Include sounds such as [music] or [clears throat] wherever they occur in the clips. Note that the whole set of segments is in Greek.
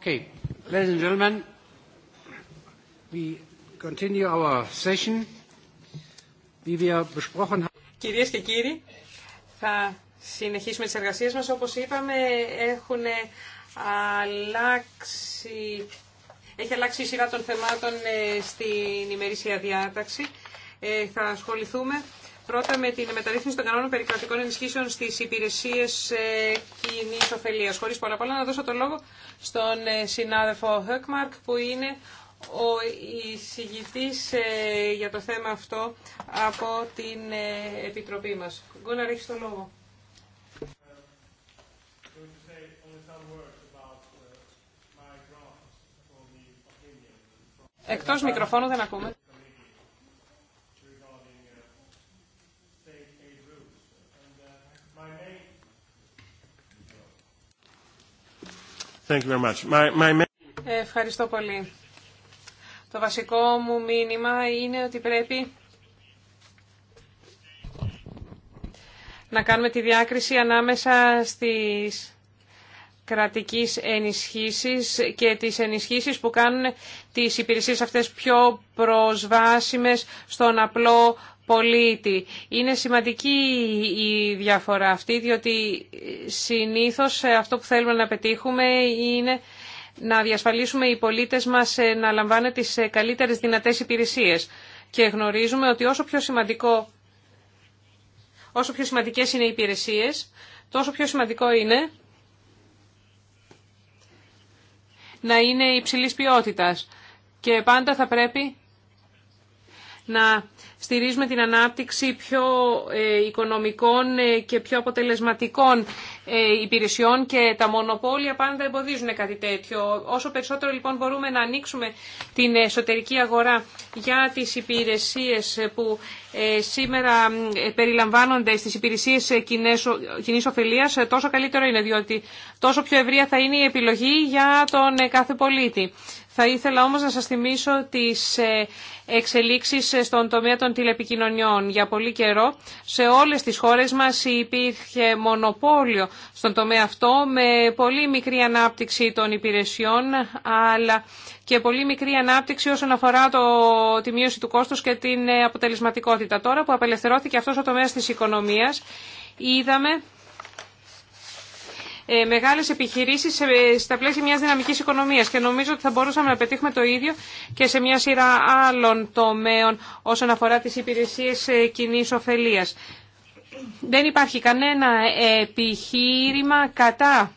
Okay, ladies and gentlemen, we continue our session. Wie wir besprochen Κυρίες και κύριοι, θα συνεχίσουμε τις εργασίες μας. Όπως είπαμε, έχουν αλλάξει, έχει αλλάξει η σειρά των θεμάτων ε, στην ημερήσια διάταξη. Ε, θα ασχοληθούμε Πρώτα με την μεταρρύθμιση των κανόνων περικρατικών ενισχύσεων στι υπηρεσίε ε, κοινή ωφελία. Χωρί πολλά πολλά, να δώσω το λόγο στον ε, συνάδελφο Χέκμαρκ, που είναι ο εισηγητή ε, για το θέμα αυτό από την Επιτροπή μα. να έχει το λόγο. Εκτός μικροφώνου δεν ακούμε. Ευχαριστώ πολύ. Το βασικό μου μήνυμα είναι ότι πρέπει να κάνουμε τη διάκριση ανάμεσα στις κρατικής ενισχύσεις και τις ενισχύσεις που κάνουν τις υπηρεσίες αυτές πιο προσβάσιμες στον απλό πολίτη. Είναι σημαντική η διαφορά αυτή, διότι συνήθως αυτό που θέλουμε να πετύχουμε είναι να διασφαλίσουμε οι πολίτες μας να λαμβάνουν τις καλύτερες δυνατές υπηρεσίες. Και γνωρίζουμε ότι όσο πιο, σημαντικό, όσο πιο σημαντικές είναι οι υπηρεσίες, τόσο πιο σημαντικό είναι να είναι υψηλής ποιότητας. Και πάντα θα πρέπει να στηρίζουμε την ανάπτυξη πιο ε, οικονομικών ε, και πιο αποτελεσματικών ε, υπηρεσιών και τα μονοπόλια πάντα εμποδίζουν κάτι τέτοιο. Όσο περισσότερο λοιπόν μπορούμε να ανοίξουμε την εσωτερική αγορά για τις υπηρεσίες που σήμερα περιλαμβάνονται στις υπηρεσίες κοινή ωφελία, τόσο καλύτερο είναι, διότι τόσο πιο ευρεία θα είναι η επιλογή για τον κάθε πολίτη. Θα ήθελα όμως να σας θυμίσω τις ε, εξελίξεις στον τομέα των τηλεπικοινωνιών. Για πολύ καιρό σε όλες τις χώρες μας υπήρχε μονοπόλιο στον τομέα αυτό με πολύ μικρή ανάπτυξη των υπηρεσιών αλλά και πολύ μικρή ανάπτυξη όσον αφορά το, τη μείωση του κόστους και την ε, αποτελεσματικότητα. Τώρα που απελευθερώθηκε αυτός ο τομέας της οικονομίας είδαμε ε, μεγάλες επιχειρήσεις ε, στα πλαίσια μιας δυναμικής οικονομίας και νομίζω ότι θα μπορούσαμε να πετύχουμε το ίδιο και σε μια σειρά άλλων τομέων όσον αφορά τις υπηρεσίες ε, κοινή ωφελία. Δεν υπάρχει κανένα επιχείρημα κατά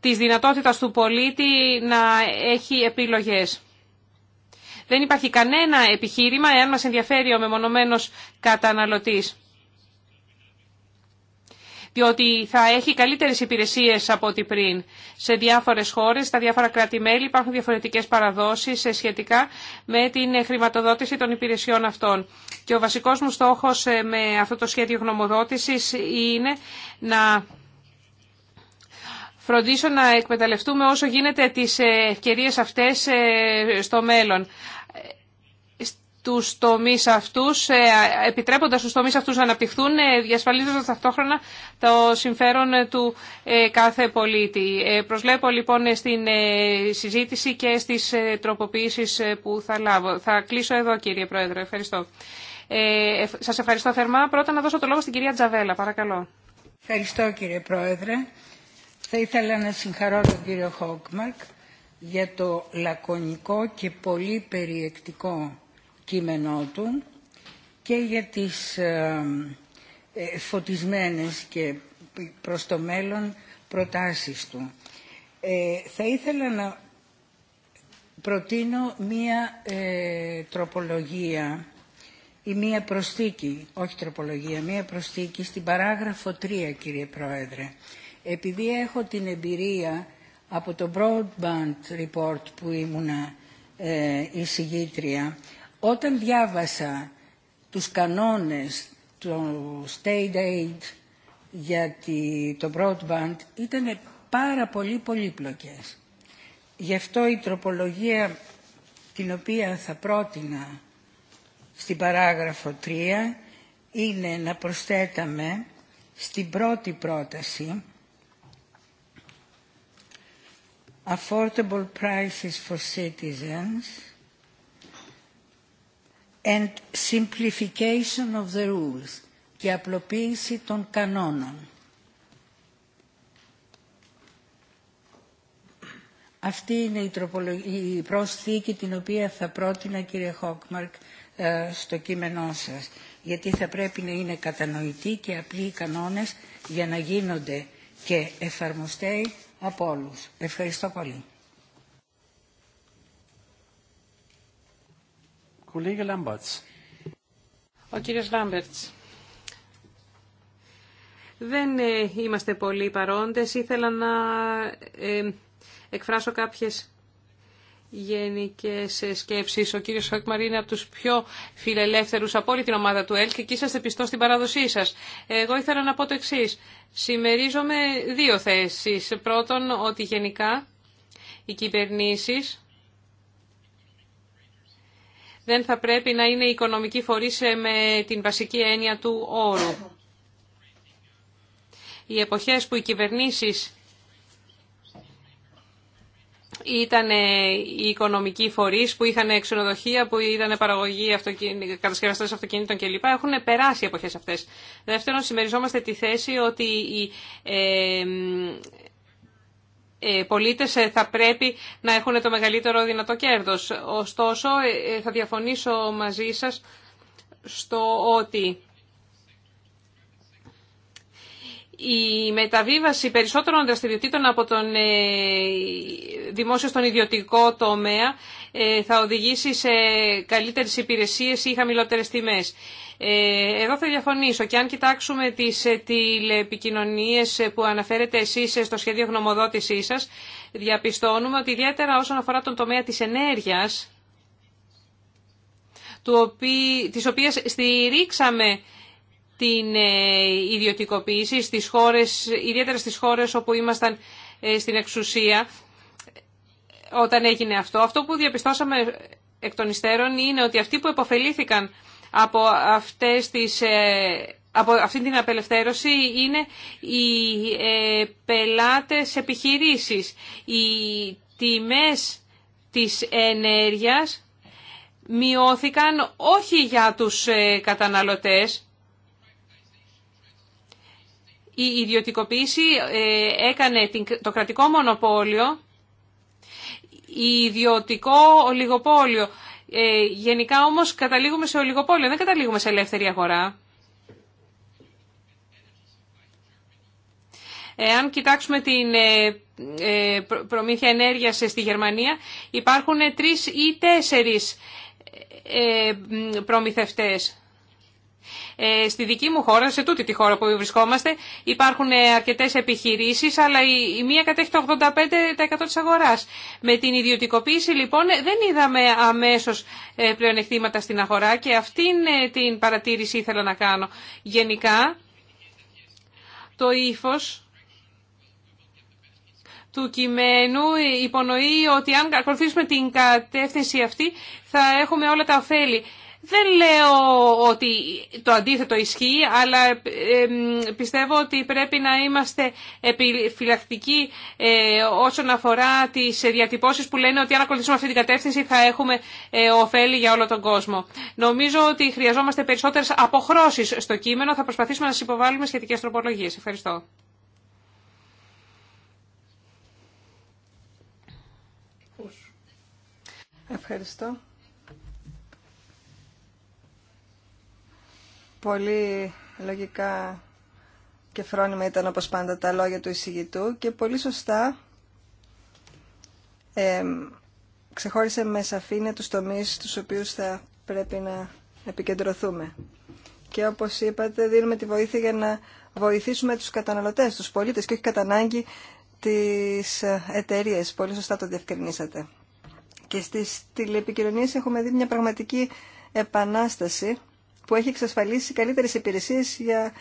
της δυνατότητας του πολίτη να έχει επιλογές. Δεν υπάρχει κανένα επιχείρημα εάν μας ενδιαφέρει ο μεμονωμένος καταναλωτής διότι θα έχει καλύτερες υπηρεσίες από ό,τι πριν. Σε διάφορες χώρες, στα διάφορα κράτη-μέλη υπάρχουν διαφορετικές παραδόσεις σχετικά με την χρηματοδότηση των υπηρεσιών αυτών. Και ο βασικός μου στόχος ε, με αυτό το σχέδιο γνωμοδότησης είναι να φροντίσω να εκμεταλλευτούμε όσο γίνεται τις ε, ευκαιρίες αυτές ε, στο μέλλον τους τομείς αυτούς, ε, επιτρέποντας τους τομείς αυτούς να αναπτυχθούν, ε, διασφαλίζοντας ταυτόχρονα το συμφέρον ε, του κάθε πολίτη. Προσλέπω λοιπόν στην συζήτηση και στις τροποποιήσεις που θα λάβω. Θα κλείσω εδώ κύριε Πρόεδρε. Ευχαριστώ. Ε, σας ευχαριστώ θερμά. Πρώτα να δώσω το λόγο στην κυρία Τζαβέλα. Παρακαλώ. Ευχαριστώ κύριε Πρόεδρε. Θα ήθελα να συγχαρώ τον κύριο Χόκμαρκ για το λακωνικό και πολύ περιεκτικό κείμενό και για τις ε, φωτισμένες και προς το μέλλον προτάσεις του. Ε, θα ήθελα να προτείνω μία ε, τροπολογία ή μία προστίκη, όχι τροπολογία, μία προστίκη στην παράγραφο 3, κύριε Πρόεδρε. Επειδή έχω την εμπειρία από το Broadband Report που ήμουνα εισηγήτρια όταν διάβασα τους κανόνες του State Aid για το broadband ήταν πάρα πολύ πολύπλοκες. Γι' αυτό η τροπολογία την οποία θα πρότεινα στην παράγραφο 3 είναι να προσθέταμε στην πρώτη πρόταση affordable prices for citizens and simplification of the rules και απλοποίηση των κανόνων. Αυτή είναι η, η προσθήκη την οποία θα πρότεινα κύριε Χόκμαρκ ε, στο κείμενό σας γιατί θα πρέπει να είναι κατανοητοί και απλοί οι κανόνες για να γίνονται και εφαρμοστέοι από όλους. Ευχαριστώ πολύ. Ο κύριος Λάμπερτς. Δεν ε, είμαστε πολλοί παρόντες. Ήθελα να ε, εκφράσω κάποιες γενικές ε, σκέψεις. Ο κύριος Χακμαρή είναι από τους πιο φιλελεύθερους από όλη την ομάδα του ΕΛΚ και είσαστε πιστό στην παράδοσή σας. Εγώ ήθελα να πω το εξή. Συμμερίζομαι δύο θέσεις. Πρώτον, ότι γενικά οι κυβερνήσεις δεν θα πρέπει να είναι οικονομική φορής ε, με την βασική έννοια του όρου. Οι εποχές που οι κυβερνήσεις ήταν ε, οι οικονομικοί φορεί που είχαν ξενοδοχεία, που ήταν παραγωγή αυτοκίνη, κατασκευαστέ αυτοκινήτων κλπ. Έχουν περάσει οι εποχέ αυτέ. Δεύτερον, συμμεριζόμαστε τη θέση ότι οι ε, πολίτες ε, θα πρέπει να έχουν το μεγαλύτερο δυνατό κέρδος. Ωστόσο, ε, θα διαφωνήσω μαζί σας στο ότι η μεταβίβαση περισσότερων δραστηριοτήτων από τον ε, δημόσιο στον ιδιωτικό τομέα ε, θα οδηγήσει σε καλύτερες υπηρεσίες ή χαμηλότερες τιμές. Ε, εδώ θα διαφωνήσω και αν κοιτάξουμε τις τηλεπικοινωνίες που αναφέρετε εσείς στο σχέδιο γνωμοδότησής σας, διαπιστώνουμε ότι ιδιαίτερα όσον αφορά τον τομέα της ενέργειας, της οποίας στηρίξαμε την ε, ιδιωτικοποίηση στις χώρες, ιδιαίτερα στις χώρες όπου ήμασταν ε, στην εξουσία όταν έγινε αυτό. Αυτό που διαπιστώσαμε εκ των υστέρων είναι ότι αυτοί που επωφελήθηκαν από, αυτές τις, ε, από αυτή την απελευθέρωση είναι οι πελάτες επιχειρήσεις. Οι τιμές της ενέργειας μειώθηκαν όχι για τους καταναλωτές, η ιδιωτικοποίηση ε, έκανε το κρατικό μονοπόλιο, η ιδιωτικό ολιγοπόλιο. Ε, γενικά όμως καταλήγουμε σε ολιγοπόλιο, δεν καταλήγουμε σε ελεύθερη αγορά. Αν κοιτάξουμε την ε, προμήθεια ενέργειας στη Γερμανία, υπάρχουν τρεις ή τέσσερις προμηθευτές. Ε, στη δική μου χώρα, σε τούτη τη χώρα που βρισκόμαστε, υπάρχουν ε, αρκετέ επιχειρήσει, αλλά η μία κατέχει το 85% τη αγορά. Με την ιδιωτικοποίηση, λοιπόν, δεν είδαμε αμέσω ε, πλεονεκτήματα στην αγορά και αυτήν την παρατήρηση ήθελα να κάνω. Γενικά, το ύφο του κειμένου υπονοεί ότι αν ακολουθήσουμε την κατεύθυνση αυτή θα έχουμε όλα τα ωφέλη. Δεν λέω ότι το αντίθετο ισχύει, αλλά ε, πιστεύω ότι πρέπει να είμαστε επιφυλακτικοί ε, όσον αφορά τις διατυπώσεις που λένε ότι αν ακολουθήσουμε αυτή την κατεύθυνση θα έχουμε ε, ωφέλη για όλο τον κόσμο. Νομίζω ότι χρειαζόμαστε περισσότερες αποχρώσεις στο κείμενο. Θα προσπαθήσουμε να σας υποβάλουμε σχετικές τροπολογίες. Ευχαριστώ. Ευχαριστώ. Πολύ λογικά και φρόνιμα ήταν όπως πάντα τα λόγια του εισηγητού και πολύ σωστά ε, ξεχώρισε με σαφήνεια τους τομείς τους οποίους θα πρέπει να επικεντρωθούμε. Και όπως είπατε δίνουμε τη βοήθεια για να βοηθήσουμε τους καταναλωτές, τους πολίτες και όχι κατά ανάγκη τις ε, εταιρείε. Πολύ σωστά το διευκρινίσατε. Και στις τηλεπικοινωνίες έχουμε δει μια πραγματική επανάσταση που έχει εξασφαλίσει καλύτερες υπηρεσίες για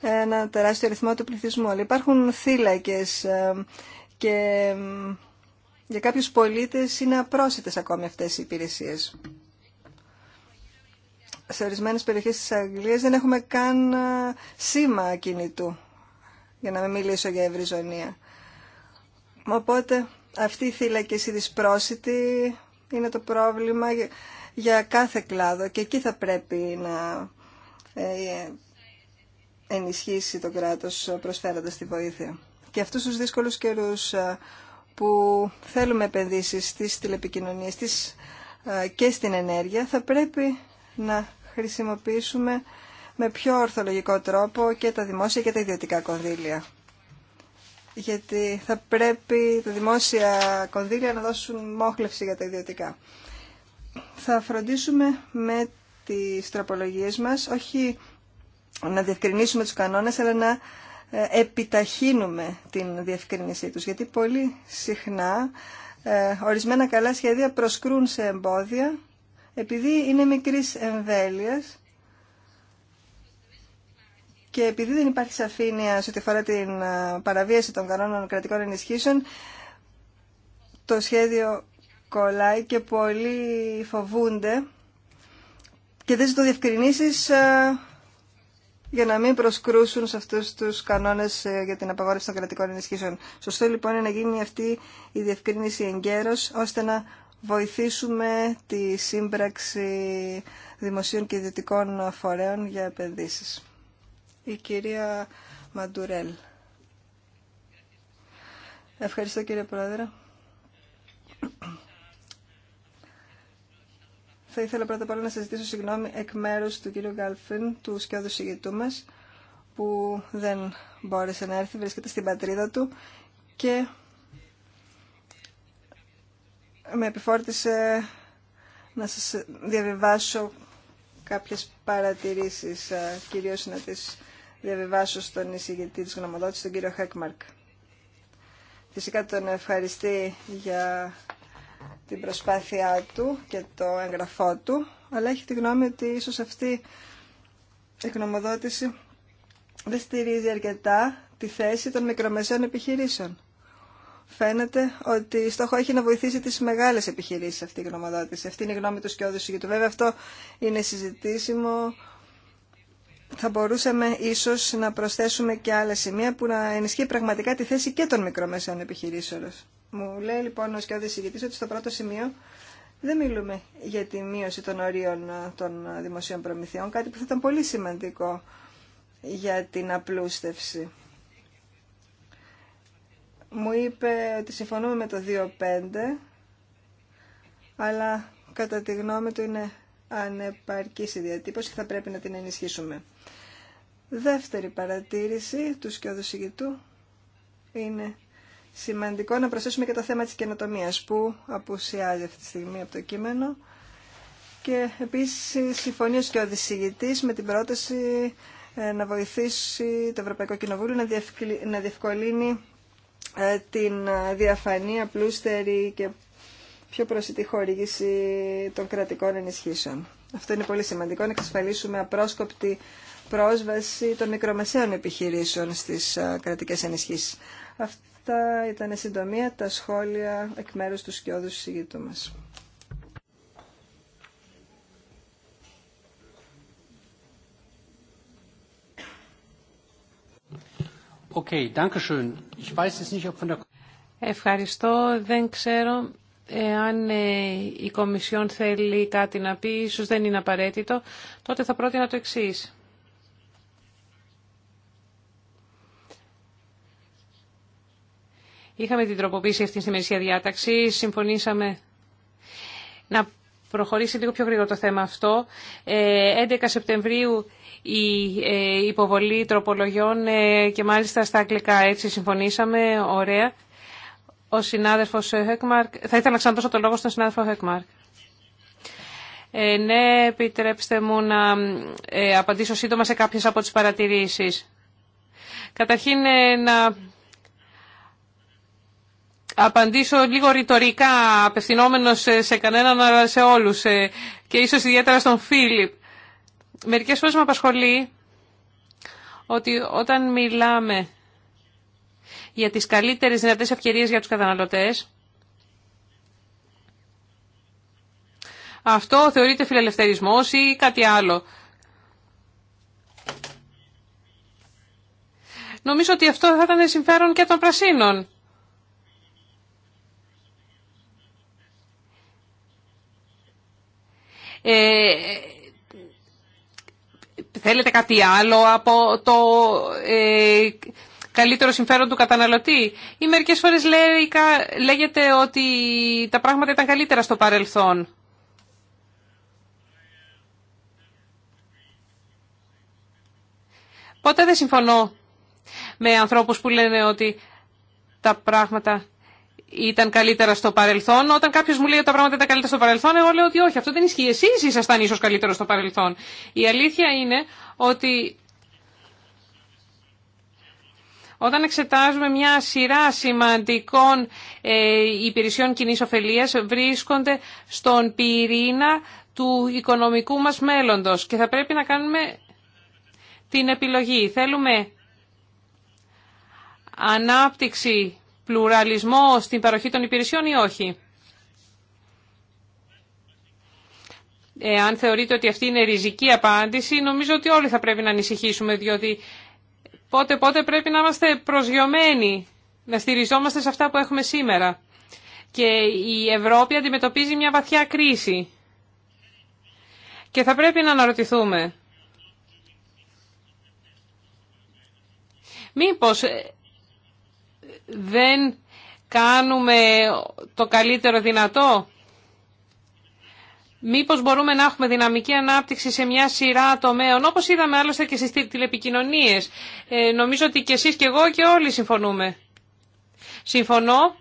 ε, ένα τεράστιο αριθμό του πληθυσμού. Αλλά υπάρχουν θύλακες ε, και ε, για κάποιους πολίτες είναι απρόσιτες ακόμη αυτές οι υπηρεσίες. Σε ορισμένες περιοχές της Αγγλίας δεν έχουμε καν σήμα κινητού, για να μην μιλήσω για ευρυζωνία. Οπότε αυτή η θύλακες, η δυσπρόσιτη, είναι το πρόβλημα για κάθε κλάδο και εκεί θα πρέπει να ε, ενισχύσει το κράτος προσφέροντας τη βοήθεια. Και αυτούς τους δύσκολους καιρούς ε, που θέλουμε επενδύσεις στις τηλεπικοινωνίες στις, ε, και στην ενέργεια θα πρέπει να χρησιμοποιήσουμε με πιο ορθολογικό τρόπο και τα δημόσια και τα ιδιωτικά κονδύλια. Γιατί θα πρέπει τα δημόσια κονδύλια να δώσουν μόχλευση για τα ιδιωτικά θα φροντίσουμε με τις τροπολογίες μας όχι να διευκρινίσουμε τους κανόνες αλλά να ε, επιταχύνουμε την διευκρινίσή τους γιατί πολύ συχνά ε, ορισμένα καλά σχέδια προσκρούν σε εμπόδια επειδή είναι μικρής εμβέλειας και επειδή δεν υπάρχει σαφήνεια σε ό,τι αφορά την ε, παραβίαση των κανόνων κρατικών ενισχύσεων, το σχέδιο κολλάει και πολλοί φοβούνται και δεν ζητούν διευκρινήσεις ε, για να μην προσκρούσουν σε αυτούς τους κανόνες ε, για την απαγόρευση των κρατικών ενισχύσεων. Σωστό λοιπόν είναι να γίνει αυτή η διευκρίνηση εγκαίρως ώστε να βοηθήσουμε τη σύμπραξη δημοσίων και ιδιωτικών φορέων για επενδύσεις. Η κυρία Μαντουρέλ. Ευχαριστώ κύριε Πρόεδρε θα ήθελα πρώτα απ' όλα να σας ζητήσω συγγνώμη εκ μέρους του κύριου Γκάλφιν, του σκιώδου συγγητού μας, που δεν μπόρεσε να έρθει, βρίσκεται στην πατρίδα του και με επιφόρτησε να σας διαβιβάσω κάποιες παρατηρήσεις, ε, κυρίως να τις διαβιβάσω στον εισηγητή της γνωμοδότησης, τον κύριο Χέκμαρκ. Φυσικά τον ευχαριστεί για την προσπάθειά του και το εγγραφό του, αλλά έχει τη γνώμη ότι ίσως αυτή η γνωμοδότηση δεν στηρίζει αρκετά τη θέση των μικρομεσαίων επιχειρήσεων. Φαίνεται ότι στόχο έχει να βοηθήσει τις μεγάλες επιχειρήσεις αυτή η γνωμοδότηση. Αυτή είναι η γνώμη του Σκιώδου Σιγητού. Βέβαια αυτό είναι συζητήσιμο. Θα μπορούσαμε ίσως να προσθέσουμε και άλλα σημεία που να ενισχύει πραγματικά τη θέση και των μικρομεσαίων επιχειρήσεων. Μου λέει λοιπόν ο Σκιώδης Ηγητής ότι στο πρώτο σημείο δεν μιλούμε για τη μείωση των ορίων ε, των δημοσίων προμηθειών, κάτι που θα ήταν πολύ σημαντικό για την απλούστευση. Μου είπε ότι συμφωνούμε με το 2.5, αλλά κατά τη γνώμη του είναι ανεπαρκής η διατύπωση και θα πρέπει να την ενισχύσουμε. Δεύτερη παρατήρηση του σκιώδου είναι σημαντικό να προσθέσουμε και το θέμα της καινοτομίας που απουσιάζει αυτή τη στιγμή από το κείμενο και επίσης συμφωνεί και ο δισηγητής με την πρόταση ε, να βοηθήσει το Ευρωπαϊκό Κοινοβούλιο να διευκολύνει ε, την ε, διαφανή, απλούστερη και πιο προσιτή χορήγηση των κρατικών ενισχύσεων. Αυτό είναι πολύ σημαντικό, να εξασφαλίσουμε απρόσκοπτη πρόσβαση των μικρομεσαίων επιχειρήσεων στις κρατικές ενισχύσεις. Αυτά ήταν συντομία τα σχόλια εκ μέρους του σκιώδου συζητήτου μας. Ευχαριστώ. Δεν ξέρω αν ε, η Κομισιόν θέλει κάτι να πει, ίσως δεν είναι απαραίτητο, τότε θα πρότεινα το εξής. Είχαμε την τροποποίηση αυτή στη μερισσία διάταξη. Συμφωνήσαμε να προχωρήσει λίγο πιο γρήγορα το θέμα αυτό. 11 ε, Σεπτεμβρίου η ε, υποβολή τροπολογιών ε, και μάλιστα στα αγγλικά έτσι συμφωνήσαμε. Ωραία. Ο συνάδελφος Χεκμαρκ... Θα ήθελα να ξαναδώσω το λόγο στον συνάδελφο Χεκμαρκ. Ε, ναι, επιτρέψτε μου να απαντήσω σύντομα σε κάποιες από τις παρατηρήσεις. Καταρχήν, να απαντήσω λίγο ρητορικά, απευθυνόμενο σε κανέναν αλλά σε όλους ε, και ίσως ιδιαίτερα στον Φίλιπ. Μερικέ φορέ με απασχολεί ότι όταν μιλάμε για τις καλύτερε δυνατές ευκαιρίε για τους καταναλωτέ. αυτό θεωρείται φιλελευθερισμό ή κάτι άλλο. Νομίζω ότι αυτό θα ήταν συμφέρον και των πρασίνων. Ε, θέλετε κάτι άλλο από το ε, καλύτερο συμφέρον του καταναλωτή. Ή μερικές φορές λέγεται ότι τα πράγματα ήταν καλύτερα στο παρελθόν. Πότε δεν συμφωνώ με ανθρώπους που λένε ότι τα πράγματα ήταν καλύτερα στο παρελθόν. Όταν κάποιο μου λέει ότι τα πράγματα ήταν καλύτερα στο παρελθόν, εγώ λέω ότι όχι, αυτό δεν ισχύει. Εσεί ήσασταν ίσω καλύτερο στο παρελθόν. Η αλήθεια είναι ότι όταν εξετάζουμε μια σειρά σημαντικών ε, υπηρεσιών κοινή ωφελία, βρίσκονται στον πυρήνα του οικονομικού μας μέλλοντος και θα πρέπει να κάνουμε την επιλογή. Θέλουμε ανάπτυξη πλουραλισμό στην παροχή των υπηρεσιών ή όχι. Αν θεωρείτε ότι αυτή είναι ριζική απάντηση, νομίζω ότι όλοι θα πρέπει να ανησυχήσουμε, διότι πότε-πότε πρέπει να είμαστε προσγειωμένοι, να στηριζόμαστε σε αυτά που έχουμε σήμερα. Και η Ευρώπη αντιμετωπίζει μια βαθιά κρίση. Και θα πρέπει να αναρωτηθούμε. Μήπως δεν κάνουμε το καλύτερο δυνατό. Μήπως μπορούμε να έχουμε δυναμική ανάπτυξη σε μια σειρά τομέων, όπως είδαμε άλλωστε και στις τηλεπικοινωνίες. Ε, νομίζω ότι και εσείς και εγώ και όλοι συμφωνούμε. Συμφωνώ ε,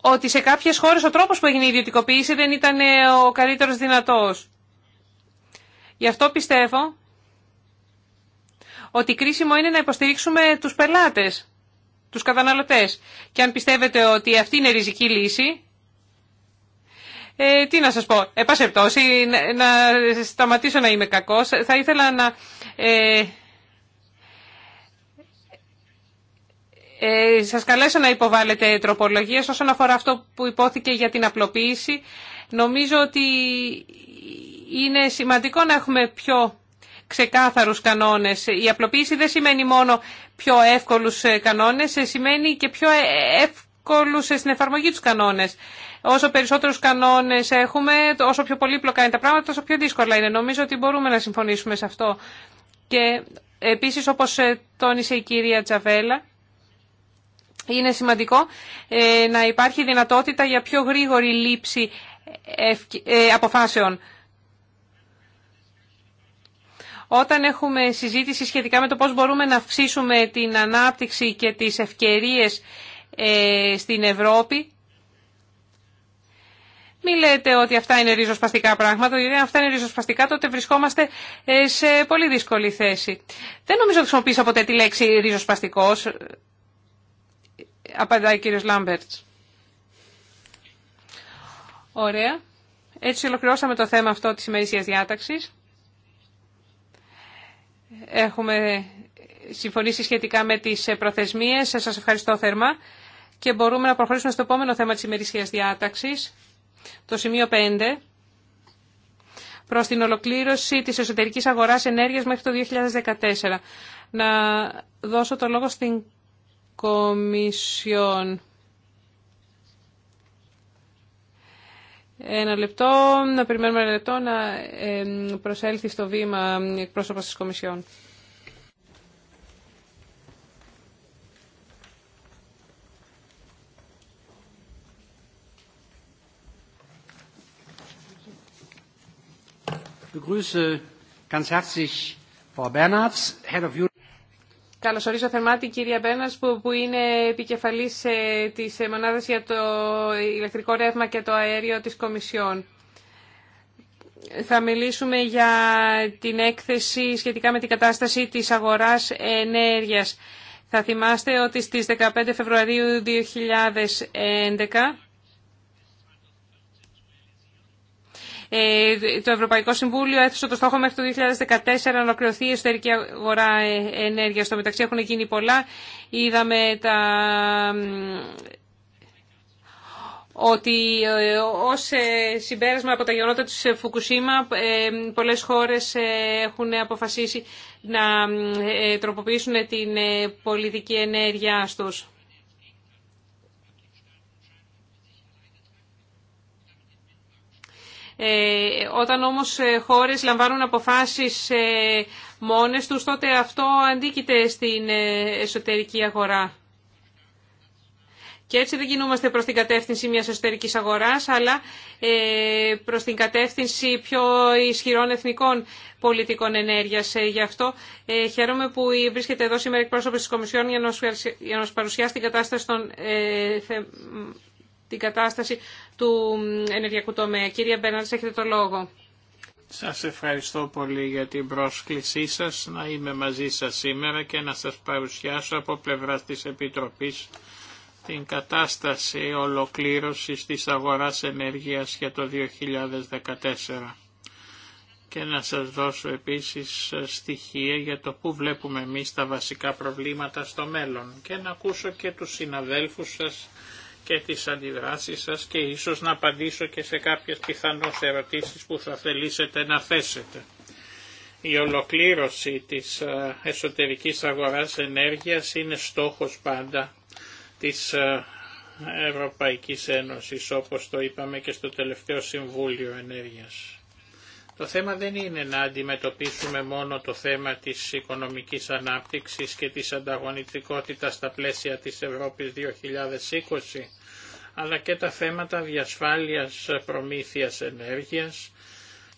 ότι σε κάποιες χώρες ο τρόπος που έγινε η ιδιωτικοποίηση δεν ήταν ε, ο καλύτερος δυνατός. Γι' αυτό πιστεύω ότι κρίσιμο είναι να υποστηρίξουμε τους πελάτες, τους καταναλωτές. Και αν πιστεύετε ότι αυτή είναι ριζική λύση, ε, τι να σας πω, επασεπτώσει, να, να σταματήσω να είμαι κακός, θα ήθελα να... Ε, ε, σας καλέσω να υποβάλλετε τροπολογίες όσον αφορά αυτό που υπόθηκε για την απλοποίηση. Νομίζω ότι είναι σημαντικό να έχουμε πιο ξεκάθαρους κανόνες. Η απλοποίηση δεν σημαίνει μόνο πιο εύκολους ε, κανόνες, ε, σημαίνει και πιο ε, εύκολους στην εφαρμογή τους κανόνες. Όσο περισσότερους κανόνες έχουμε, όσο πιο πολύπλοκα είναι τα πράγματα, τόσο πιο δύσκολα είναι. Νομίζω ότι μπορούμε να συμφωνήσουμε σε αυτό. Και επίσης, όπως τόνισε η κυρία Τζαβέλα, είναι σημαντικό να υπάρχει δυνατότητα για πιο γρήγορη λήψη αποφάσεων. Όταν έχουμε συζήτηση σχετικά με το πώς μπορούμε να αυξήσουμε την ανάπτυξη και τις ευκαιρίες ε, στην Ευρώπη, μην λέτε ότι αυτά είναι ριζοσπαστικά πράγματα, γιατί αν αυτά είναι ριζοσπαστικά τότε βρισκόμαστε ε, σε πολύ δύσκολη θέση. Δεν νομίζω ότι χρησιμοποίησα ποτέ τη λέξη ριζοσπαστικός, ε, απαντάει ο κύριος Λάμπερτς. Ωραία. Έτσι ολοκληρώσαμε το θέμα αυτό της ημερήσιας διάταξης. Έχουμε συμφωνήσει σχετικά με τις ε, προθεσμίες. Ε, σας ευχαριστώ θερμά και μπορούμε να προχωρήσουμε στο επόμενο θέμα της ημερησίας διάταξης, το σημείο 5 προς την ολοκλήρωση της εσωτερικής αγοράς ενέργειας μέχρι το 2014. Να δώσω το λόγο στην Κομισιόν. Ένα λεπτό, να περιμένουμε ένα λεπτό να προσέλθει στο βήμα εκπρόσωπο της Κομισιόν. begrüße ganz herzlich Frau Bernhards, Head of Καλωσορίζω θερμά την κυρία Μπένα που, που είναι επικεφαλή ε, της ε, μονάδας για το ηλεκτρικό ρεύμα και το αέριο της Κομισιόν. Θα μιλήσουμε για την έκθεση σχετικά με την κατάσταση της αγοράς ενέργειας. Θα θυμάστε ότι στις 15 Φεβρουαρίου 2011 Ε, το Ευρωπαϊκό Συμβούλιο έθεσε το στόχο μέχρι το 2014 να ολοκληρωθεί η εσωτερική αγορά ε, ενέργεια Στο μεταξύ έχουν γίνει πολλά. Είδαμε τα ότι ε, ως συμπέρασμα από τα γεγονότα της Φουκουσίμα πολλές χώρες έχουν αποφασίσει να τροποποιήσουν την πολιτική ενέργειά τους. Ε, όταν όμως ε, χώρες λαμβάνουν αποφάσεις ε, μόνες τους, τότε αυτό αντίκειται στην εσωτερική αγορά. Και έτσι δεν κινούμαστε προς την κατεύθυνση μιας εσωτερικής αγοράς, αλλά προς την κατεύθυνση πιο ισχυρών εθνικών πολιτικών ενέργειας. Γι' αυτό χαίρομαι που βρίσκεται εδώ σήμερα εκπρόσωπος της Κομισιόν για να μας παρουσιάσει την κατάσταση των την κατάσταση του ενεργειακού τομέα. Κυρία Μπέναρτ, έχετε το λόγο. Σας ευχαριστώ πολύ για την πρόσκλησή σας να είμαι μαζί σας σήμερα και να σας παρουσιάσω από πλευράς της Επιτροπής την κατάσταση ολοκλήρωσης της αγοράς ενέργειας για το 2014 και να σας δώσω επίσης στοιχεία για το που βλέπουμε εμείς τα βασικά προβλήματα στο μέλλον και να ακούσω και τους συναδέλφους σας και τις αντιδράσεις σας και ίσως να απαντήσω και σε κάποιες πιθανώς ερωτήσεις που θα θελήσετε να θέσετε. Η ολοκλήρωση της ε, εσωτερικής αγοράς ενέργειας είναι στόχος πάντα της ε, Ευρωπαϊκής Ένωσης, όπως το είπαμε και στο τελευταίο Συμβούλιο Ενέργειας. Το θέμα δεν είναι να αντιμετωπίσουμε μόνο το θέμα της οικονομικής ανάπτυξης και της ανταγωνιστικότητας στα πλαίσια της Ευρώπης 2020, αλλά και τα θέματα διασφάλειας προμήθειας ενέργειας,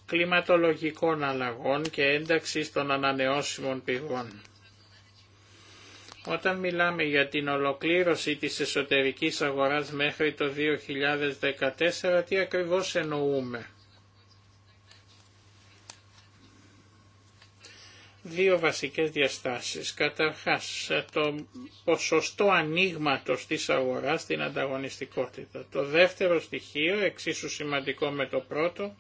κλιματολογικών αλλαγών και ένταξης των ανανεώσιμων πηγών. Όταν μιλάμε για την ολοκλήρωση της εσωτερικής αγοράς μέχρι το 2014, τι ακριβώς εννοούμε. δύο βασικές διαστάσεις. Καταρχάς, το ποσοστό ανοίγματο της αγοράς στην ανταγωνιστικότητα. Το δεύτερο στοιχείο, εξίσου σημαντικό με το πρώτο,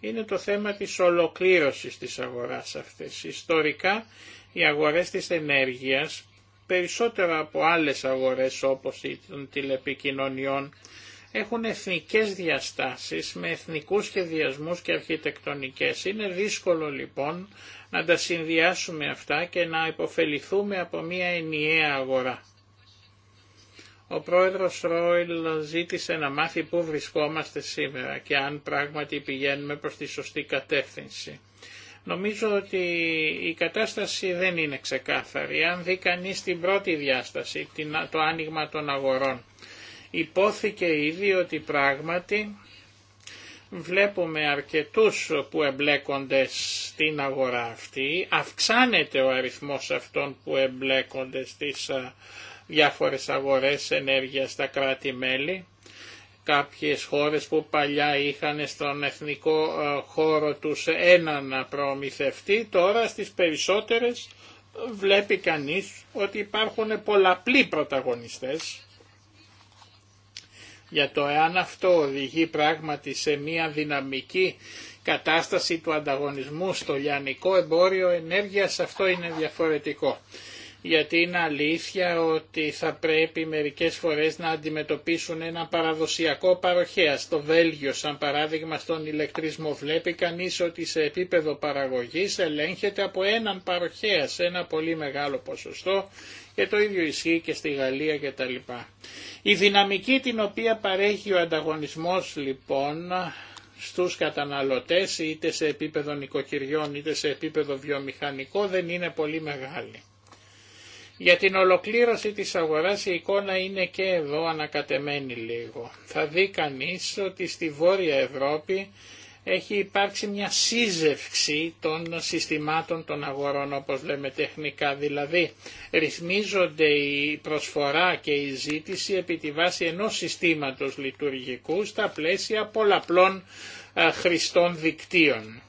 είναι το θέμα της ολοκλήρωσης της αγοράς αυτής. Ιστορικά, οι αγορές της ενέργειας, περισσότερο από άλλες αγορές όπως των τηλεπικοινωνιών, έχουν εθνικές διαστάσεις με εθνικούς σχεδιασμούς και αρχιτεκτονικές. Είναι δύσκολο λοιπόν να τα συνδυάσουμε αυτά και να υποφεληθούμε από μια ενιαία αγορά. Ο πρόεδρος Ρόιλ ζήτησε να μάθει πού βρισκόμαστε σήμερα και αν πράγματι πηγαίνουμε προς τη σωστή κατεύθυνση. Νομίζω ότι η κατάσταση δεν είναι ξεκάθαρη. Αν δει κανεί την πρώτη διάσταση, το άνοιγμα των αγορών, Υπόθηκε ήδη ότι πράγματι βλέπουμε αρκετούς που εμπλέκονται στην αγορά αυτή, αυξάνεται ο αριθμός αυτών που εμπλέκονται στις διάφορες αγορές ενέργειας στα κράτη-μέλη. Κάποιες χώρες που παλιά είχαν στον εθνικό χώρο τους έναν να τώρα στις περισσότερες βλέπει κανείς ότι υπάρχουν πολλαπλοί πρωταγωνιστές για το εάν αυτό οδηγεί πράγματι σε μια δυναμική κατάσταση του ανταγωνισμού στο λιανικό εμπόριο ενέργειας αυτό είναι διαφορετικό. Γιατί είναι αλήθεια ότι θα πρέπει μερικές φορές να αντιμετωπίσουν ένα παραδοσιακό παροχέα. Στο Βέλγιο, σαν παράδειγμα, στον ηλεκτρισμό βλέπει κανείς ότι σε επίπεδο παραγωγής ελέγχεται από έναν παροχέα σε ένα πολύ μεγάλο ποσοστό και το ίδιο ισχύει και στη Γαλλία κτλ. Η δυναμική την οποία παρέχει ο ανταγωνισμός λοιπόν στους καταναλωτές είτε σε επίπεδο νοικοκυριών είτε σε επίπεδο βιομηχανικό δεν είναι πολύ μεγάλη. Για την ολοκλήρωση της αγοράς η εικόνα είναι και εδώ ανακατεμένη λίγο. Θα δει κανείς ότι στη Βόρεια Ευρώπη έχει υπάρξει μια σύζευξη των συστημάτων των αγορών, όπως λέμε τεχνικά. Δηλαδή, ρυθμίζονται η προσφορά και η ζήτηση επί τη βάση ενός συστήματος λειτουργικού στα πλαίσια πολλαπλών χρηστών δικτύων.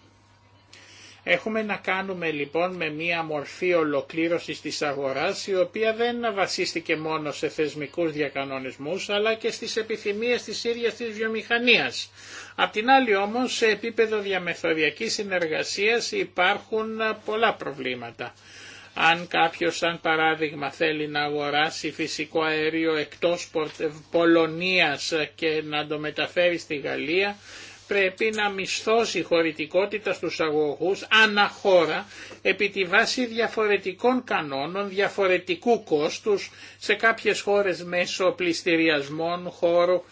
Έχουμε να κάνουμε λοιπόν με μία μορφή ολοκλήρωσης της αγοράς η οποία δεν βασίστηκε μόνο σε θεσμικούς διακανονισμούς αλλά και στις επιθυμίες της ίδιας της βιομηχανίας. Απ' την άλλη όμως σε επίπεδο διαμεθοδιακής συνεργασίας υπάρχουν πολλά προβλήματα. Αν κάποιος σαν παράδειγμα θέλει να αγοράσει φυσικό αέριο εκτός Πολωνίας και να το μεταφέρει στη Γαλλία, πρέπει να μισθώσει χωρητικότητα στους αγωγούς αναχώρα επί τη βάση διαφορετικών κανόνων, διαφορετικού κόστους σε κάποιες χώρες μέσω πληστηριασμών, χώρου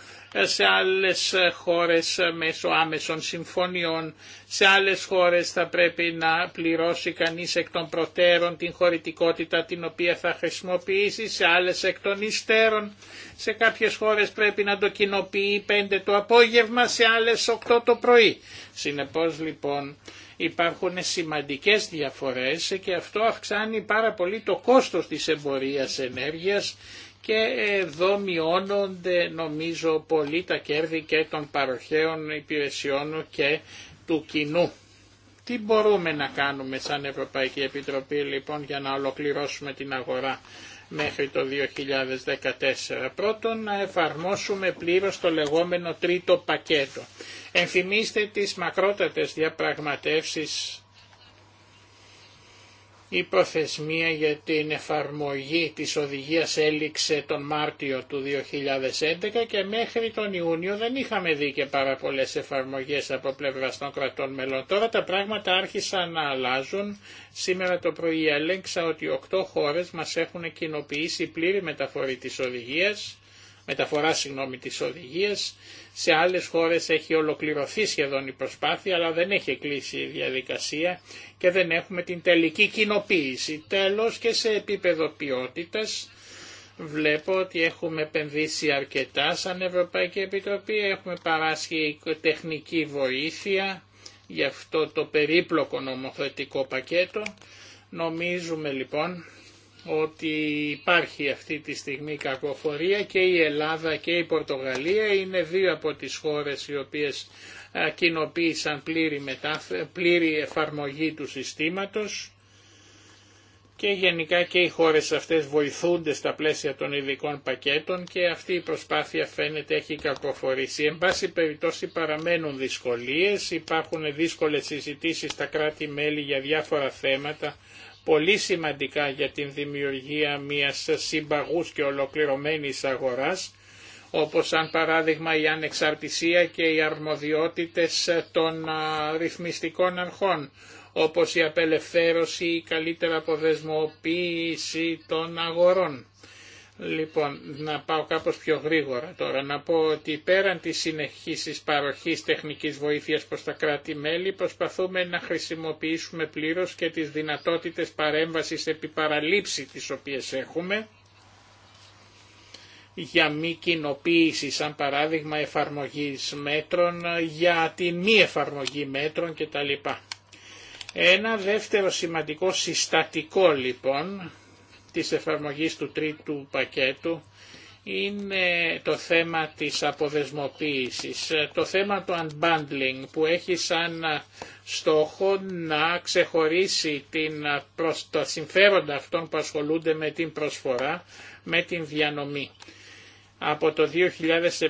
σε άλλες χώρες μέσω άμεσων συμφωνιών, σε άλλες χώρες θα πρέπει να πληρώσει κανείς εκ των προτέρων την χωρητικότητα την οποία θα χρησιμοποιήσει, σε άλλες εκ των υστέρων, σε κάποιες χώρες πρέπει να το κοινοποιεί 5 το απόγευμα, σε άλλες 8 το πρωί. Συνεπώς λοιπόν υπάρχουν σημαντικές διαφορές και αυτό αυξάνει πάρα πολύ το κόστος της εμπορίας ενέργειας και εδώ μειώνονται νομίζω πολύ τα κέρδη και των παροχέων υπηρεσιών και του κοινού. Τι μπορούμε να κάνουμε σαν Ευρωπαϊκή Επιτροπή λοιπόν για να ολοκληρώσουμε την αγορά μέχρι το 2014. Πρώτον να εφαρμόσουμε πλήρως το λεγόμενο τρίτο πακέτο. Ενθυμίστε τις μακρότατες διαπραγματεύσεις η προθεσμία για την εφαρμογή της οδηγίας έληξε τον Μάρτιο του 2011 και μέχρι τον Ιούνιο δεν είχαμε δει και πάρα πολλές εφαρμογές από πλευρά των κρατών μελών. Τώρα τα πράγματα άρχισαν να αλλάζουν. Σήμερα το πρωί έλεγξα ότι οκτώ χώρες μας έχουν κοινοποιήσει πλήρη μεταφορή της οδηγίας, μεταφορά συγγνώμη της οδηγίας σε άλλες χώρες έχει ολοκληρωθεί σχεδόν η προσπάθεια αλλά δεν έχει κλείσει η διαδικασία και δεν έχουμε την τελική κοινοποίηση. Τέλος και σε επίπεδο ποιότητας βλέπω ότι έχουμε επενδύσει αρκετά σαν Ευρωπαϊκή Επιτροπή, έχουμε παράσχει τεχνική βοήθεια για αυτό το περίπλοκο νομοθετικό πακέτο. Νομίζουμε λοιπόν ότι υπάρχει αυτή τη στιγμή κακοφορία και η Ελλάδα και η Πορτογαλία είναι δύο από τις χώρες οι οποίες κοινοποίησαν πλήρη, πλήρη εφαρμογή του συστήματος και γενικά και οι χώρες αυτές βοηθούνται στα πλαίσια των ειδικών πακέτων και αυτή η προσπάθεια φαίνεται έχει κακοφορήσει. Εν πάση περιπτώσει παραμένουν δυσκολίες, υπάρχουν δύσκολες συζητήσεις στα κράτη-μέλη για διάφορα θέματα πολύ σημαντικά για την δημιουργία μιας συμπαγούς και ολοκληρωμένης αγοράς, όπως σαν παράδειγμα η ανεξαρτησία και οι αρμοδιότητες των ρυθμιστικών αρχών, όπως η απελευθέρωση ή καλύτερα αποδεσμοποίηση των αγορών. Λοιπόν, να πάω κάπως πιο γρήγορα τώρα. Να πω ότι πέραν της συνεχής παροχής τεχνικής βοήθειας προς τα κράτη-μέλη προσπαθούμε να χρησιμοποιήσουμε πλήρως και τις δυνατότητες παρέμβασης επί παραλήψη τις οποίες έχουμε για μη κοινοποίηση, σαν παράδειγμα εφαρμογής μέτρων, για τη μη εφαρμογή μέτρων κτλ. Ένα δεύτερο σημαντικό συστατικό λοιπόν της εφαρμογής του τρίτου πακέτου είναι το θέμα της αποδεσμοποίησης, το θέμα του unbundling που έχει σαν στόχο να ξεχωρίσει την, προς, τα συμφέροντα αυτών που ασχολούνται με την προσφορά, με την διανομή. Από το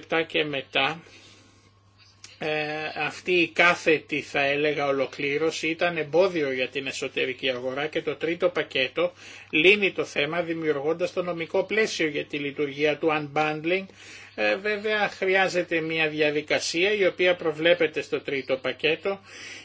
2007 και μετά ε, αυτή η κάθετη θα έλεγα ολοκλήρωση ήταν εμπόδιο για την εσωτερική αγορά και το τρίτο πακέτο λύνει το θέμα δημιουργώντας το νομικό πλαίσιο για τη λειτουργία του unbundling. Ε, βέβαια χρειάζεται μια διαδικασία η οποία προβλέπεται στο τρίτο πακέτο.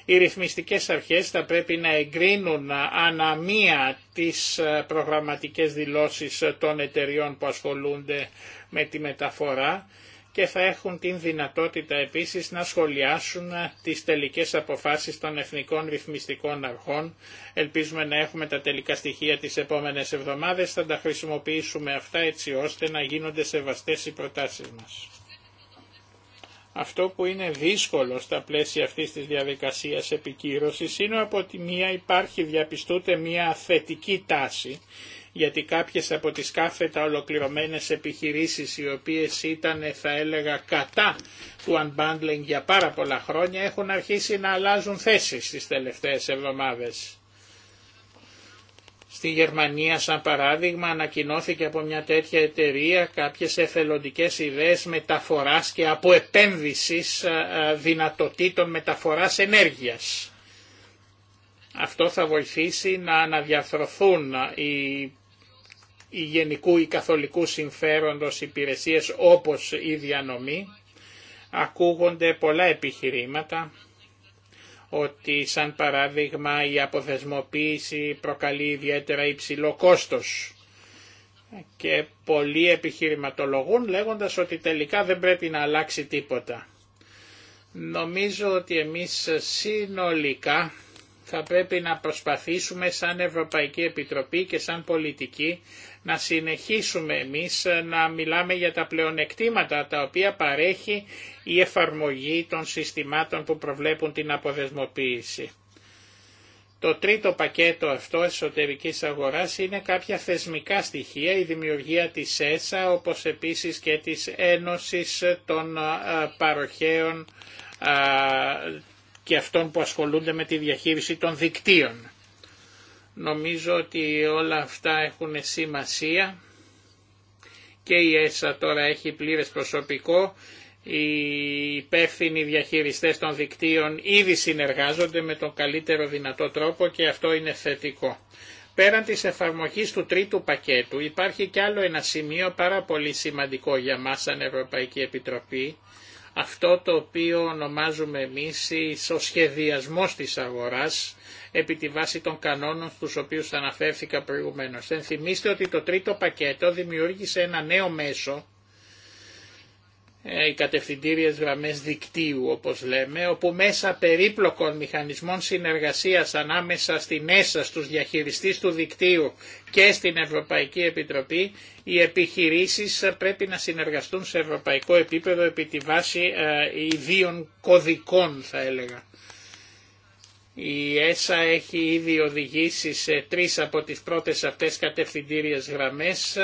Οι ρυθμιστικές αρχές θα πρέπει να εγκρίνουν αναμία τις ε, προγραμματικές δηλώσεις των εταιριών που ασχολούνται με τη μεταφορά και θα έχουν την δυνατότητα επίσης να σχολιάσουν τις τελικές αποφάσεις των εθνικών ρυθμιστικών αρχών. Ελπίζουμε να έχουμε τα τελικά στοιχεία τις επόμενες εβδομάδες, θα τα χρησιμοποιήσουμε αυτά έτσι ώστε να γίνονται σεβαστές οι προτάσεις μας. Αυτό που είναι δύσκολο στα πλαίσια αυτής της διαδικασίας επικύρωσης είναι ότι μια θετική τάση γιατί κάποιες από τις κάθετα ολοκληρωμένες επιχειρήσεις οι οποίες ήταν θα έλεγα κατά του unbundling για πάρα πολλά χρόνια έχουν αρχίσει να αλλάζουν θέσεις τις τελευταίες εβδομάδες. Στη Γερμανία, σαν παράδειγμα, ανακοινώθηκε από μια τέτοια εταιρεία κάποιες εθελοντικές ιδέες μεταφοράς και από ε, ε, δυνατοτήτων μεταφοράς ενέργειας. Αυτό θα βοηθήσει να αναδιαρθρωθούν οι η γενικού ή καθολικού συμφέροντος υπηρεσίες όπως η διανομή. Ακούγονται πολλά επιχειρήματα ότι σαν παράδειγμα η αποθεσμοποίηση προκαλεί ιδιαίτερα υψηλό κόστος και πολλοί επιχειρηματολογούν λέγοντας ότι τελικά δεν πρέπει να αλλάξει τίποτα. Νομίζω ότι εμείς συνολικά θα πρέπει να προσπαθήσουμε σαν Ευρωπαϊκή Επιτροπή και σαν πολιτική να συνεχίσουμε εμείς να μιλάμε για τα πλεονεκτήματα τα οποία παρέχει η εφαρμογή των συστημάτων που προβλέπουν την αποδεσμοποίηση. Το τρίτο πακέτο αυτό εσωτερικής αγοράς είναι κάποια θεσμικά στοιχεία, η δημιουργία της ΕΣΑ όπως επίσης και της Ένωσης των παροχέων και αυτών που ασχολούνται με τη διαχείριση των δικτύων. Νομίζω ότι όλα αυτά έχουν σημασία και η ΕΣΑ τώρα έχει πλήρες προσωπικό. Οι υπεύθυνοι διαχειριστές των δικτύων ήδη συνεργάζονται με τον καλύτερο δυνατό τρόπο και αυτό είναι θετικό. Πέραν της εφαρμογής του τρίτου πακέτου υπάρχει κι άλλο ένα σημείο πάρα πολύ σημαντικό για μας σαν Ευρωπαϊκή Επιτροπή αυτό το οποίο ονομάζουμε εμείς ο σχεδιασμός της αγοράς επί τη βάση των κανόνων στους οποίους αναφέρθηκα προηγουμένως. Ενθυμίστε ότι το τρίτο πακέτο δημιούργησε ένα νέο μέσο ε, οι κατευθυντήριες γραμμές δικτύου όπως λέμε, όπου μέσα περίπλοκων μηχανισμών συνεργασίας ανάμεσα στην ΕΣΑ, στους διαχειριστές του δικτύου και στην Ευρωπαϊκή Επιτροπή, οι επιχειρήσεις πρέπει να συνεργαστούν σε ευρωπαϊκό επίπεδο επί τη βάση ε, ιδίων κωδικών θα έλεγα. Η ΕΣΑ έχει ήδη οδηγήσει σε τρεις από τις πρώτες αυτές κατευθυντήριες γραμμές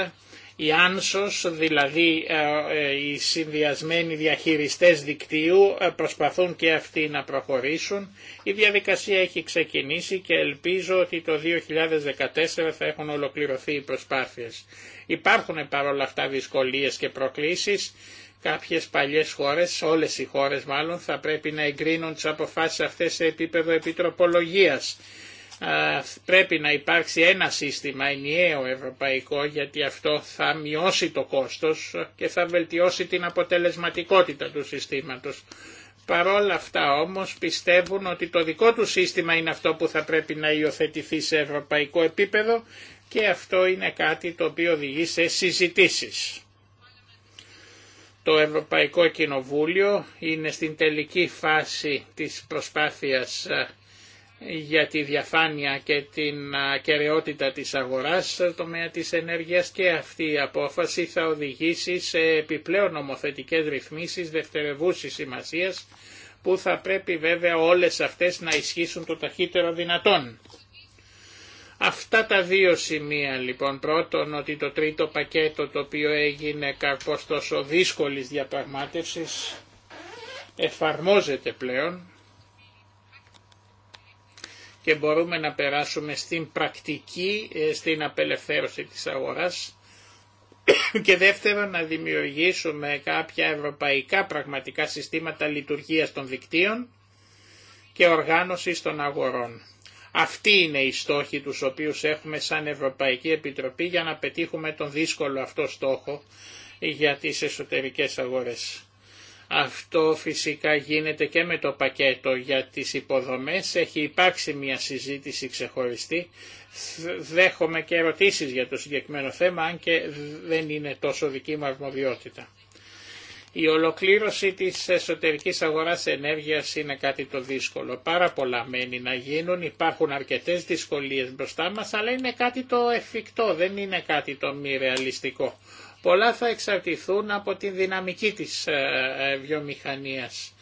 η Άνσος, δηλαδή ε, ε, οι συνδυασμένοι διαχειριστές δικτύου ε, προσπαθούν και αυτοί να προχωρήσουν. Η διαδικασία έχει ξεκινήσει και ελπίζω ότι το 2014 θα έχουν ολοκληρωθεί οι προσπάθειες. Υπάρχουν παρόλα αυτά δυσκολίες και προκλήσεις. Κάποιες παλιές χώρες, όλες οι χώρες μάλλον, θα πρέπει να εγκρίνουν τις αποφάσεις αυτές σε επίπεδο επιτροπολογίας πρέπει να υπάρξει ένα σύστημα ενιαίο ευρωπαϊκό γιατί αυτό θα μειώσει το κόστος και θα βελτιώσει την αποτελεσματικότητα του συστήματος. Παρόλα αυτά όμως πιστεύουν ότι το δικό του σύστημα είναι αυτό που θα πρέπει να υιοθετηθεί σε ευρωπαϊκό επίπεδο και αυτό είναι κάτι το οποίο οδηγεί σε συζητήσεις. Το Ευρωπαϊκό Κοινοβούλιο είναι στην τελική φάση της προσπάθειας ε, για τη διαφάνεια και την ακεραιότητα της αγοράς στο τομέα της ενέργειας και αυτή η απόφαση θα οδηγήσει σε επιπλέον νομοθετικές ρυθμίσεις δευτερευούσης σημασίας που θα πρέπει βέβαια όλες αυτές να ισχύσουν το ταχύτερο δυνατόν. Αυτά τα δύο σημεία λοιπόν. Πρώτον ότι το τρίτο πακέτο το οποίο έγινε καρπός τόσο δύσκολης διαπραγμάτευσης εφαρμόζεται πλέον και μπορούμε να περάσουμε στην πρακτική, ε, στην απελευθέρωση της αγοράς [coughs] και δεύτερον να δημιουργήσουμε κάποια ευρωπαϊκά πραγματικά συστήματα λειτουργίας των δικτύων και οργάνωσης των αγορών. Αυτοί είναι οι στόχοι τους οποίους έχουμε σαν Ευρωπαϊκή Επιτροπή για να πετύχουμε τον δύσκολο αυτό στόχο για τις εσωτερικές αγορές. Αυτό φυσικά γίνεται και με το πακέτο για τις υποδομές. Έχει υπάρξει μια συζήτηση ξεχωριστή. Δέχομαι και ερωτήσεις για το συγκεκριμένο θέμα, αν και δεν είναι τόσο δική μου αρμοδιότητα. Η ολοκλήρωση της εσωτερικής αγοράς ενέργειας είναι κάτι το δύσκολο. Πάρα πολλά μένει να γίνουν, υπάρχουν αρκετές δυσκολίες μπροστά μας, αλλά είναι κάτι το εφικτό, δεν είναι κάτι το μη ρεαλιστικό. Πολλά θα εξαρτηθούν από τη δυναμική της ε, ε, βιομηχανίας.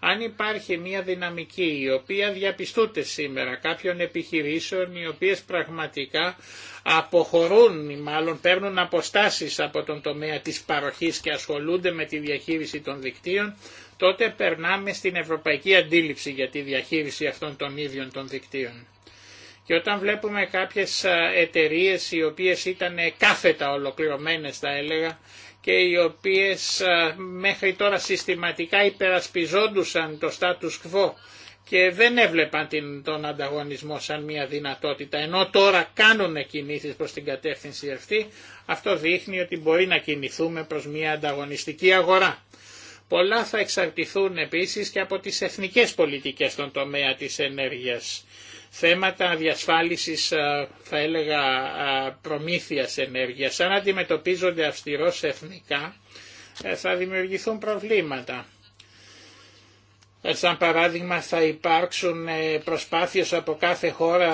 Αν υπάρχει μια δυναμική η οποία διαπιστούνται σήμερα κάποιων επιχειρήσεων οι οποίες πραγματικά αποχωρούν ή μάλλον παίρνουν αποστάσεις από τον τομέα της παροχής και ασχολούνται με τη διαχείριση των δικτύων, τότε περνάμε στην ευρωπαϊκή αντίληψη για τη διαχείριση αυτών των ίδιων των δικτύων. Και όταν βλέπουμε κάποιες εταιρείες οι οποίες ήταν κάθετα ολοκληρωμένες θα έλεγα και οι οποίες μέχρι τώρα συστηματικά υπερασπιζόντουσαν το status quo και δεν έβλεπαν την, τον ανταγωνισμό σαν μια δυνατότητα, ενώ τώρα κάνουν κινήσεις προς την κατεύθυνση αυτή, αυτό δείχνει ότι μπορεί να κινηθούμε προς μια ανταγωνιστική αγορά. Πολλά θα εξαρτηθούν επίσης και από τις εθνικές πολιτικές στον τομέα της ενέργειας θέματα διασφάλισης ε, θα έλεγα ε, προμήθειας ενέργειας. Αν αντιμετωπίζονται αυστηρός εθνικά ε, θα δημιουργηθούν προβλήματα. Σαν παράδειγμα θα υπάρξουν προσπάθειες από κάθε χώρα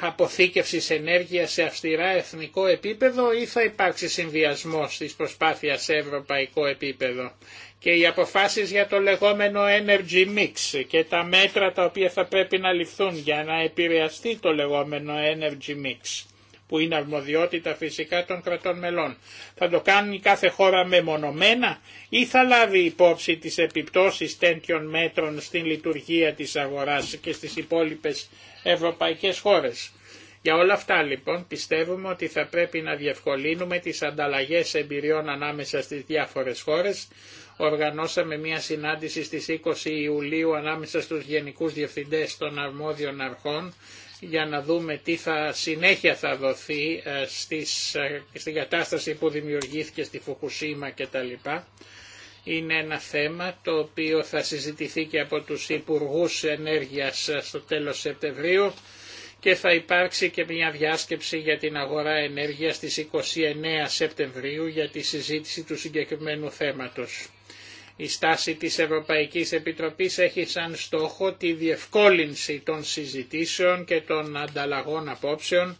αποθήκευσης ενέργειας σε αυστηρά εθνικό επίπεδο ή θα υπάρξει συνδυασμός της προσπάθειας σε ευρωπαϊκό επίπεδο και οι αποφάσεις για το λεγόμενο energy mix και τα μέτρα τα οποία θα πρέπει να ληφθούν για να επηρεαστεί το λεγόμενο energy mix που είναι αρμοδιότητα φυσικά των κρατών μελών. Θα το κάνει κάθε χώρα μεμονωμένα ή θα λάβει υπόψη τις επιπτώσεις τέτοιων μέτρων στην λειτουργία της αγοράς και στις υπόλοιπες ευρωπαϊκές χώρες. Για όλα αυτά λοιπόν πιστεύουμε ότι θα πρέπει να διευκολύνουμε τις ανταλλαγές εμπειριών ανάμεσα στις διάφορες χώρες Οργανώσαμε μια συνάντηση στις 20 Ιουλίου ανάμεσα στους Γενικούς Διευθυντές των Αρμόδιων Αρχών για να δούμε τι θα συνέχεια θα δοθεί ε, στις, ε, στην κατάσταση που δημιουργήθηκε στη Φουκουσίμα κτλ. Είναι ένα θέμα το οποίο θα συζητηθεί και από τους Υπουργούς Ενέργειας ε, στο τέλος Σεπτεμβρίου και θα υπάρξει και μια διάσκεψη για την αγορά ενέργειας στις 29 Σεπτεμβρίου για τη συζήτηση του συγκεκριμένου θέματος. Η στάση της Ευρωπαϊκής Επιτροπής έχει σαν στόχο τη διευκόλυνση των συζητήσεων και των ανταλλαγών απόψεων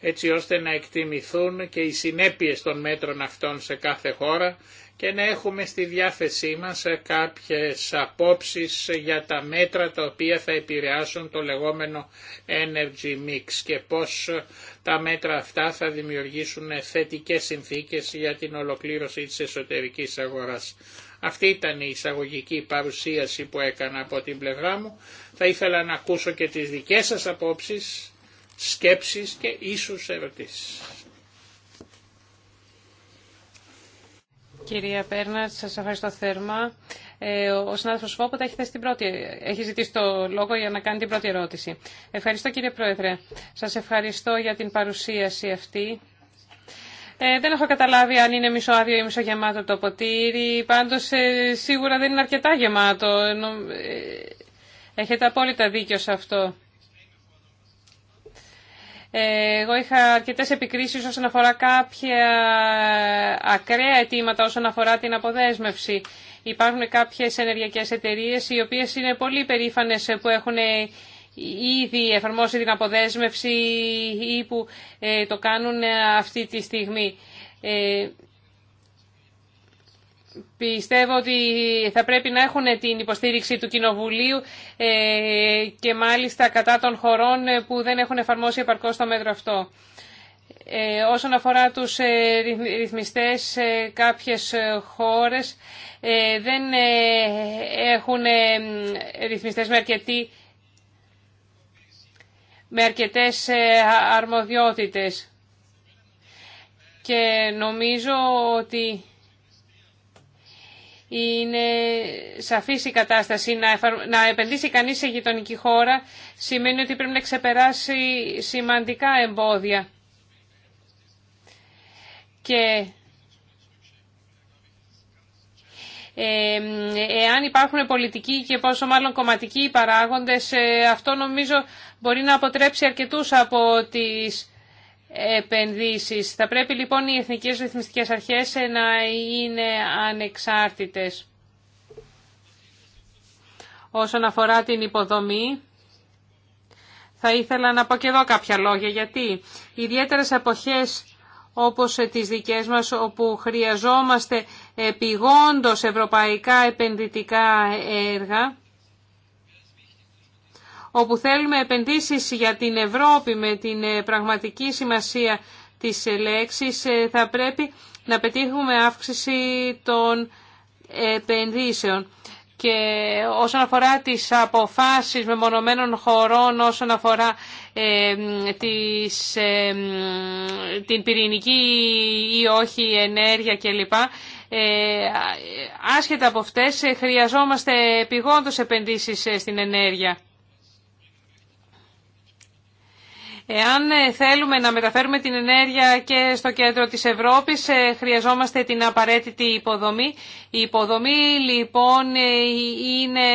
έτσι ώστε να εκτιμηθούν και οι συνέπειες των μέτρων αυτών σε κάθε χώρα και να έχουμε στη διάθεσή μας ε, κάποιες απόψεις για τα μέτρα τα οποία θα επηρεάσουν το λεγόμενο energy mix και πώς ε, τα μέτρα αυτά θα δημιουργήσουν ε, θετικές συνθήκες για την ολοκλήρωση της εσωτερικής αγοράς. Αυτή ήταν η εισαγωγική παρουσίαση που έκανα από την πλευρά μου. Θα ήθελα να ακούσω και τις δικές σας απόψεις, σκέψεις και ίσους ερωτήσεις. Κυρία Πέρνα, σας ευχαριστώ θερμά. Ε, ο συνάδελφος Φόποτα έχει, θέσει την πρώτη, έχει ζητήσει το λόγο για να κάνει την πρώτη ερώτηση. Ευχαριστώ κύριε Πρόεδρε. Σας ευχαριστώ για την παρουσίαση αυτή. Ε, δεν έχω καταλάβει αν είναι μισό άδειο ή μισό γεμάτο το ποτήρι. Πάντως ε, σίγουρα δεν είναι αρκετά γεμάτο. Ε, έχετε απόλυτα δίκιο σε αυτό. Εγώ είχα αρκετέ επικρίσεις όσον αφορά κάποια ακραία αιτήματα όσον αφορά την αποδέσμευση. Υπάρχουν κάποιες ενεργειακές εταιρείε, οι οποίες είναι πολύ περήφανε που έχουν ήδη εφαρμόσει την αποδέσμευση ή που ε, το κάνουν ε, αυτή τη στιγμή. Ε, Πιστεύω ότι θα πρέπει να έχουν την υποστήριξη του Κοινοβουλίου ε, και μάλιστα κατά των χωρών ε, που δεν έχουν εφαρμόσει επαρκώς το μέτρο αυτό. Ε, όσον αφορά τους ρυθμιστές, κάποιες χώρες δεν έχουν ρυθμιστές με αρκετή αρμοδιότητες. Και νομίζω ότι είναι σαφής η κατάσταση. Να επενδύσει κανείς σε γειτονική χώρα σημαίνει ότι πρέπει να ξεπεράσει σημαντικά εμπόδια. Και εάν υπάρχουν πολιτικοί και πόσο μάλλον κομματικοί παράγοντες, ε, αυτό νομίζω μπορεί να αποτρέψει αρκετούς από τις επενδύσεις. Θα πρέπει λοιπόν οι εθνικές ρυθμιστικές αρχές να είναι ανεξάρτητες. Όσον αφορά την υποδομή, θα ήθελα να πω και εδώ κάποια λόγια, γιατί ιδιαίτερε εποχές όπως τις δικές μας, όπου χρειαζόμαστε επιγόντως ευρωπαϊκά επενδυτικά έργα, όπου θέλουμε επενδύσεις για την Ευρώπη με την ε, πραγματική σημασία της ε, λέξης, ε, θα πρέπει να πετύχουμε αύξηση των επενδύσεων. Και όσον αφορά τις αποφάσεις μεμονωμένων χωρών, όσον αφορά την πυρηνική ή όχι ενέργεια κλπ. άσχετα από αυτές χρειαζόμαστε επιγόντως επενδύσεις στην ενέργεια. Εάν ε, θέλουμε να μεταφέρουμε την ενέργεια και στο κέντρο της Ευρώπης, ε, χρειαζόμαστε την απαραίτητη υποδομή. Η υποδομή, λοιπόν, ε, είναι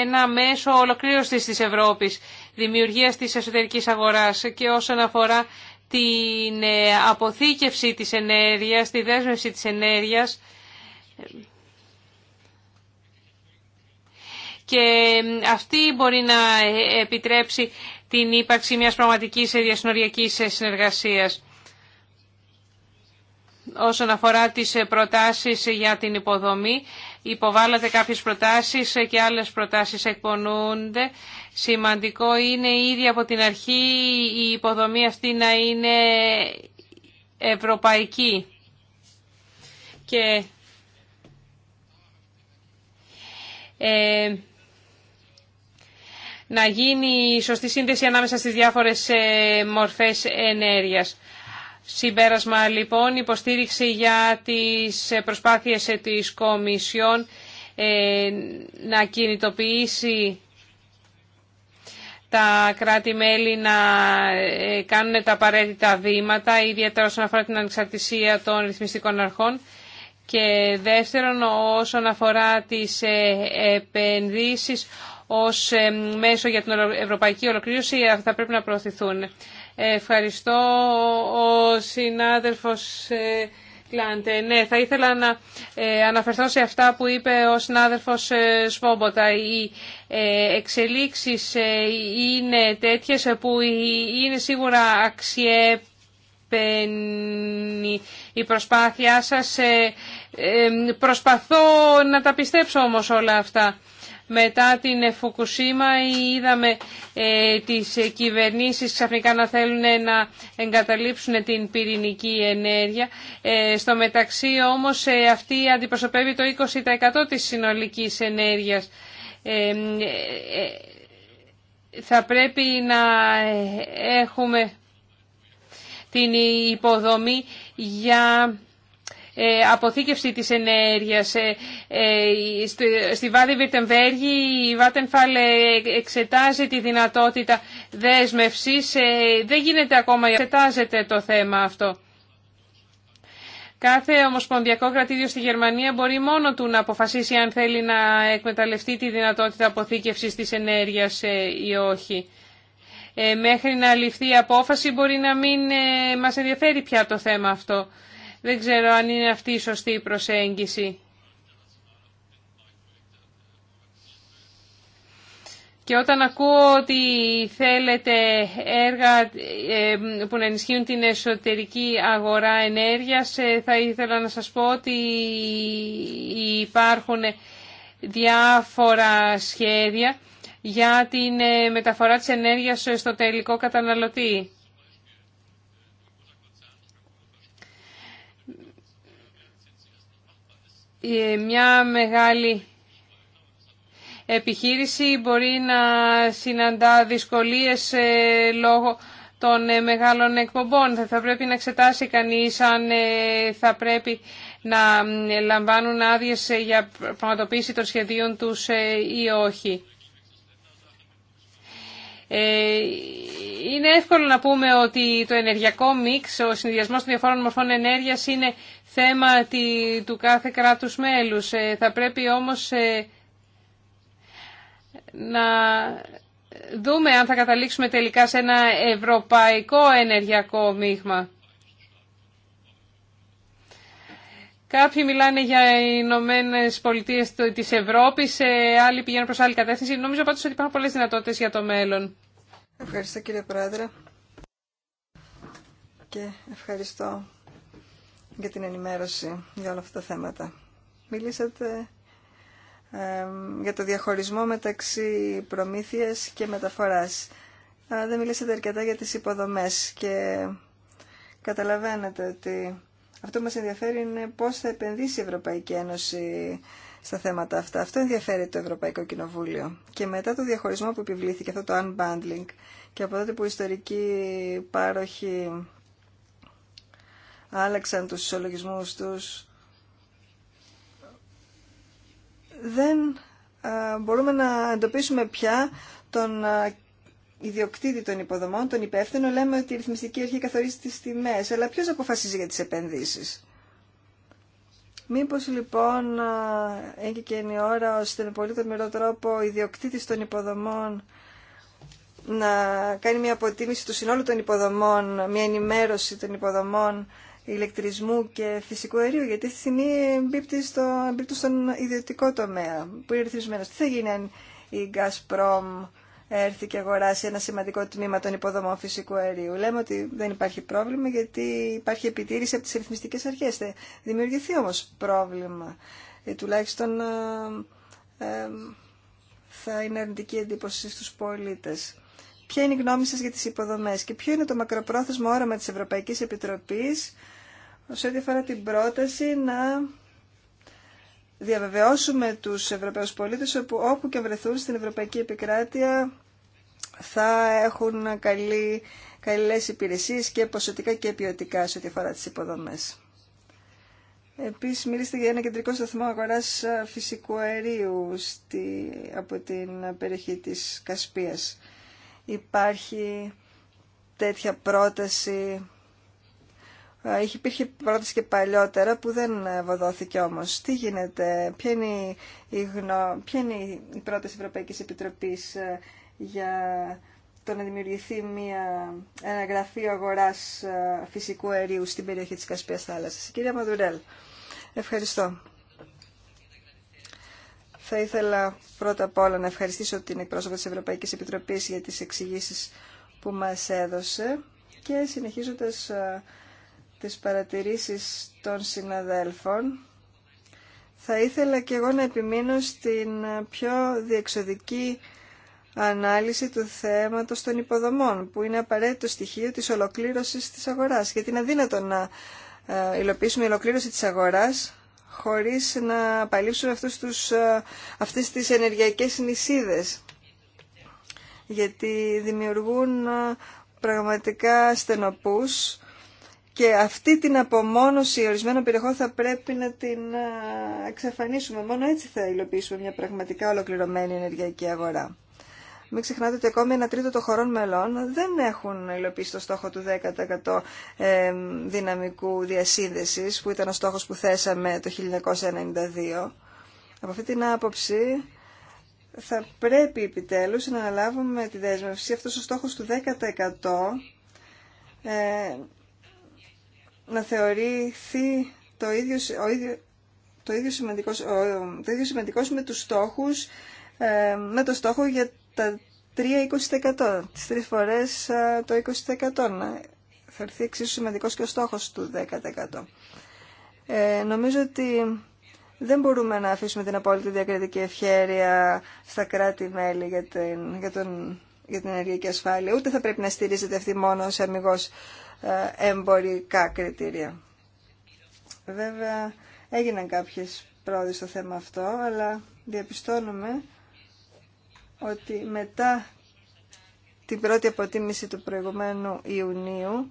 ένα μέσο ολοκλήρωσης της Ευρώπης, δημιουργίας της εσωτερικής αγοράς και όσον αφορά την αποθήκευση της ενέργειας, τη δέσμευση της ενέργειας, και αυτή μπορεί να επιτρέψει την ύπαρξη μιας πραγματικής διασυνοριακής συνεργασίας. Όσον αφορά τις προτάσεις για την υποδομή, υποβάλλατε κάποιες προτάσεις και άλλες προτάσεις εκπονούνται. Σημαντικό είναι ήδη από την αρχή η υποδομή αυτή να είναι ευρωπαϊκή. Και ε, να γίνει σωστή σύνδεση ανάμεσα στις διάφορες ε, μορφές ενέργειας. Συμπέρασμα λοιπόν, υποστήριξη για τις προσπάθειες ε, της Κομισιόν ε, να κινητοποιήσει τα κράτη-μέλη να κάνουν τα απαραίτητα βήματα, ιδιαίτερα όσον αφορά την ανεξαρτησία των ρυθμιστικών αρχών. Και δεύτερον, όσον αφορά τις επενδύσεις, ως ε, μέσο για την ευρωπαϊκή ολοκλήρωση ε, θα πρέπει να προωθηθούν. Ε, ευχαριστώ ο συνάδελφος Κλάντε. Ναι, θα ήθελα να αναφερθώ σε αυτά που είπε ο συνάδελφος Σπόμποτα. Οι εξελίξεις είναι τέτοιες που είναι σίγουρα αξιέπαινη η προσπάθειά σας. Προσπαθώ να τα πιστέψω όμως όλα αυτά. Μετά την Φουκουσίμα είδαμε ε, τις κυβερνήσεις ξαφνικά να θέλουν να εγκαταλείψουν την πυρηνική ενέργεια. Ε, στο μεταξύ όμως ε, αυτή αντιπροσωπεύει το 20% της συνολικής ενέργειας. Θα πρέπει να έχουμε την υποδομή για ε, αποθήκευση της ενέργειας. Ε, ε, στη Βάδη Βιρτεμβέργη η Βάτενφαλ εξετάζει τη δυνατότητα δέσμευσης. Δεν γίνεται ακόμα, εξετάζεται το θέμα αυτό. Κάθε ομοσπονδιακό κρατήδιο στη Γερμανία μπορεί μόνο του να αποφασίσει αν θέλει να εκμεταλλευτεί τη δυνατότητα αποθήκευσης της ενέργειας ή όχι. Μέχρι να ληφθεί η απόφαση μπορεί να μην μας ενδιαφέρει πια το θέμα αυτό. Δεν ξέρω αν είναι αυτή η σωστή προσέγγιση. Και όταν ακούω ότι θέλετε έργα ε, που να ενισχύουν την εσωτερική αγορά ενέργειας, ε, θα ήθελα να σας πω ότι υπάρχουν διάφορα σχέδια για την ε, μεταφορά της ενέργειας στο τελικό καταναλωτή. μια μεγάλη επιχείρηση μπορεί να συναντά δυσκολίες ε, λόγω των ε, μεγάλων εκπομπών. Θα πρέπει να εξετάσει κανείς αν ε, θα πρέπει να λαμβάνουν άδειες για πραγματοποίηση των σχεδίων τους ή όχι. Είναι εύκολο να πούμε ότι το ενεργειακό μίξ, ο συνδυασμός των διαφόρων μορφών ενέργειας είναι θέμα του κάθε κράτους μέλους. Ε, θα πρέπει όμως ε, να δούμε αν θα καταλήξουμε τελικά σε ένα ευρωπαϊκό ενεργειακό μείγμα. Κάποιοι μιλάνε για οι Ηνωμένε Πολιτείε τη Ευρώπη, ε, άλλοι πηγαίνουν προ άλλη κατεύθυνση. Νομίζω πάντω ότι υπάρχουν πολλέ δυνατότητε για το μέλλον. Ευχαριστώ κύριε Πρόεδρε και ευχαριστώ για την ενημέρωση για όλα αυτά τα θέματα. Μιλήσατε για το διαχωρισμό μεταξύ προμήθειας και μεταφοράς. δεν μιλήσατε αρκετά για τις υποδομές και καταλαβαίνετε ότι αυτό που μας ενδιαφέρει είναι πώς θα επενδύσει η Ευρωπαϊκή Ένωση στα θέματα αυτά. Αυτό ενδιαφέρει το Ευρωπαϊκό Κοινοβούλιο. Και μετά το διαχωρισμό που επιβλήθηκε αυτό το unbundling και από τότε που οι ιστορικοί άλλαξαν τους ισολογισμούς τους. Δεν μπορούμε να εντοπίσουμε πια τον ιδιοκτήτη των υποδομών, τον υπεύθυνο. Λέμε ότι η ρυθμιστική αρχή καθορίζει τις τιμές, αλλά ποιος αποφασίζει για τις επενδύσεις. Μήπως λοιπόν έγινε και η ώρα ώστε με πολύ μεροτρόπο τρόπο ο ιδιοκτήτης των υποδομών να κάνει μια αποτίμηση του συνόλου των υποδομών, μια ενημέρωση των υποδομών ηλεκτρισμού και φυσικού αερίου, γιατί αυτή τη στιγμή εμπίπτει στον ιδιωτικό τομέα που είναι ρυθμισμένο. Τι θα γίνει αν η Gazprom έρθει και αγοράσει ένα σημαντικό τμήμα των υποδομών φυσικού αερίου. Λέμε ότι δεν υπάρχει πρόβλημα γιατί υπάρχει επιτήρηση από τις ρυθμιστικές αρχές. Θα δημιουργηθεί όμως πρόβλημα. Ε, τουλάχιστον ε, ε, θα είναι αρνητική εντύπωση στους πολίτες. Ποια είναι η γνώμη σας για τις υποδομές και ποιο είναι το μακροπρόθεσμο όραμα της Ευρωπαϊκής Επιτροπής σε ό,τι αφορά την πρόταση να διαβεβαιώσουμε τους Ευρωπαίους πολίτες όπου, όπου και βρεθούν στην Ευρωπαϊκή Επικράτεια θα έχουν καλή, καλές υπηρεσίες και ποσοτικά και ποιοτικά σε ό,τι αφορά τις υποδομές. Επίσης μιλήστε για ένα κεντρικό σταθμό αγοράς φυσικού αερίου στη, από την περιοχή της Κασπίας. Υπάρχει τέτοια πρόταση Υπήρχε πρόταση και παλιότερα που δεν βοδόθηκε όμως. Τι γίνεται, ποια είναι η, γνω... ποια είναι η πρόταση Ευρωπαϊκής Επιτροπής ε, για το να δημιουργηθεί μια, ένα γραφείο αγοράς ε, φυσικού αερίου στην περιοχή της Κασπίας θάλασσας. Κυρία Μαδουρέλ, ευχαριστώ. Θα ήθελα πρώτα απ' όλα να ευχαριστήσω την εκπρόσωπο της Ευρωπαϊκής Επιτροπής για τις εξηγήσεις που μας έδωσε και συνεχίζοντας ε, τις παρατηρήσεις των συναδέλφων, θα ήθελα και εγώ να επιμείνω στην πιο διεξοδική ανάλυση του θέματος των υποδομών, που είναι απαραίτητο στοιχείο της ολοκλήρωσης της αγοράς. Γιατί είναι αδύνατο να ε, υλοποιήσουμε η ολοκλήρωση της αγοράς χωρίς να απαλείψουμε αυτούς τους, ε, αυτές τις ενεργειακές νησίδες. Γιατί δημιουργούν ε, πραγματικά στενοπούς και αυτή την απομόνωση ορισμένων περιοχών θα πρέπει να την εξαφανίσουμε. Μόνο έτσι θα υλοποιήσουμε μια πραγματικά ολοκληρωμένη ενεργειακή αγορά. Μην ξεχνάτε ότι ακόμη ένα τρίτο των χωρών μελών δεν έχουν υλοποιήσει το στόχο του 10% ε, δυναμικού διασύνδεσης, που ήταν ο στόχος που θέσαμε το 1992. Από αυτή την άποψη θα πρέπει επιτέλους να αναλάβουμε τη δέσμευση. Αυτός ο στόχος του 10% να θεωρηθεί το ίδιο, ο το ίδιο σημαντικός, το ίδιο σημαντικός με τους στόχους, ε, με το στόχο για τα 3-20%. Τις τρεις φορές ε, το 20% να θεωρηθεί εξίσου σημαντικός και ο στόχος του 10%. Ε, νομίζω ότι δεν μπορούμε να αφήσουμε την απόλυτη διακριτική ευχέρεια στα κράτη-μέλη για την, για, για την ενεργειακή ασφάλεια. Ούτε θα πρέπει να στηρίζεται αυτή μόνο σε αμυγός ε, εμπορικά κριτήρια. Βέβαια έγιναν κάποιες πρόοδοι στο θέμα αυτό, αλλά διαπιστώνουμε ότι μετά την πρώτη αποτίμηση του προηγουμένου Ιουνίου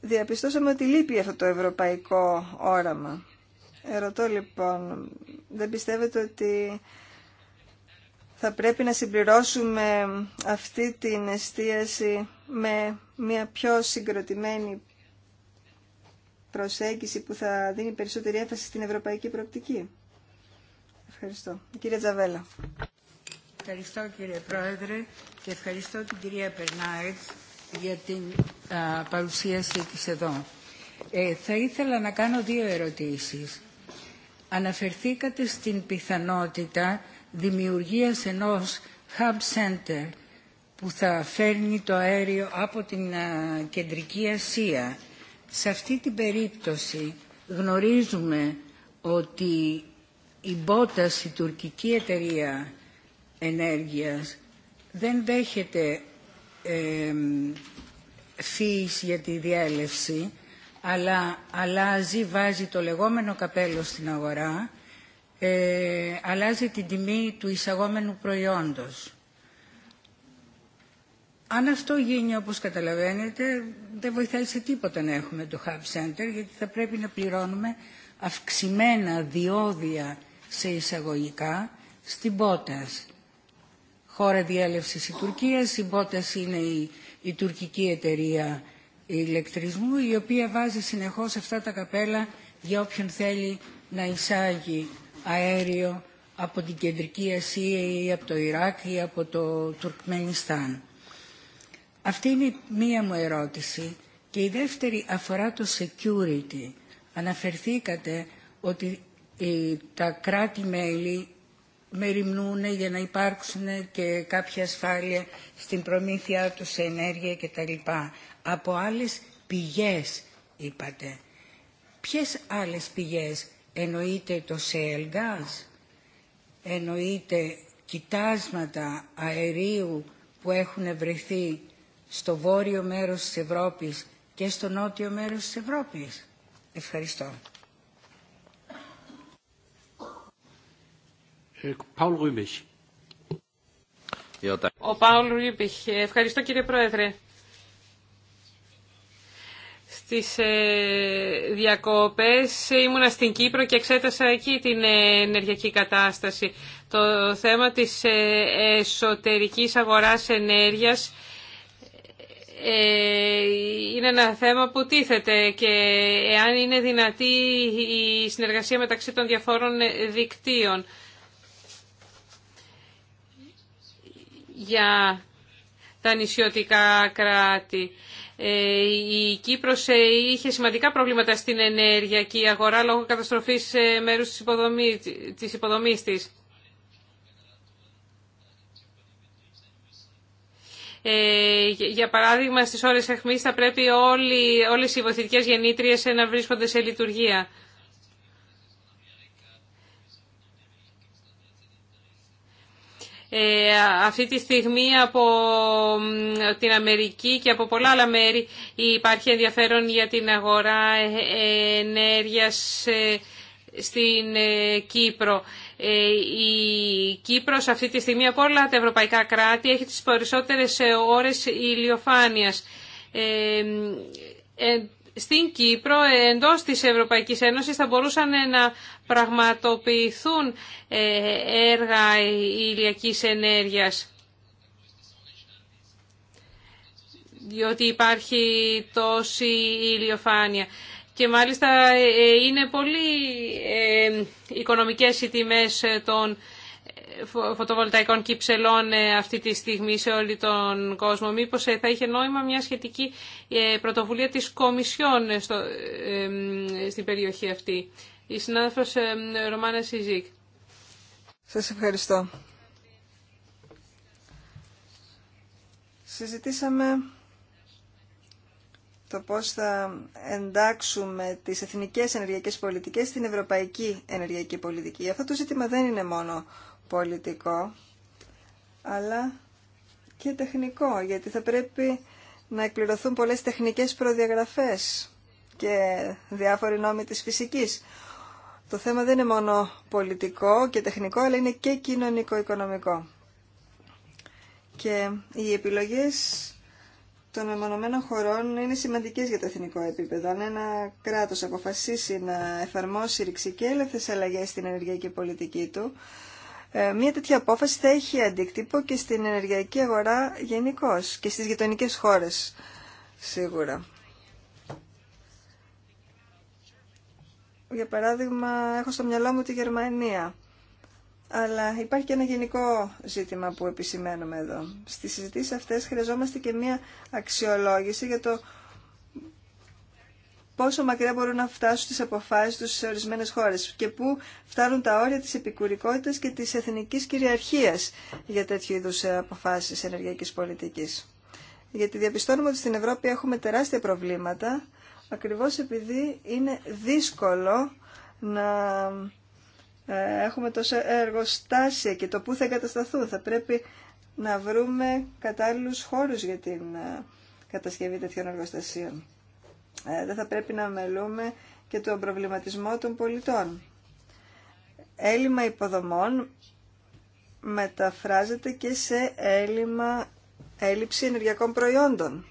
διαπιστώσαμε ότι λείπει αυτό το ευρωπαϊκό όραμα. Ερωτώ λοιπόν, δεν πιστεύετε ότι θα πρέπει να συμπληρώσουμε αυτή την εστίαση με μια πιο συγκροτημένη προσέγγιση που θα δίνει περισσότερη έφαση στην ευρωπαϊκή προοπτική. Ευχαριστώ. Κύριε Τζαβέλα. Ευχαριστώ κύριε Πρόεδρε και ευχαριστώ την κυρία Περνάετ για την παρουσίαση της εδώ. Ε, θα ήθελα να κάνω δύο ερωτήσεις. Αναφερθήκατε στην πιθανότητα δημιουργίας ενός hub center που θα φέρνει το αέριο από την Κεντρική Ασία. Σε αυτή την περίπτωση γνωρίζουμε ότι η Μπότας, η τουρκική εταιρεία ενέργειας, δεν δέχεται ε, για τη διέλευση, αλλά αλλάζει, βάζει το λεγόμενο καπέλο στην αγορά, ε, αλλάζει την τιμή του εισαγόμενου προϊόντος. Αν αυτό γίνει όπως καταλαβαίνετε δεν βοηθάει σε τίποτα να έχουμε το Hub Center γιατί θα πρέπει να πληρώνουμε αυξημένα διόδια σε εισαγωγικά στην Πότας. Χώρα διέλευση η Τουρκία, η Πότας είναι η, η τουρκική εταιρεία ηλεκτρισμού η οποία βάζει συνεχώς αυτά τα καπέλα για όποιον θέλει να εισάγει αέριο από την Κεντρική Ασία ή από το Ιράκ ή από το Τουρκμενιστάν. Αυτή είναι μία μου ερώτηση. Και η δεύτερη αφορά το security. Αναφερθήκατε ότι ε, τα κράτη-μέλη μεριμνούν για να υπάρξουν και κάποια ασφάλεια στην προμήθειά τους σε ενέργεια κτλ. Από άλλες πηγές είπατε. Ποιες άλλες πηγές εννοείται το shale gas, εννοείται κοιτάσματα αερίου που έχουν βρεθεί στο βόρειο μέρος της Ευρώπης και στο νότιο μέρος της Ευρώπης. Ευχαριστώ. Ε, Ο Πάουλ Ρούμπιχ. Ευχαριστώ κύριε Πρόεδρε. Στις ε, διακόπες ήμουνα στην Κύπρο και εξέτασα εκεί την ε, ενεργειακή κατάσταση. Το θέμα της εσωτερικής αγοράς ενέργειας ε, είναι ένα θέμα που τίθεται και εάν είναι δυνατή η συνεργασία μεταξύ των διαφόρων δικτύων. Για τα νησιωτικά κράτη. Ε, η Κύπρος ε, είχε σημαντικά προβλήματα στην ενέργεια και η αγορά λόγω καταστροφής μέρους της υποδομής της. Ε, για παράδειγμα, στις ώρες αιχμής θα πρέπει όλοι, όλες οι βοηθητικές γεννήτριες ε, να βρίσκονται σε λειτουργία. Ε, αυτή τη στιγμή από την Αμερική και από πολλά άλλα μέρη υπάρχει ενδιαφέρον για την αγορά ενέργειας στην Κύπρο. Ε, η Κύπρος αυτή τη στιγμή από όλα τα ευρωπαϊκά κράτη έχει τις περισσότερες ε, ώρες ηλιοφάνειας. Ε, στην Κύπρο, εντός της Ευρωπαϊκής Ένωσης, θα μπορούσαν να πραγματοποιηθούν έργα ηλιακής ενέργειας. διότι υπάρχει τόση ηλιοφάνεια και μάλιστα ε, ε, είναι πολύ ε, οικονομικές οι τιμές των φωτοβολταϊκών κυψελών αυτή τη στιγμή σε όλη τον κόσμο. Μήπως θα είχε νόημα μια σχετική πρωτοβουλία της Κομισιόν στο, στην περιοχή αυτή. Η συνάδελφος Ρωμάνα Σιζίκ. Σας ευχαριστώ. Συζητήσαμε το πώς θα εντάξουμε τις εθνικές ενεργειακές πολιτικές στην ευρωπαϊκή ενεργειακή πολιτική. Αυτό το ζήτημα δεν είναι μόνο πολιτικό, αλλά και τεχνικό, γιατί θα πρέπει να εκπληρωθούν πολλές τεχνικές προδιαγραφές και διάφοροι νόμοι της φυσικής. Το θέμα δεν είναι μόνο πολιτικό και τεχνικό, αλλά είναι και κοινωνικό-οικονομικό. Και οι επιλογές των μεμονωμένων χωρών είναι σημαντικές για το εθνικό επίπεδο. Αν ένα κράτο αποφασίσει να εφαρμόσει ρηξικέλευθε αλλαγέ στην ενεργειακή πολιτική του, ε, μια τέτοια απόφαση θα έχει αντίκτυπο και στην ενεργειακή αγορά γενικώ και στι γειτονικέ χώρε σίγουρα. Για παράδειγμα, έχω στο μυαλό μου τη Γερμανία αλλά υπάρχει και ένα γενικό ζήτημα που επισημαίνουμε εδώ. Στις συζητήσεις αυτές χρειαζόμαστε και μία αξιολόγηση για το πόσο μακριά μπορούν να φτάσουν τις αποφάσεις τους σε ορισμένες χώρες και πού φτάνουν τα όρια της επικουρικότητας και της εθνικής κυριαρχίας για τέτοιου είδους αποφάσεις ενεργειακής πολιτικής. Γιατί διαπιστώνουμε ότι στην Ευρώπη έχουμε τεράστια προβλήματα, ακριβώς επειδή είναι δύσκολο να ε, έχουμε τόσα εργοστάσια και το πού θα εγκατασταθούν. Θα πρέπει να βρούμε κατάλληλους χώρους για την ε, κατασκευή τέτοιων εργοστασίων. Ε, δεν θα πρέπει να μελούμε και τον προβληματισμό των πολιτών. Έλλειμμα υποδομών μεταφράζεται και σε έλλειμμα, έλλειψη ενεργειακών προϊόντων.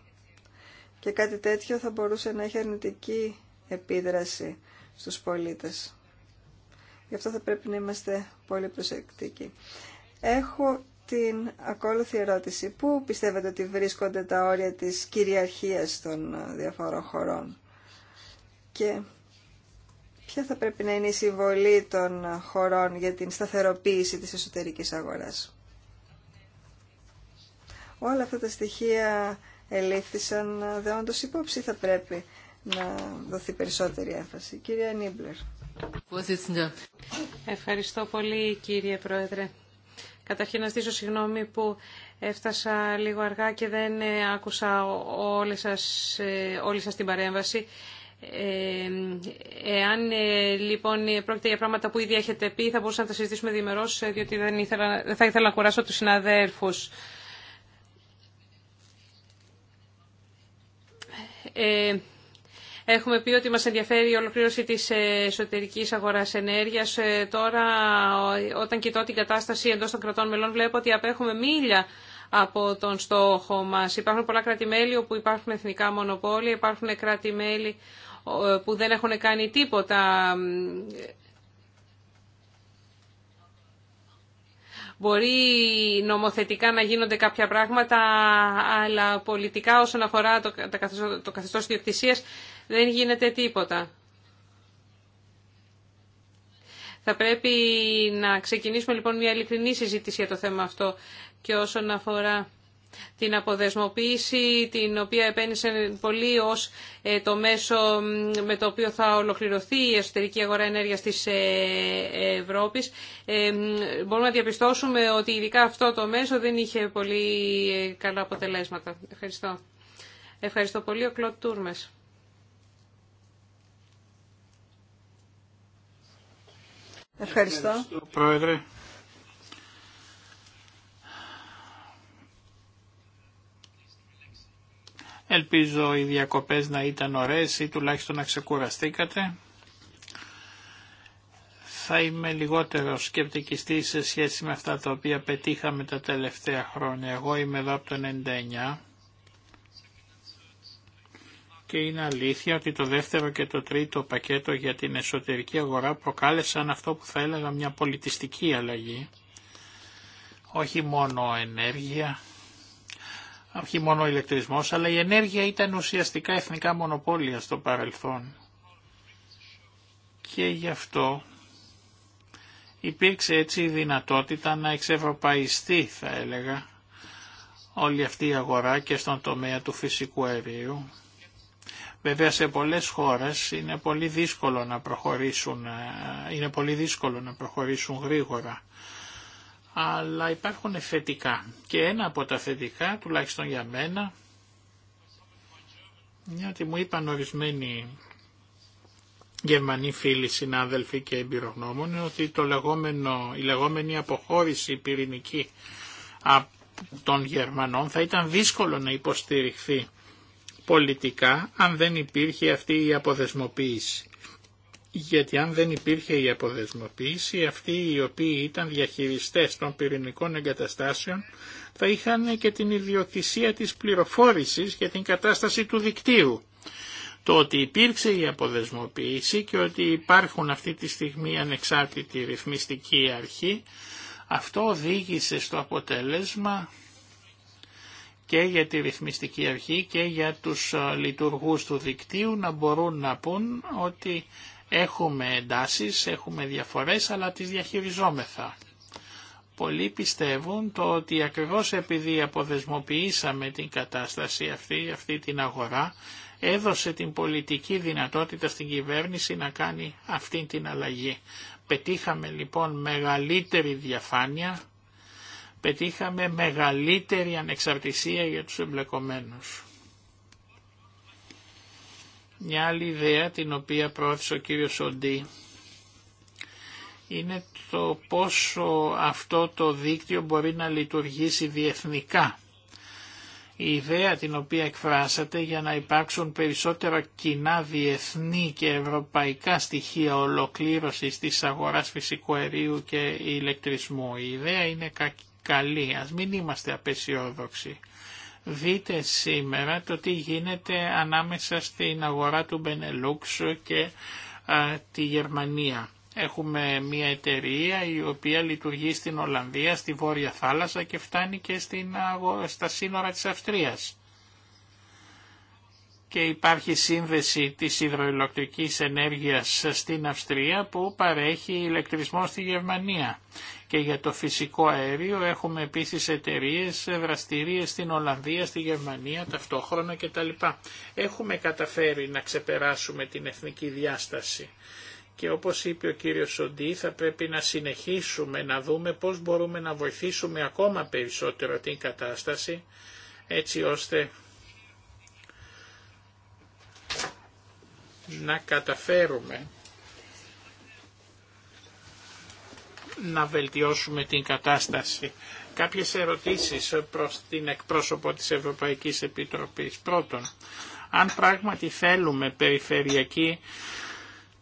Και κάτι τέτοιο θα μπορούσε να έχει αρνητική επίδραση στους πολίτες. Γι' αυτό θα πρέπει να είμαστε πολύ προσεκτικοί. Έχω την ακόλουθη ερώτηση. Πού πιστεύετε ότι βρίσκονται τα όρια της κυριαρχίας των διαφορών χωρών και ποια θα πρέπει να είναι η συμβολή των χωρών για την σταθεροποίηση της εσωτερικής αγοράς. Όλα αυτά τα στοιχεία ελήφθησαν δεόντως υπόψη θα πρέπει να δοθεί περισσότερη έμφαση. Κυρία Νίμπλερ. Ευχαριστώ πολύ κύριε Πρόεδρε. Καταρχήν να στήσω συγγνώμη που έφτασα λίγο αργά και δεν ε, άκουσα όλη σας, ε, όλη σας την παρέμβαση. Ε, εάν ε, λοιπόν πρόκειται για πράγματα που ήδη έχετε πει θα μπορούσα να τα συζητήσουμε διμερώς, διότι δεν, ήθελα, δεν θα ήθελα να κουράσω τους συναδέρφους. Ε, Έχουμε πει ότι μας ενδιαφέρει η ολοκλήρωση της εσωτερικής αγοράς ενέργειας. Ε, τώρα, όταν κοιτώ την κατάσταση εντός των κρατών μελών, βλέπω ότι απέχουμε μίλια από τον στόχο μας. Υπάρχουν πολλά κράτη-μέλη όπου υπάρχουν εθνικά μονοπόλια, υπάρχουν κράτη-μέλη που δεν έχουν κάνει τίποτα Μπορεί νομοθετικά να γίνονται κάποια πράγματα, αλλά πολιτικά όσον αφορά το καθεστώς διοκτησίας δεν γίνεται τίποτα. Θα πρέπει να ξεκινήσουμε λοιπόν μια ειλικρινή συζήτηση για το θέμα αυτό και όσον αφορά την αποδεσμοποίηση την οποία επένδυσε πολύ ως ε, το μέσο με το οποίο θα ολοκληρωθεί η εσωτερική αγορά ενέργειας της ε, Ευρώπης. Ε, μπορούμε να διαπιστώσουμε ότι ειδικά αυτό το μέσο δεν είχε πολύ καλά αποτελέσματα. Ευχαριστώ. Ευχαριστώ πολύ ο Κλωτ Τούρμες. Ευχαριστώ. Ευχαριστώ Πρόεδρε. Ελπίζω οι διακοπές να ήταν ωραίες ή τουλάχιστον να ξεκουραστήκατε. Θα είμαι λιγότερο σκεπτικιστής σε σχέση με αυτά τα οποία πετύχαμε τα τελευταία χρόνια. Εγώ είμαι εδώ από το 99 και είναι αλήθεια ότι το δεύτερο και το τρίτο πακέτο για την εσωτερική αγορά προκάλεσαν αυτό που θα έλεγα μια πολιτιστική αλλαγή. Όχι μόνο ενέργεια, όχι μόνο ηλεκτρισμός, αλλά η ενέργεια ήταν ουσιαστικά εθνικά μονοπόλια στο παρελθόν. Και γι' αυτό υπήρξε έτσι η δυνατότητα να εξευρωπαϊστεί, θα έλεγα, όλη αυτή η αγορά και στον τομέα του φυσικού αερίου Βέβαια σε πολλές χώρες είναι πολύ δύσκολο να προχωρήσουν, ε, είναι πολύ δύσκολο να προχωρήσουν γρήγορα. Αλλά υπάρχουν θετικά και ένα από τα θετικά, τουλάχιστον για μένα, μια ότι μου είπαν ορισμένοι Γερμανοί φίλοι, συνάδελφοι και εμπειρογνώμονε ότι το λεγόμενο, η λεγόμενη αποχώρηση πυρηνική των Γερμανών θα ήταν δύσκολο να υποστηριχθεί πολιτικά αν δεν υπήρχε αυτή η αποδεσμοποίηση. Γιατί αν δεν υπήρχε η αποδεσμοποίηση, αυτοί οι οποίοι ήταν διαχειριστές των πυρηνικών εγκαταστάσεων θα είχαν και την ιδιοκτησία της πληροφόρησης για την κατάσταση του δικτύου. Το ότι υπήρξε η αποδεσμοποίηση και ότι υπάρχουν αυτή τη στιγμή ανεξάρτητη ρυθμιστική αρχή, αυτό οδήγησε στο αποτέλεσμα και για τη ρυθμιστική αρχή και για τους ε, λειτουργούς του δικτύου να μπορούν να πούν ότι έχουμε εντάσεις, έχουμε διαφορές, αλλά τις διαχειριζόμεθα. Πολλοί πιστεύουν το ότι ακριβώς επειδή αποδεσμοποιήσαμε την κατάσταση αυτή, αυτή την αγορά, έδωσε την πολιτική δυνατότητα στην κυβέρνηση να κάνει αυτή την αλλαγή. Πετύχαμε λοιπόν μεγαλύτερη διαφάνεια πετύχαμε μεγαλύτερη ανεξαρτησία για τους εμπλεκομένους. Μια άλλη ιδέα την οποία προώθησε ο κύριος Σοντή είναι το πόσο αυτό το δίκτυο μπορεί να λειτουργήσει διεθνικά. Η ιδέα την οποία εκφράσατε για να υπάρξουν περισσότερα κοινά διεθνή και ευρωπαϊκά στοιχεία ολοκλήρωσης της αγοράς φυσικού αερίου και ηλεκτρισμού. Η ιδέα είναι καλή, ας μην είμαστε απεσιόδοξοι. Δείτε σήμερα το τι γίνεται ανάμεσα στην αγορά του Μπενελούξ και τη Γερμανία. Έχουμε μια εταιρεία η οποία λειτουργεί στην Ολλανδία, στη Βόρεια Θάλασσα και φτάνει και στην, στα σύνορα της Αυστρίας. Και υπάρχει σύνδεση της υδροηλεκτρικής ενέργειας στην Αυστρία που παρέχει ηλεκτρισμό στη Γερμανία. Και για το φυσικό αέριο έχουμε επίσης εταιρείε δραστηρίες στην Ολλανδία, στη Γερμανία ταυτόχρονα κτλ. Έχουμε καταφέρει να ξεπεράσουμε την εθνική διάσταση. Και όπως είπε ο κύριος Σοντή θα πρέπει να συνεχίσουμε να δούμε πώς μπορούμε να βοηθήσουμε ακόμα περισσότερο την κατάσταση έτσι ώστε να καταφέρουμε να βελτιώσουμε την κατάσταση. Κάποιες ερωτήσεις προς την εκπρόσωπο της Ευρωπαϊκής Επιτροπής. Πρώτον, αν πράγματι θέλουμε περιφερειακή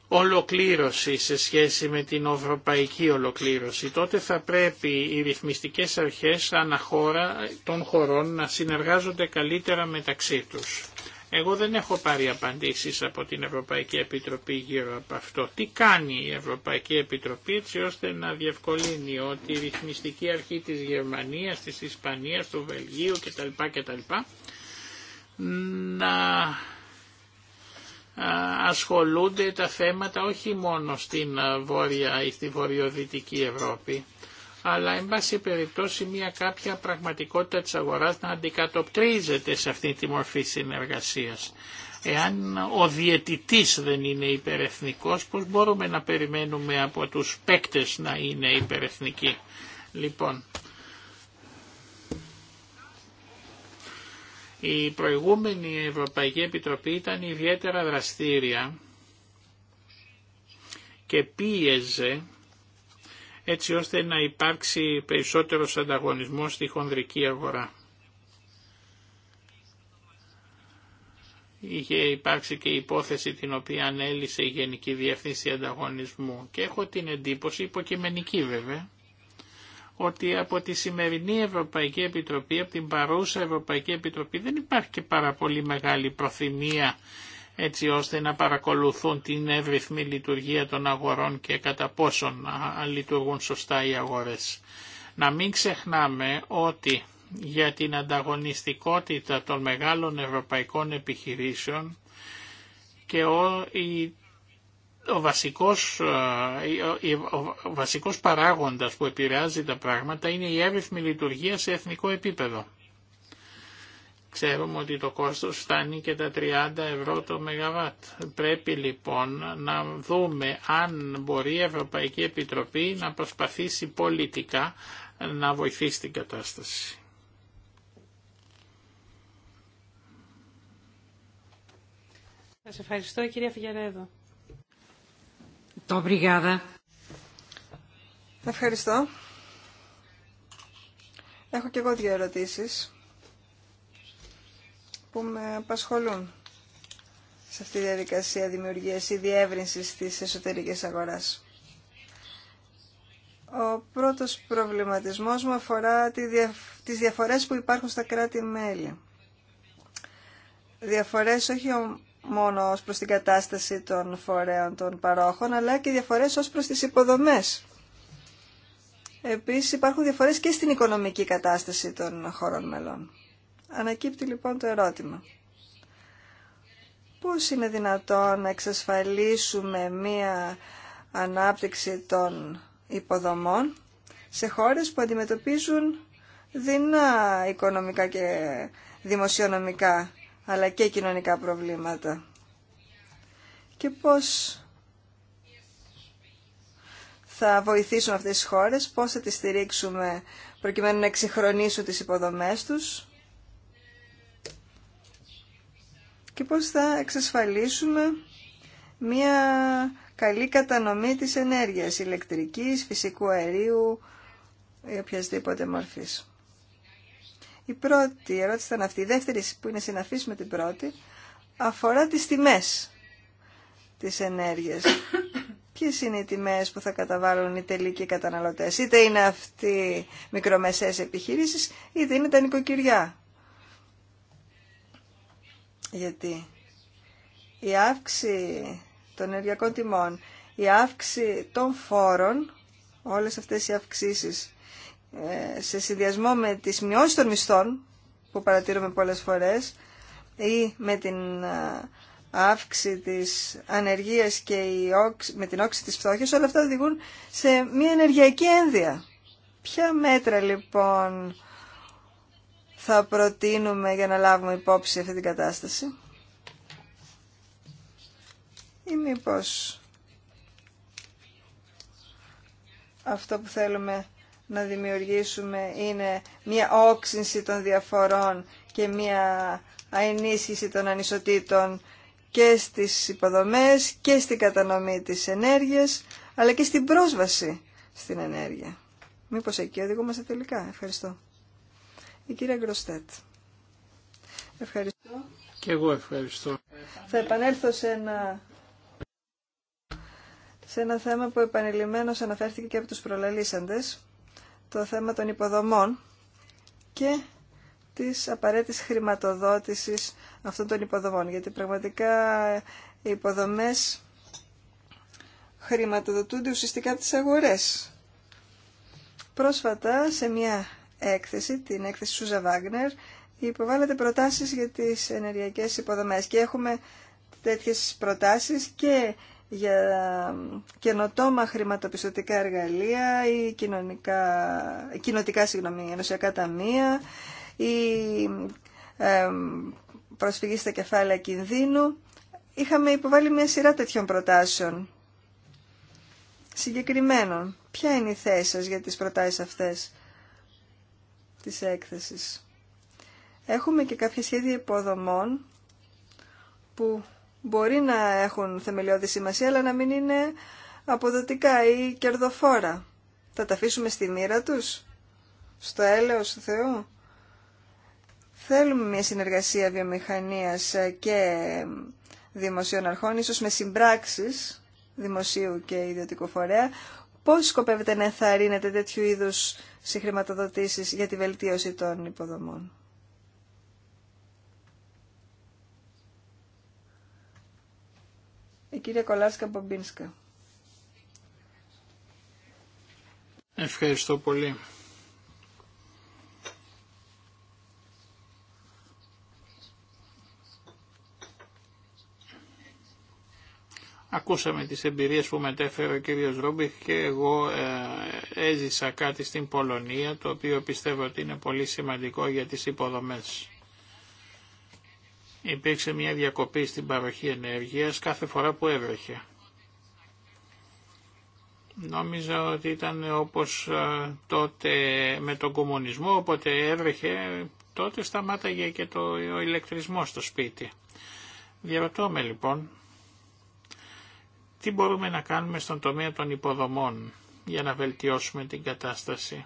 ολοκλήρωση σε σχέση με την ευρωπαϊκή ολοκλήρωση, τότε θα πρέπει οι ρυθμιστικές αρχές αναχώρα των χωρών να συνεργάζονται καλύτερα μεταξύ τους. Εγώ δεν έχω πάρει απαντήσεις από την Ευρωπαϊκή Επιτροπή γύρω από αυτό. Τι κάνει η Ευρωπαϊκή Επιτροπή έτσι ώστε να διευκολύνει ότι η ρυθμιστική αρχή της Γερμανίας, της Ισπανίας, του Βελγίου κτλ. κτλ να ασχολούνται τα θέματα όχι μόνο στην Βόρεια ή στη Βορειοδυτική Ευρώπη αλλά εν πάση περιπτώσει μια κάποια πραγματικότητα της αγοράς να αντικατοπτρίζεται σε αυτή τη μορφή συνεργασίας. Εάν ο διαιτητής δεν είναι υπερεθνικός, πώς μπορούμε να περιμένουμε από τους παίκτες να είναι υπερεθνικοί. Λοιπόν, η προηγούμενη Ευρωπαϊκή Επιτροπή ήταν ιδιαίτερα δραστήρια και πίεζε έτσι ώστε να υπάρξει περισσότερος ανταγωνισμός στη χονδρική αγορά. Είχε υπάρξει και η υπόθεση την οποία ανέλησε η Γενική Διευθύνση Ανταγωνισμού και έχω την εντύπωση, υποκειμενική βέβαια, ότι από τη σημερινή Ευρωπαϊκή Επιτροπή, από την παρούσα Ευρωπαϊκή Επιτροπή δεν υπάρχει και πάρα πολύ μεγάλη προθυμία έτσι ώστε να παρακολουθούν την εύρυθμη λειτουργία των αγορών και κατά πόσον λειτουργούν σωστά οι αγορές. Να μην ξεχνάμε ότι για την ανταγωνιστικότητα των μεγάλων ευρωπαϊκών επιχειρήσεων και ο, ο, βασικός, ο, ο βασικός παράγοντας που επηρεάζει τα πράγματα είναι η εύρυθμη λειτουργία σε εθνικό επίπεδο. Ξέρουμε ότι το κόστος φτάνει και τα 30 ευρώ το ΜΒ. Πρέπει λοιπόν να δούμε αν μπορεί η Ευρωπαϊκή Επιτροπή να προσπαθήσει πολιτικά να βοηθήσει την κατάσταση. Σας ευχαριστώ κυρία Φιγερέδο. Το Ευχαριστώ. Έχω και εγώ δύο ερωτήσεις που με απασχολούν σε αυτή τη διαδικασία δημιουργίας ή διεύρυνσης της εσωτερικής αγοράς. Ο πρώτος προβληματισμός μου αφορά τις διαφορές που υπάρχουν στα κράτη-μέλη. Διαφορές όχι μόνο ως προς την κατάσταση των φορέων των παρόχων, αλλά και διαφορές ως προς τις υποδομές. Επίσης υπάρχουν διαφορές και στην οικονομική κατάσταση των χωρών μελών. Ανακύπτει λοιπόν το ερώτημα. Πώς είναι δυνατόν να εξασφαλίσουμε μία ανάπτυξη των υποδομών σε χώρες που αντιμετωπίζουν δεινά οικονομικά και δημοσιονομικά αλλά και κοινωνικά προβλήματα. Και πώς θα βοηθήσουν αυτές τις χώρες, πώς θα τις στηρίξουμε προκειμένου να εξυγχρονίσουν τις υποδομές τους και πώς θα εξασφαλίσουμε μια καλή κατανομή της ενέργειας ηλεκτρικής, φυσικού αερίου ή οποιασδήποτε μορφής. Η πρώτη ερώτηση ήταν αυτή. Η δεύτερη που είναι συναφής με την πρώτη αφορά τις τιμές της ενέργειας. Ποιε είναι οι τιμές που θα καταβάλουν οι τελικοί καταναλωτές. Είτε είναι αυτοί μικρομεσαίες επιχειρήσεις, είτε είναι τα νοικοκυριά γιατί η αύξηση των ενεργειακών τιμών, η αύξηση των φόρων, όλες αυτές οι αυξήσεις ε, σε συνδυασμό με τις μειώσεις των μισθών που παρατηρούμε πολλές φορές ή με την ε, αύξηση της ανεργίας και με την όξη της φτώχειας, όλα αυτά οδηγούν σε μια ενεργειακή ένδυα. Ποια μέτρα λοιπόν θα προτείνουμε για να λάβουμε υπόψη αυτή την κατάσταση. Ή μήπω. αυτό που θέλουμε να δημιουργήσουμε είναι μια όξυνση των διαφορών και μια ενίσχυση των ανισοτήτων και στις υποδομές και στην κατανομή της ενέργειας αλλά και στην πρόσβαση στην ενέργεια. Μήπως εκεί οδηγούμαστε τελικά. Ευχαριστώ. Η κυρία Γκροστέτ. Ευχαριστώ. Και εγώ ευχαριστώ. Θα επανέλθω σε ένα, σε ένα θέμα που επανειλημμένως αναφέρθηκε και από τους προλαλήσαντες, το θέμα των υποδομών και της απαραίτητης χρηματοδότησης αυτών των υποδομών. Γιατί πραγματικά οι υποδομές χρηματοδοτούνται ουσιαστικά από τις αγορές. Πρόσφατα, σε μια έκθεση, την έκθεση Σούζα Βάγνερ, υποβάλλεται προτάσεις για τις ενεργειακές υποδομές και έχουμε τέτοιες προτάσεις και για καινοτόμα χρηματοπιστωτικά εργαλεία ή κοινωνικά, κοινοτικά συγγνώμη, ενωσιακά ταμεία ή ε, προσφυγή στα κεφάλαια κινδύνου. Είχαμε υποβάλει μια σειρά τέτοιων προτάσεων συγκεκριμένων. Ποια είναι η θέση σας για τις προτάσεις αυτές της έκθεσης. Έχουμε και κάποια σχέδια υποδομών που μπορεί να έχουν θεμελιώδη σημασία, αλλά να μην είναι αποδοτικά ή κερδοφόρα. Θα τα αφήσουμε στη μοίρα τους, στο έλεος του Θεού. Θέλουμε μια συνεργασία βιομηχανίας και δημοσίων αρχών, ίσως με συμπράξεις δημοσίου και ιδιωτικού Πώς σκοπεύετε να ενθαρρύνετε τέτοιου είδους συγχρηματοδοτήσεις για τη βελτίωση των υποδομών. Η κυρία Κολάσκα Μπομπίνσκα. Ευχαριστώ πολύ. Ακούσαμε τις εμπειρίες που μετέφερε ο κύριος Ρούμπιχ και εγώ ε, έζησα κάτι στην Πολωνία το οποίο πιστεύω ότι είναι πολύ σημαντικό για τις υποδομές. Υπήρξε μια διακοπή στην παροχή ενέργειας κάθε φορά που έβρεχε. Νόμιζα ότι ήταν όπως ε, τότε με τον κομμουνισμό, όποτε έβρεχε τότε σταμάταγε και το, ο ηλεκτρισμός στο σπίτι. Διαρωτώ με λοιπόν τι μπορούμε να κάνουμε στον τομέα των υποδομών για να βελτιώσουμε την κατάσταση.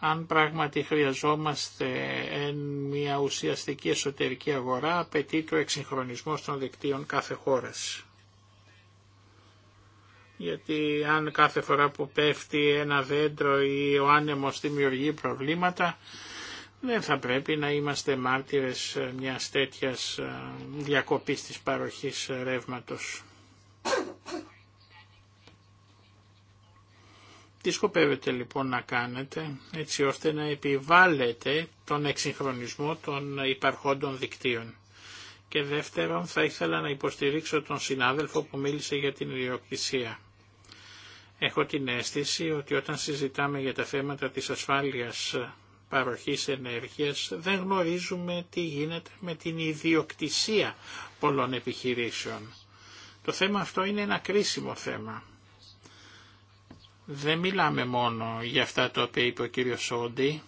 Αν πράγματι χρειαζόμαστε μια ουσιαστική εσωτερική αγορά, απαιτεί το εξυγχρονισμό των δικτύων κάθε χώρας. Γιατί αν κάθε φορά που πέφτει ένα δέντρο ή ο άνεμος δημιουργεί προβλήματα, δεν θα πρέπει να είμαστε μάρτυρες μιας τέτοιας ε, διακοπής της παροχής ρεύματος. Τι σκοπεύετε λοιπόν να κάνετε έτσι ώστε να επιβάλλετε τον εξυγχρονισμό των υπαρχόντων δικτύων. Και δεύτερον θα ήθελα να υποστηρίξω τον συνάδελφο που μίλησε για την ιδιοκτησία. Έχω την αίσθηση ότι όταν συζητάμε για τα θέματα της ασφάλειας παροχής ενέργειας δεν γνωρίζουμε τι γίνεται με την ιδιοκτησία πολλών επιχειρήσεων. Το θέμα αυτό είναι ένα κρίσιμο θέμα δεν μιλάμε μόνο για αυτά τα οποία είπε ο κύριος Σόντι,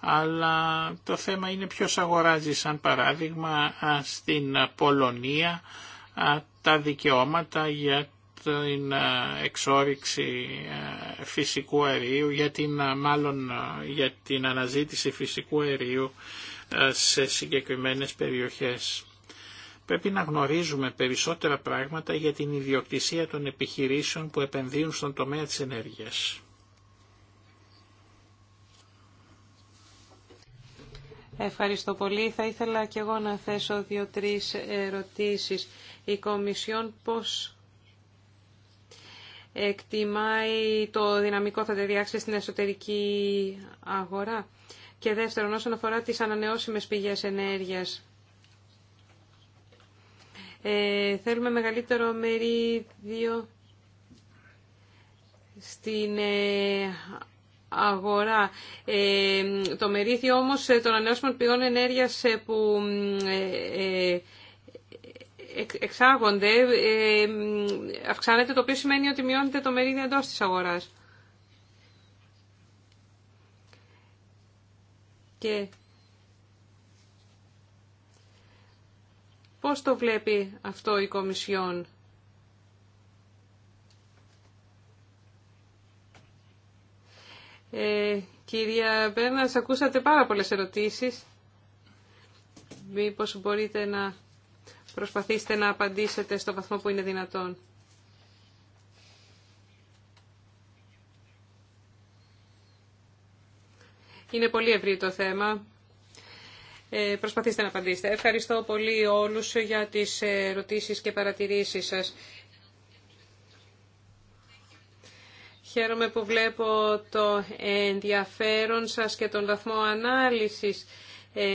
αλλά το θέμα είναι ποιος αγοράζει σαν παράδειγμα στην Πολωνία τα δικαιώματα για την εξόριξη φυσικού αερίου, για την, μάλλον για την αναζήτηση φυσικού αερίου σε συγκεκριμένες περιοχές. Πρέπει να γνωρίζουμε περισσότερα πράγματα για την ιδιοκτησία των επιχειρήσεων που επενδύουν στον τομέα της ενέργειας. Ευχαριστώ πολύ. Θα ήθελα και εγώ να θέσω δύο-τρεις ερωτήσεις. Η Κομισιόν πώς εκτιμάει το δυναμικό θα ταιριάξει στην εσωτερική αγορά. Και δεύτερον, όσον αφορά τις ανανεώσιμες πηγές ενέργειας, ε, θέλουμε μεγαλύτερο μερίδιο στην ε, αγορά. Ε, το μερίδιο όμως των ανανεώσιμων πηγών ενέργειας που εξάγονται αυξάνεται, το οποίο σημαίνει ότι μειώνεται το μερίδιο εντός της αγοράς. Και Πώς το βλέπει αυτό η Κομισιόν. Ε, κυρία Μπέρνας, ακούσατε πάρα πολλές ερωτήσεις. Μήπως μπορείτε να προσπαθήσετε να απαντήσετε στο βαθμό που είναι δυνατόν. Είναι πολύ ευρύ το θέμα. Ε, προσπαθήστε να απαντήσετε. Ευχαριστώ πολύ όλους για τις ερωτήσεις και παρατηρήσεις σας. Χαίρομαι που βλέπω το ενδιαφέρον σας και τον βαθμό ανάλυσης ε,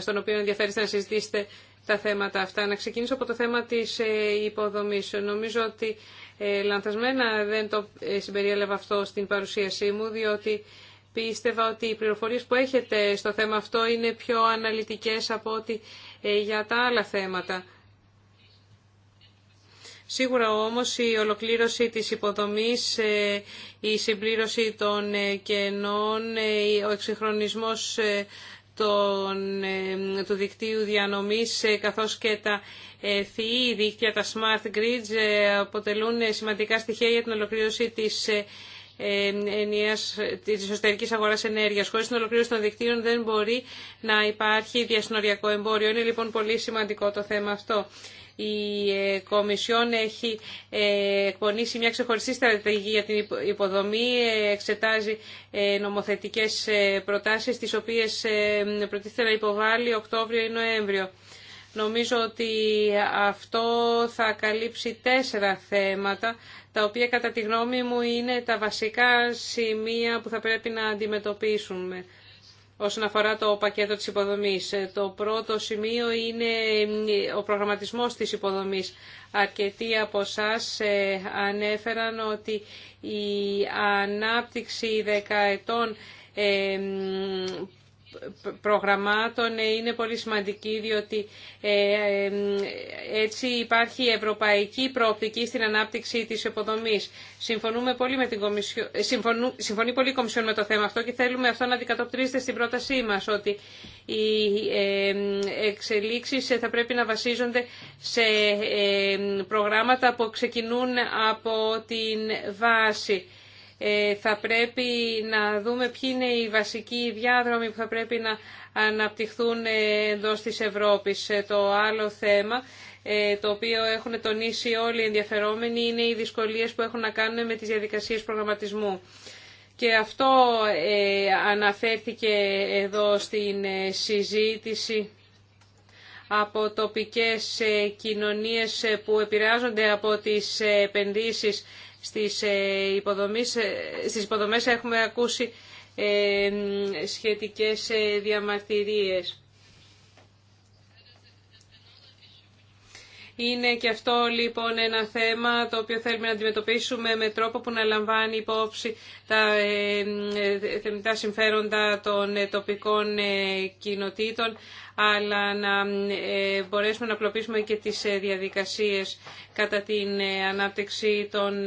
στον οποίο ενδιαφέρεστε να συζητήσετε τα θέματα αυτά. Να ξεκινήσω από το θέμα της ε, υποδομής. Νομίζω ότι λανθασμένα δεν το συμπεριέλαβα αυτό στην παρουσίασή μου, διότι πίστευα ότι οι πληροφορίες που έχετε στο θέμα αυτό είναι πιο αναλυτικές από ό,τι ε, για τα άλλα θέματα. Σίγουρα όμως η ολοκλήρωση της υποδομής, ε, η συμπλήρωση των ε, κενών, ο εξυγχρονισμός του δικτύου διανομής καθώς και τα ΦΙΗ δίκτυα, τα smart grids αποτελούν σημαντικά στοιχεία για την ολοκλήρωση της ενίας, της εσωτερικής αγοράς ενέργειας. Χωρίς την ολοκλήρωση των δικτύων δεν μπορεί να υπάρχει διασυνοριακό εμπόριο. Είναι λοιπόν πολύ σημαντικό το θέμα αυτό. Η ε, Κομισιόν έχει ε, εκπονήσει μια ξεχωριστή στρατηγική για την υποδομή, ε, εξετάζει νομοθετικές προτάσεις, τις οποίες προτίθεται να υποβάλει Οκτώβριο ή Νοέμβριο. Νομίζω ότι αυτό θα καλύψει τέσσερα θέματα, τα οποία κατά τη γνώμη μου είναι τα βασικά σημεία που θα πρέπει να αντιμετωπίσουμε όσον αφορά το πακέτο της υποδομής. Το πρώτο σημείο είναι ο προγραμματισμός της υποδομής. Αρκετοί από εσά ανέφεραν ότι η ανάπτυξη δεκαετών ε, προγραμμάτων ε, είναι πολύ σημαντική διότι ε, ε, έτσι υπάρχει ευρωπαϊκή προοπτική στην ανάπτυξη της υποδομής. Συμφωνούμε πολύ με την Κομισιο... Συμφωνεί πολύ η Κομισιόν με το θέμα αυτό και θέλουμε αυτό να αντικατοπτρίζεται στην πρότασή μας ότι οι εξελίξεις θα πρέπει να βασίζονται σε προγράμματα που ξεκινούν από την βάση. Ε, θα πρέπει να δούμε ποιοι είναι οι βασικοί διάδρομοι που θα πρέπει να αναπτυχθούν ε, εντό της Ευρώπης. Ε, το άλλο θέμα το οποίο έχουν τονίσει όλοι οι ενδιαφερόμενοι είναι οι δυσκολίες που έχουν να κάνουν με τις διαδικασίες προγραμματισμού. Και αυτό αναφέρθηκε εδώ στην συζήτηση από τοπικές κοινωνίες που επηρεάζονται από τις επενδύσεις στις, ε, υποδομές, ε, στις υποδομές έχουμε ακούσει ε, σχετικές διαμαρτυρίες. Είναι και αυτό λοιπόν ένα θέμα το οποίο θέλουμε να αντιμετωπίσουμε με τρόπο που να λαμβάνει υπόψη τα θεμητά ε, συμφέροντα των ε, τοπικών ε, κοινοτήτων αλλά να μπορέσουμε να απλοποιήσουμε και τις διαδικασίες κατά την ανάπτυξη των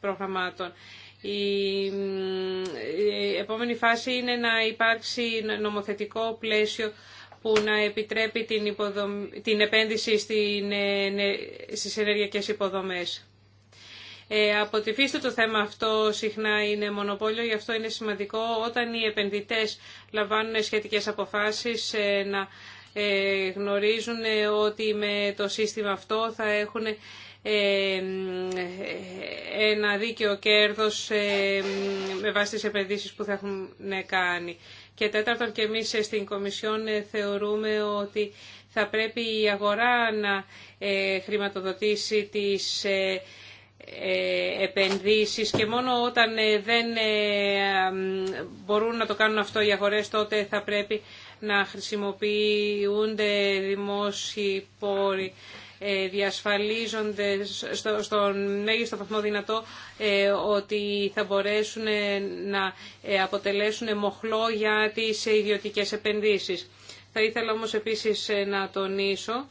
προγραμμάτων. Η επόμενη φάση είναι να υπάρξει νομοθετικό πλαίσιο που να επιτρέπει την, την επένδυση στην... Ε, στις ενεργειακές υποδομές. Ε, από τη φύση το θέμα αυτό συχνά είναι μονοπόλιο, γι' αυτό είναι σημαντικό όταν οι επενδυτές λαμβάνουν σχετικές αποφάσεις ε, να ε, γνωρίζουν ε, ότι με το σύστημα αυτό θα έχουν ένα δίκαιο κέρδος με βάση τις επενδύσεις που θα έχουν κάνει. Και τέταρτον και εμείς στην Κομισιόν ε, θεωρούμε ότι θα πρέπει η αγορά να ε, χρηματοδοτήσει τις ε, επενδύσεις και μόνο όταν δεν μπορούν να το κάνουν αυτό οι αγορές τότε θα πρέπει να χρησιμοποιούνται δημόσιοι πόροι. Ε, διασφαλίζονται στον μέγιστο βαθμό δυνατό ε, ότι θα μπορέσουν ε, να αποτελέσουν μοχλό για τις ιδιωτικές επενδύσεις. Θα ήθελα όμως επίσης να τονίσω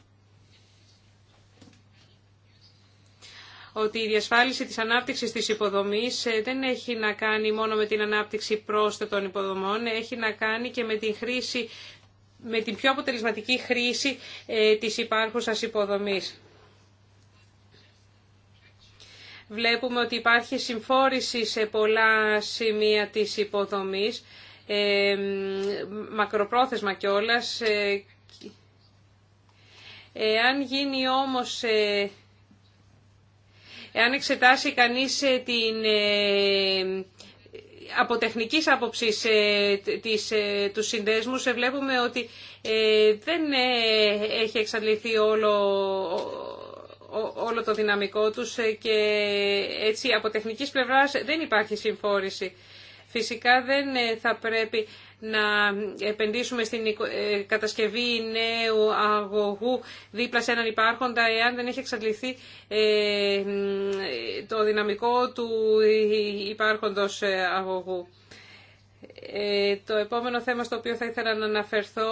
ότι η διασφάλιση της ανάπτυξης της υποδομής δεν έχει να κάνει μόνο με την ανάπτυξη πρόσθετων υποδομών, έχει να κάνει και με την χρήση με την πιο αποτελεσματική χρήση ε, της υπάρχουσας υποδομής. Βλέπουμε ότι υπάρχει συμφόρηση σε πολλά σημεία της υποδομής, ε, μακροπρόθεσμα κιόλας. Ε, εάν γίνει όμως... Εάν εξετάσει κανείς την από τεχνικής άποψης ε, του ε, τους συνδέσμους ε, βλέπουμε ότι δεν έχει εξαντληθεί όλο, όλο το δυναμικό τους και έτσι από τεχνικής πλευράς δεν υπάρχει συμφόρηση. Φυσικά δεν θα πρέπει να επενδύσουμε στην ε, κατασκευή νέου αγωγού δίπλα σε έναν υπάρχοντα εάν δεν έχει εξαντληθεί ε, το δυναμικό του υπάρχοντος ε, αγωγού. Το επόμενο θέμα στο οποίο θα ήθελα να αναφερθώ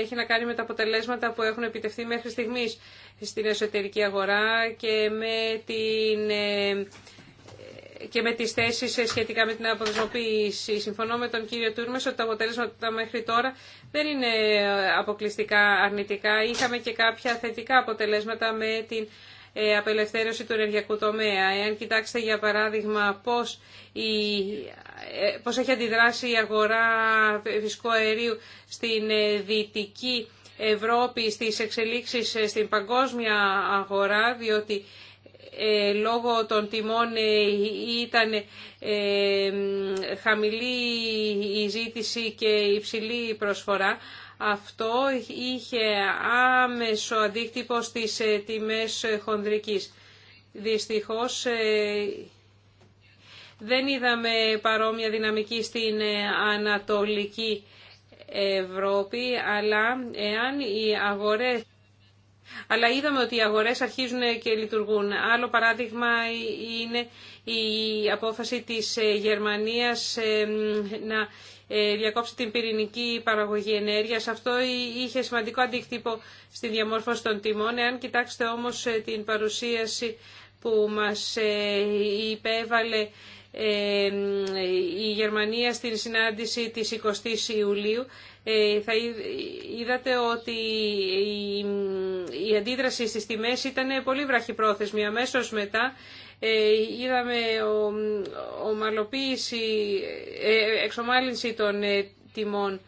έχει να κάνει με τα αποτελέσματα που έχουν επιτευχθεί μέχρι στιγμής στην εσωτερική αγορά και με την και με τις θέσει σχετικά με την αποδοσμοποίηση. Συμφωνώ με τον κύριο Τουρμέ, ότι τα αποτελέσματα μέχρι τώρα δεν είναι αποκλειστικά αρνητικά. Είχαμε και κάποια θετικά αποτελέσματα με την ε, απελευθέρωση του ενεργειακού τομέα. Εάν κοιτάξετε για παράδειγμα πώς, η, ε, πώς έχει αντιδράσει η αγορά φυσικού αερίου στην ε, δυτική Ευρώπη στις εξελίξεις στην παγκόσμια αγορά, διότι ε, λόγω των τιμών ε, ήταν ε, χαμηλή η ζήτηση και υψηλή η προσφορά. Αυτό είχε άμεσο αντίκτυπο στις τιμές χονδρικής. Δυστυχώς δεν είδαμε παρόμοια δυναμική στην Ανατολική Ευρώπη, αλλά εάν οι αγορές αλλά είδαμε ότι οι αγορές αρχίζουν και λειτουργούν. Άλλο παράδειγμα είναι η απόφαση της ε, Γερμανίας ε, να ε, διακόψει την πυρηνική παραγωγή ενέργειας. Αυτό είχε σημαντικό αντίκτυπο στη διαμόρφωση των τιμών. Εάν κοιτάξετε όμως την παρουσίαση που μας υπέβαλε η Γερμανία στην συνάντηση της 20ης Ιουλίου ε, θα είδατε ότι η αντίδραση στις τιμές ήταν πολύ βραχυπρόθεσμη. Αμέσως μετά ε, είδαμε ο ομαλοποίηση, ε, εξομάλυνση των τιμών.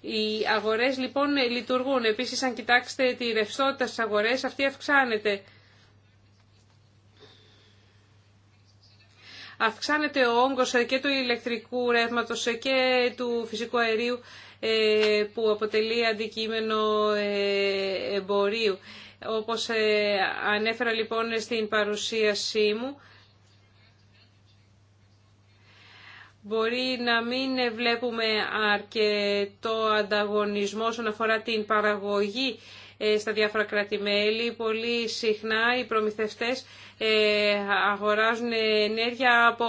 Οι αγορές λοιπόν λειτουργούν. Επίσης αν κοιτάξετε τη ρευστότητα στις αγορές αυτή αυξάνεται. αυξάνεται ο όγκος ε, και του ηλεκτρικού ρεύματος ε, και του φυσικού αερίου ε, που αποτελεί αντικείμενο εμπορίου. Όπως ανέφερα λοιπόν στην παρουσίασή μου, μπορεί να μην βλέπουμε αρκετό ανταγωνισμό όσον αφορά την παραγωγή ε, στα διάφορα κράτη-μέλη. Πολύ συχνά οι προμηθευτές ε, αγοράζουν ενέργεια από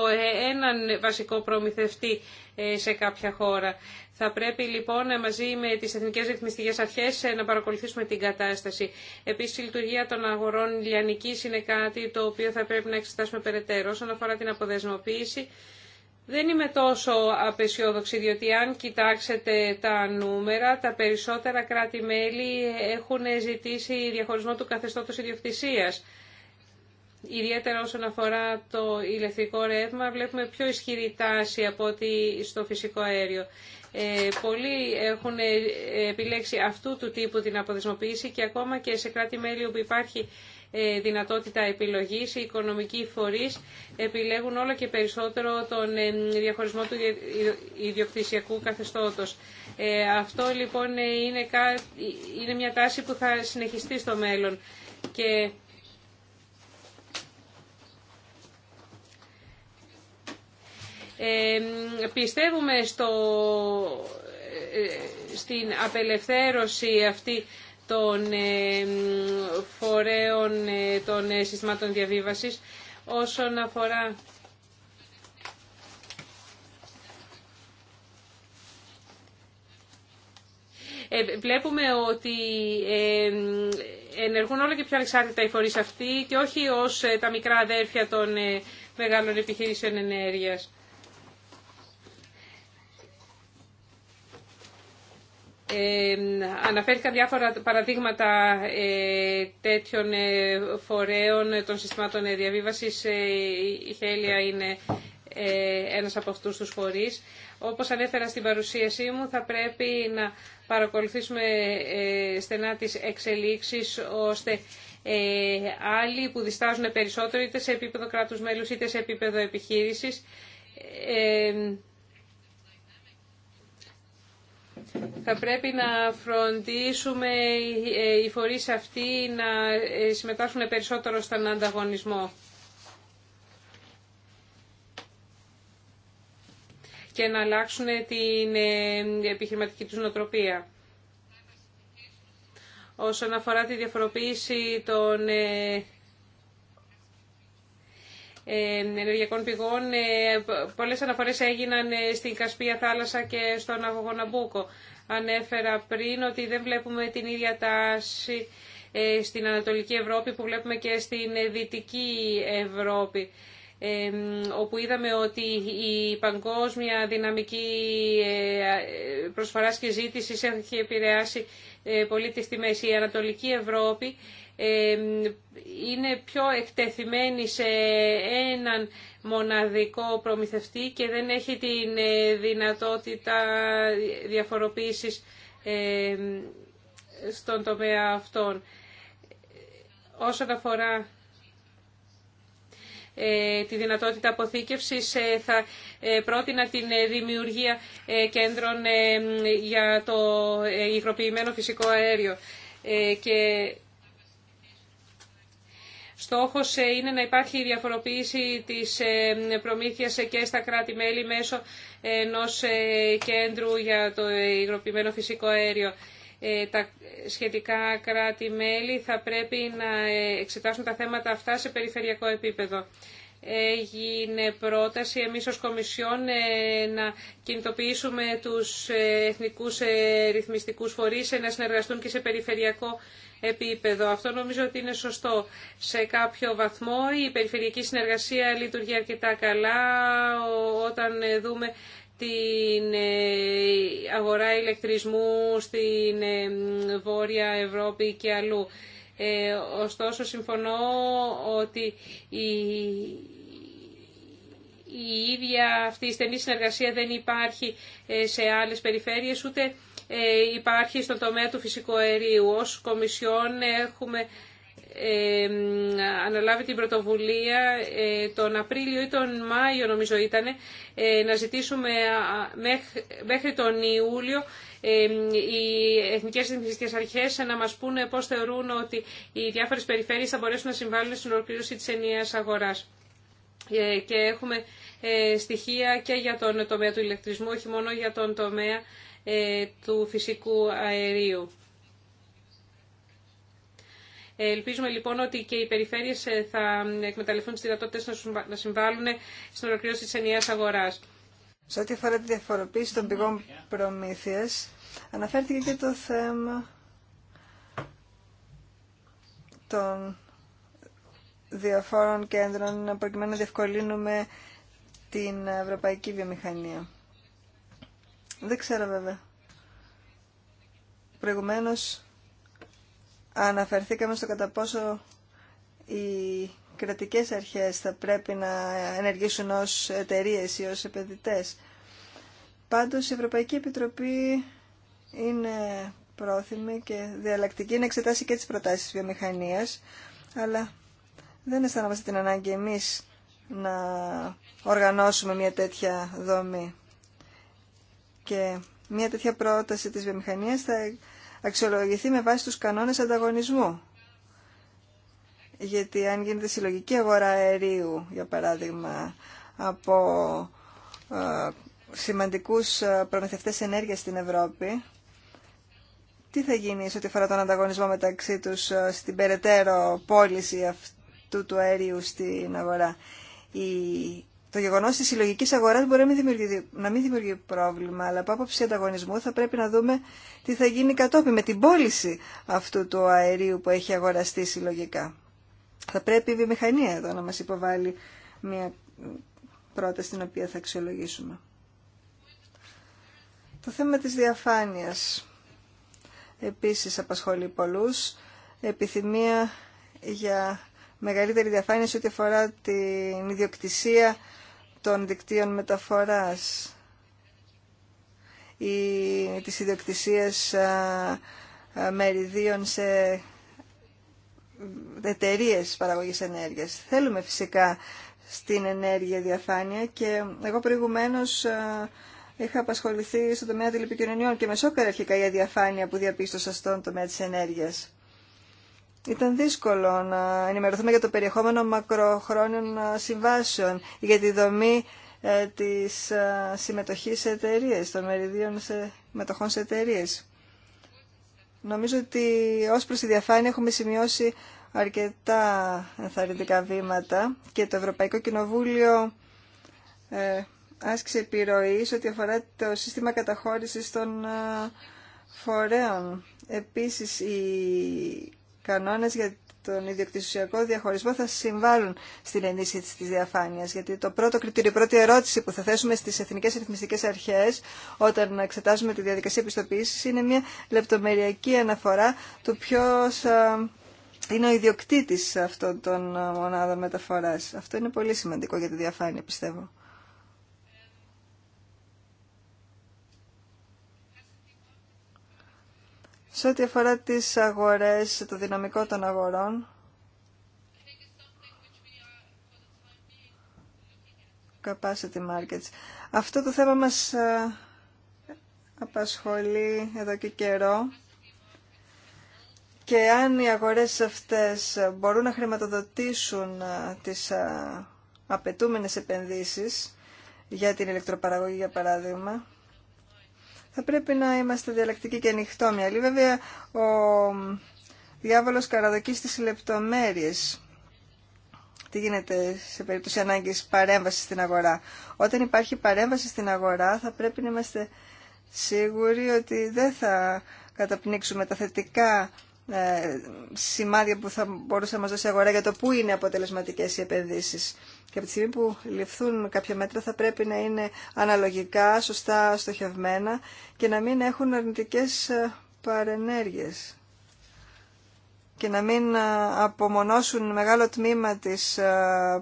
έναν βασικό προμηθευτή ε, σε κάποια χώρα. Θα πρέπει λοιπόν μαζί με τις Εθνικές Ρυθμιστικές Αρχές να παρακολουθήσουμε την κατάσταση. Επίσης η λειτουργία των αγορών λιανικής είναι κάτι το οποίο θα πρέπει να εξετάσουμε περαιτέρω όσον αφορά την αποδεσμοποίηση. Δεν είμαι τόσο απεσιόδοξη, διότι αν κοιτάξετε τα νούμερα, τα περισσότερα κράτη-μέλη έχουν ζητήσει διαχωρισμό του καθεστώτος ιδιοκτησίας. Ιδιαίτερα όσον αφορά το ηλεκτρικό ρεύμα, βλέπουμε πιο ισχυρή τάση από ότι στο φυσικό αέριο. Ε, πολλοί έχουν ε, επιλέξει αυτού του τύπου την αποδεσμοποίηση και ακόμα και σε κράτη-μέλη όπου υπάρχει ε, δυνατότητα επιλογής. Οι οικονομικοί φορείς επιλέγουν όλο και περισσότερο τον ε, διαχωρισμό του ιδιοκτησιακού καθεστώτος. Ε, αυτό λοιπόν είναι, είναι μια τάση που θα συνεχιστεί στο μέλλον. Ε, πιστεύουμε στο, στην απελευθέρωση αυτή των ε, φορέων ε, των ε, συστημάτων διαβίβασης όσον αφορά Βλέπουμε ότι ενεργούν όλο και πιο ανεξάρτητα οι φορείς αυτοί και όχι ως τα μικρά αδέρφια των μεγάλων επιχειρήσεων ενέργειας. αναφέρθηκαν διάφορα παραδείγματα ε, τέτοιων ε, φορέων ε, των συστημάτων διαβίβασης. Η Χέλια είναι ένας από αυτούς τους φορείς. Όπως ανέφερα στην παρουσίασή μου, θα πρέπει να παρακολουθήσουμε στενά τις εξελίξεις, ώστε άλλοι που διστάζουν περισσότερο είτε σε επίπεδο κράτους μέλους είτε σε επίπεδο επιχείρησης, θα πρέπει να φροντίσουμε οι ε, φορείς αυτοί να ε, συμμετάσχουν περισσότερο στον ανταγωνισμό. και να αλλάξουν την ε, επιχειρηματική τους νοοτροπία. Όσον αφορά τη διαφοροποίηση των ε, ενεργειακών πηγών. Ε, πολλές αναφορές έγιναν ε, στην Κασπία θάλασσα και στον Αγωγό Ανέφερα πριν ότι δεν βλέπουμε την ίδια τάση στην Ανατολική Ευρώπη που βλέπουμε και στην Δυτική Ευρώπη όπου είδαμε ότι η παγκόσμια δυναμική προσφοράς και ζήτησης έχει επηρεάσει πολύ τις τιμές. Η Ανατολική Ευρώπη είναι πιο εκτεθειμένη σε έναν μοναδικό προμηθευτή και δεν έχει την ε, δυνατότητα διαφοροποίησης στον τομέα αυτών. Όσον αφορά ε, τη δυνατότητα αποθήκευσης ε, θα πρότεινα την δημιουργία κέντρων για το υγροποιημένο φυσικό αέριο και Στόχος ε, είναι να υπάρχει διαφοροποίηση της ε, προμήθειας ε, και στα κράτη-μέλη μέσω ενός κέντρου για το υγροποιημένο φυσικό αέριο. Τα σχετικά κράτη-μέλη θα πρέπει να εξετάσουν τα θέματα αυτά σε περιφερειακό επίπεδο έγινε πρόταση εμείς ως Κομισιόν ε, να κινητοποιήσουμε τους εθνικούς ε, ρυθμιστικούς φορείς ε, να συνεργαστούν και σε περιφερειακό επίπεδο. Αυτό νομίζω ότι είναι σωστό. Σε κάποιο βαθμό η περιφερειακή συνεργασία λειτουργεί αρκετά καλά όταν δούμε την αγορά ηλεκτρισμού στην Βόρεια Ευρώπη και αλλού. Ε, ωστόσο, συμφωνώ ότι η, η ίδια αυτή η στενή συνεργασία δεν υπάρχει ε, σε άλλες περιφέρειες, ούτε ε, υπάρχει στον τομέα του φυσικού αερίου. Ως Κομισιόν έχουμε αναλάβει την πρωτοβουλία ε, τον Απρίλιο ή τον Μάιο νομίζω ήταν ε, να ζητήσουμε μέχρι τον Ιούλιο οι εθνικές δημιουργικές αρχές να μας πούνε πώς θεωρούν ότι οι διάφορες περιφέρειες θα μπορέσουν να συμβάλλουν στην ολοκλήρωση της ενιαίας αγοράς. Ε, και έχουμε στοιχεία και για τον τομέα του ηλεκτρισμού, όχι μόνο για τον τομέα του φυσικού αερίου. Ελπίζουμε λοιπόν ότι και οι περιφέρειες ε, θα εκμεταλλευτούν τι δυνατότητε να συμβάλλουν στην ολοκλήρωση τη ενιαία αγορά. Σε ό,τι αφορά τη διαφοροποίηση των πηγών προμήθεια, αναφέρθηκε και το θέμα των διαφόρων κέντρων προκειμένου να διευκολύνουμε την ευρωπαϊκή βιομηχανία. Δεν ξέρω βέβαια. Προηγουμένως αναφερθήκαμε στο κατά πόσο οι κρατικές αρχές θα πρέπει να ενεργήσουν ως εταιρείε ή ως επενδυτές. Πάντως η Ευρωπαϊκή Επιτροπή είναι πρόθυμη και διαλλακτική να εξετάσει και τις προτάσεις της βιομηχανίας, αλλά δεν αισθανόμαστε την ανάγκη εμείς να οργανώσουμε μια τέτοια δομή. Και μια τέτοια πρόταση της βιομηχανίας θα αξιολογηθεί με βάση τους κανόνες ανταγωνισμού. Γιατί αν γίνεται συλλογική αγορά αερίου, για παράδειγμα, από ε, σημαντικούς ε, προμηθευτές ενέργειας στην Ευρώπη, τι θα γίνει σε ό,τι αφορά τον ανταγωνισμό μεταξύ τους ε, στην περαιτέρω πώληση αυτού του αερίου στην αγορά. Η το γεγονό τη συλλογική αγοράς μπορεί να μην, να μην δημιουργεί πρόβλημα, αλλά από άποψη ανταγωνισμού θα πρέπει να δούμε τι θα γίνει κατόπιν με την πώληση αυτού του αερίου που έχει αγοραστεί συλλογικά. Θα πρέπει η βιομηχανία εδώ να μα υποβάλει μια πρόταση την οποία θα αξιολογήσουμε. Το θέμα της διαφάνειας επίσης απασχολεί πολλούς. Επιθυμία για μεγαλύτερη διαφάνεια σε ό,τι αφορά την ιδιοκτησία των δικτύων μεταφοράς ή της ιδιοκτησίας μεριδίων σε εταιρείε παραγωγής ενέργειας. Θέλουμε φυσικά στην ενέργεια διαφάνεια και εγώ προηγουμένως είχα απασχοληθεί στον τομέα τηλεπικοινωνιών και με σώκαρε αρχικά η αδιαφάνεια που διαπίστωσα στον τομέα της ενέργειας. Ήταν δύσκολο να ενημερωθούμε για το περιεχόμενο μακροχρόνιων ε, συμβάσεων, για τη δομή ε, της ε, συμμετοχής σε εταιρείε, των μεριδίων σε, μετοχών σε εταιρείε. Νομίζω ότι ως προς τη διαφάνεια έχουμε σημειώσει αρκετά ενθαρρυντικά βήματα και το Ευρωπαϊκό Κοινοβούλιο ε, άσκησε επιρροή σε ό,τι αφορά το σύστημα καταχώρησης των φορέων. Επίσης, κανόνες για τον ιδιοκτησιακό διαχωρισμό θα συμβάλλουν στην ενίσχυση της διαφάνειας. Γιατί το πρώτο κριτήριο, η πρώτη ερώτηση που θα θέσουμε στις Εθνικές Ρυθμιστικές Αρχές όταν εξετάζουμε τη διαδικασία επιστοποίησης είναι μια λεπτομεριακή αναφορά του ποιο είναι ο ιδιοκτήτης αυτών των μονάδων μεταφοράς. Αυτό είναι πολύ σημαντικό για τη διαφάνεια πιστεύω. Σε ό,τι αφορά τις αγορές, το δυναμικό των αγορών, capacity markets. Αυτό το θέμα μας ε, απασχολεί εδώ και καιρό και αν οι αγορές αυτές μπορούν να χρηματοδοτήσουν ε, τις ε, απαιτούμενες επενδύσεις για την ηλεκτροπαραγωγή για παράδειγμα θα πρέπει να είμαστε διαλεκτικοί και ανοιχτόμυαλοι. Βέβαια, ο διάβολος καραδοκεί στις λεπτομέρειες. Τι γίνεται σε περίπτωση ανάγκης παρέμβασης στην αγορά. Όταν υπάρχει παρέμβαση στην αγορά θα πρέπει να είμαστε σίγουροι ότι δεν θα καταπνίξουμε τα θετικά ε, σημάδια που θα μπορούσε να μας δώσει η αγορά για το πού είναι αποτελεσματικές οι επενδύσεις. Και από τη στιγμή που ληφθούν κάποια μέτρα θα πρέπει να είναι αναλογικά, σωστά στοχευμένα και να μην έχουν αρνητικές ε, παρενέργειες και να μην ε, απομονώσουν μεγάλο τμήμα της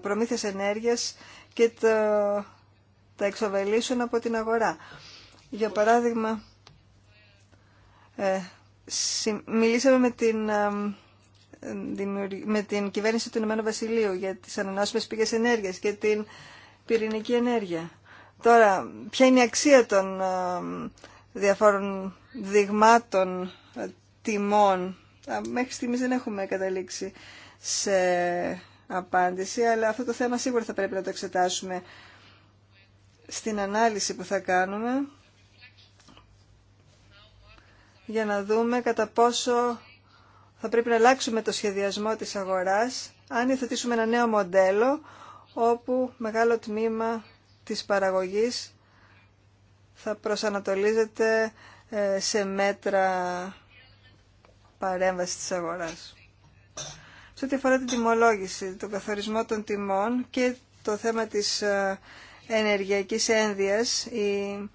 προμήθειας ενέργειας και τα εξοβελήσουν από την αγορά. Για παράδειγμα, μιλήσαμε με την, με την κυβέρνηση του Ηνωμένου Βασιλείου για τις ανανεώσιμες πηγές ενέργειας και την πυρηνική ενέργεια. Τώρα, ποια είναι η αξία των διαφόρων δειγμάτων ε, τιμών. Μέχρι στιγμής δεν έχουμε καταλήξει σε απάντηση, αλλά αυτό το θέμα σίγουρα θα πρέπει να το εξετάσουμε στην ανάλυση που θα κάνουμε για να δούμε κατά πόσο θα πρέπει να αλλάξουμε το σχεδιασμό της αγοράς αν υιοθετήσουμε ένα νέο μοντέλο όπου μεγάλο τμήμα της παραγωγής θα προσανατολίζεται ε, σε μέτρα παρέμβαση της αγοράς. Σε ό,τι αφορά την τιμολόγηση, τον καθορισμό των τιμών και το θέμα της ε, ενεργειακής ένδυας, η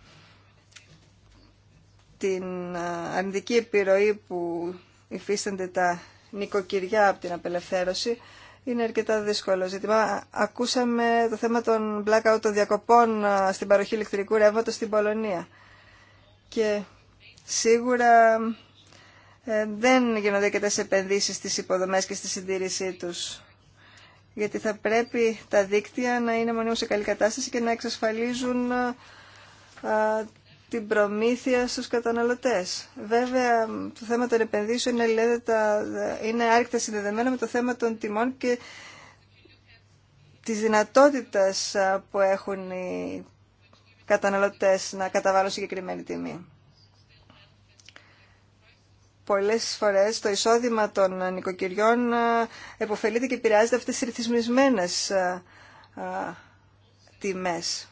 την αρνητική επιρροή που υφίστανται τα νοικοκυριά από την απελευθέρωση είναι αρκετά δύσκολο ζήτημα. Ακούσαμε το θέμα των blackout των διακοπών στην παροχή ηλεκτρικού ρεύματος στην Πολωνία. Και σίγουρα ε, δεν γίνονται αρκετές επενδύσεις στις υποδομές και στη συντήρησή τους. Γιατί θα πρέπει τα δίκτυα να είναι μονίμως σε καλή κατάσταση και να εξασφαλίζουν την προμήθεια στους καταναλωτές. Βέβαια, το θέμα των επενδύσεων είναι, λέτε, είναι άρρηκτα συνδεδεμένο με το θέμα των τιμών και της δυνατότητας που έχουν οι καταναλωτές να καταβάλουν συγκεκριμένη τιμή. Πολλές φορές το εισόδημα των νοικοκυριών επωφελείται και επηρεάζεται αυτές τις ρυθμισμένες τιμές.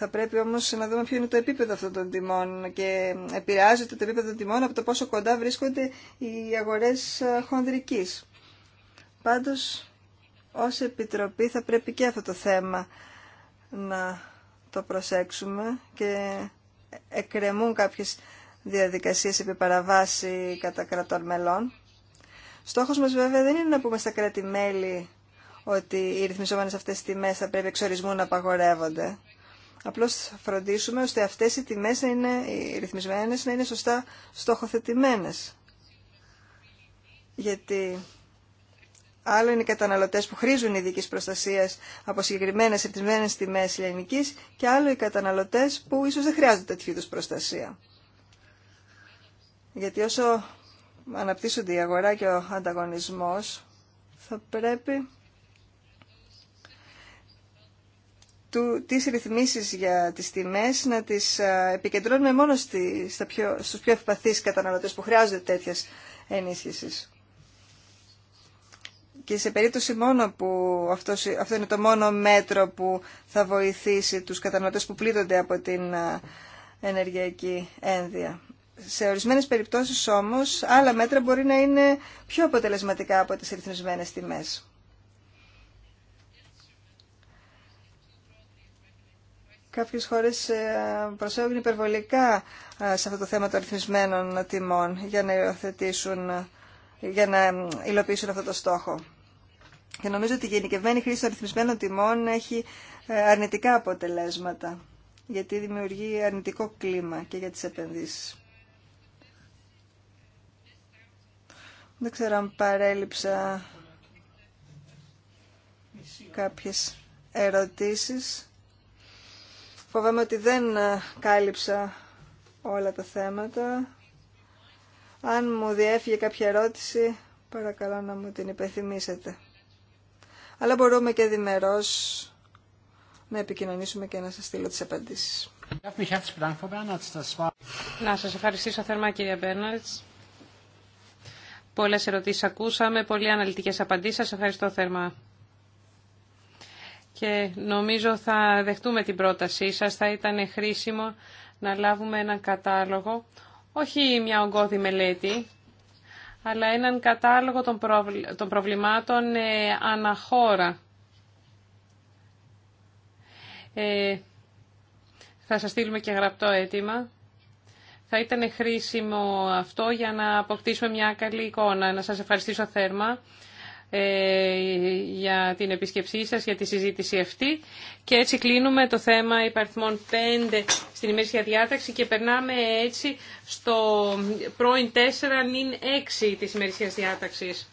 Θα πρέπει όμως να δούμε ποιο είναι το επίπεδο αυτών των τιμών και επηρεάζεται το επίπεδο των τιμών από το πόσο κοντά βρίσκονται οι αγορές ε, χονδρικής. Πάντως, ως Επιτροπή θα πρέπει και αυτό το θέμα να το προσέξουμε και εκκρεμούν κάποιες διαδικασίες επί παραβάση κατά κρατών μελών. Στόχος μας βέβαια δεν είναι να πούμε στα κράτη-μέλη ότι οι ρυθμισόμενες αυτές τιμές θα πρέπει εξορισμού να απαγορεύονται. Απλώς φροντίσουμε ώστε αυτές οι τιμές να είναι, ρυθμισμένες να είναι σωστά στοχοθετημένες. Γιατί άλλο είναι οι καταναλωτές που χρήζουν ειδική προστασίας από συγκεκριμένες ρυθμισμένες τιμές ελληνικής και άλλο οι καταναλωτές που ίσως δεν χρειάζονται τέτοιου είδους προστασία. Γιατί όσο αναπτύσσονται η αγορά και ο ανταγωνισμός θα πρέπει του, τις ρυθμίσεις για τις τιμές να τις ε, επικεντρώνουμε μόνο στη, στα πιο, στους πιο ευπαθείς καταναλωτές που χρειάζονται τέτοιας ενίσχυσης. Και σε περίπτωση μόνο που αυτό, αυτό είναι το μόνο μέτρο που θα βοηθήσει τους καταναλωτές που πλήττονται από την ε, ενεργειακή ένδυα. Σε ορισμένες περιπτώσεις όμως άλλα μέτρα μπορεί να είναι πιο αποτελεσματικά από τις ρυθμισμένες τιμές. Κάποιες χώρες ε, προσέχουν υπερβολικά ε, σε αυτό το θέμα των αριθμισμένων τιμών για να υιοθετήσουν, ε, για να υλοποιήσουν αυτό το στόχο. Και νομίζω ότι η γενικευμένη χρήση των αριθμισμένων τιμών έχει αρνητικά αποτελέσματα, γιατί δημιουργεί αρνητικό κλίμα και για τις επενδύσεις. Δεν ξέρω αν παρέλειψα κάποιες ερωτήσεις. Φοβάμαι ότι δεν ε, κάλυψα όλα τα θέματα. Αν μου διέφυγε κάποια ερώτηση, παρακαλώ να μου την υπενθυμίσετε. Αλλά μπορούμε και διμερώς να επικοινωνήσουμε και να σας στείλω τις απαντήσεις. Να σας ευχαριστήσω θερμά κυρία Μπέρναρτς. Πολλές ερωτήσεις ακούσαμε, πολύ αναλυτικές απαντήσεις. Σας ευχαριστώ θερμά και νομίζω θα δεχτούμε την πρότασή σας. Θα ήταν χρήσιμο να λάβουμε έναν κατάλογο, όχι μια ογκώδη μελέτη, αλλά έναν κατάλογο των προβλημάτων ε, αναχώρα. Ε, θα σας στείλουμε και γραπτό αίτημα. Θα ήταν χρήσιμο αυτό για να αποκτήσουμε μια καλή εικόνα. Να σας ευχαριστήσω θέρμα ε, για την επισκεψή σας, για τη συζήτηση αυτή. Και έτσι κλείνουμε το θέμα υπαριθμών 5 στην ημερήσια διάταξη και περνάμε έτσι στο πρώην 4 νυν 6 της ημερήσιας διάταξης.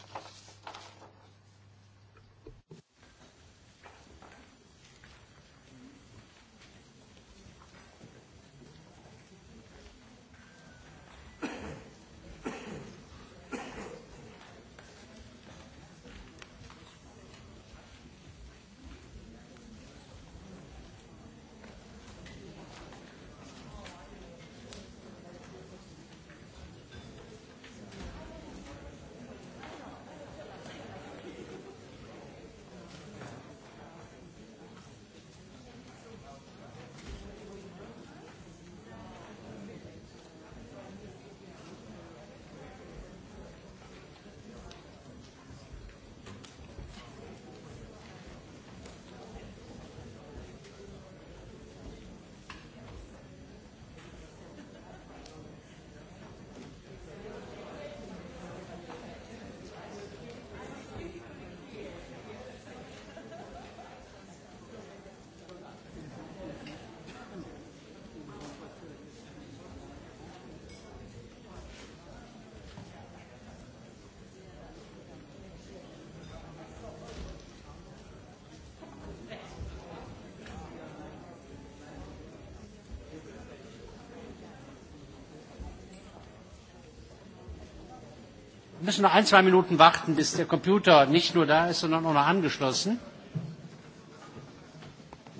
müssen noch ein, zwei Minuten warten, bis der Computer nicht nur da ist, sondern auch noch angeschlossen.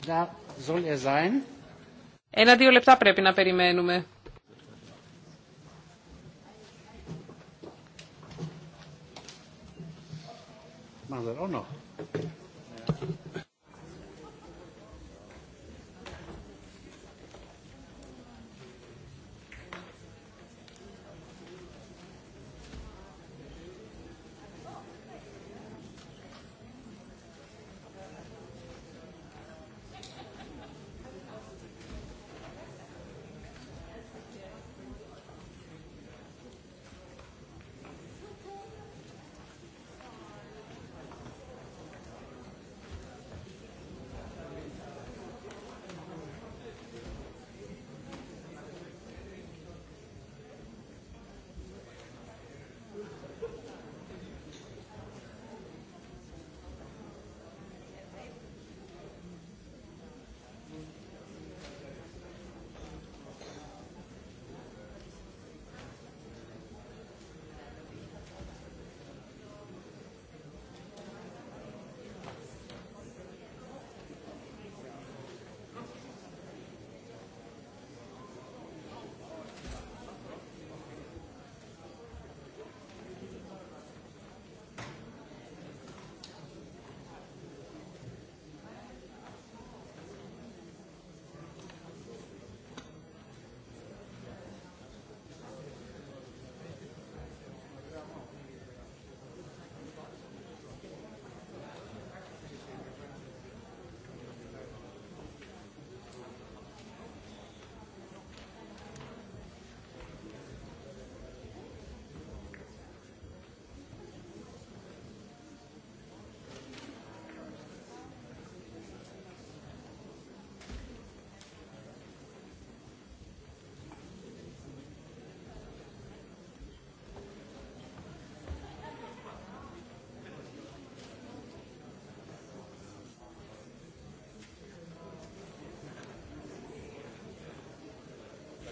Da soll er sein. Ένα-δύο λεπτά πρέπει να περιμένουμε.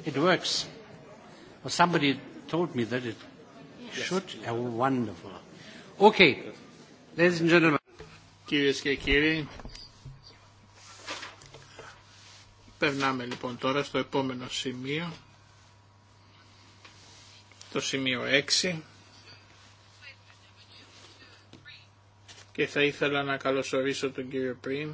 it works. Well, somebody told me that it should. Oh, wonderful. Okay, ladies and gentlemen. Κυρίες και κύριοι, περνάμε λοιπόν τώρα στο επόμενο σημείο, το σημείο 6. Και θα ήθελα να καλωσορίσω τον κύριο Πριν.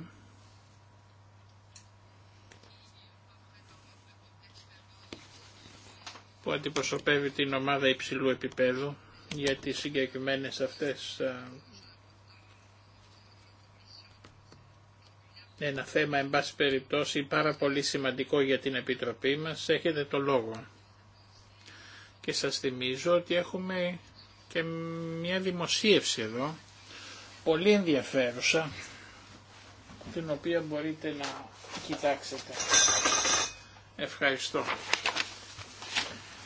που αντιπροσωπεύει την ομάδα υψηλού επίπεδου για τις συγκεκριμένες αυτές ένα θέμα εν πάση περιπτώσει πάρα πολύ σημαντικό για την Επιτροπή μας, έχετε το λόγο. Και σας θυμίζω ότι έχουμε και μια δημοσίευση εδώ, πολύ ενδιαφέρουσα, την οποία μπορείτε να κοιτάξετε. Ευχαριστώ.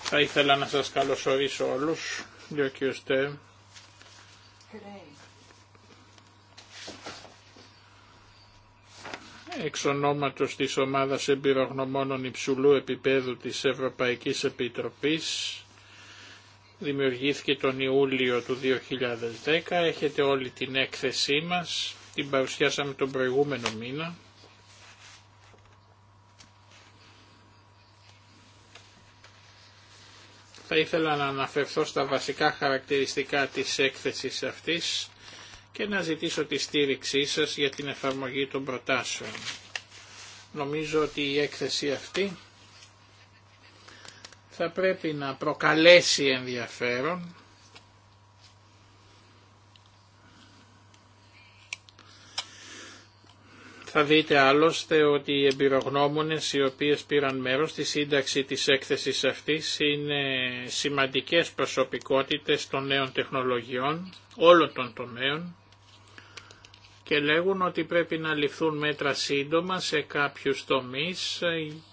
Θα ήθελα να σας καλωσορίσω όλους, διότι ωστέ Εξ ονόματος της ομάδας εμπειρογνωμόνων Υψουλού επίπεδου της Ευρωπαϊκής Επιτροπής, δημιουργήθηκε τον Ιούλιο του 2010, έχετε όλη την έκθεσή μας, την παρουσιάσαμε τον προηγούμενο μήνα. θα ήθελα να αναφερθώ στα βασικά χαρακτηριστικά της έκθεσης αυτής και να ζητήσω τη στήριξή σας για την εφαρμογή των προτάσεων. Νομίζω ότι η έκθεση αυτή θα πρέπει να προκαλέσει ενδιαφέρον Θα δείτε άλλωστε ότι οι εμπειρογνώμονες οι οποίες πήραν μέρος στη σύνταξη της έκθεσης αυτής είναι σημαντικές προσωπικότητες των νέων τεχνολογιών, όλων των τομέων και λέγουν ότι πρέπει να ληφθούν μέτρα σύντομα σε κάποιους τομείς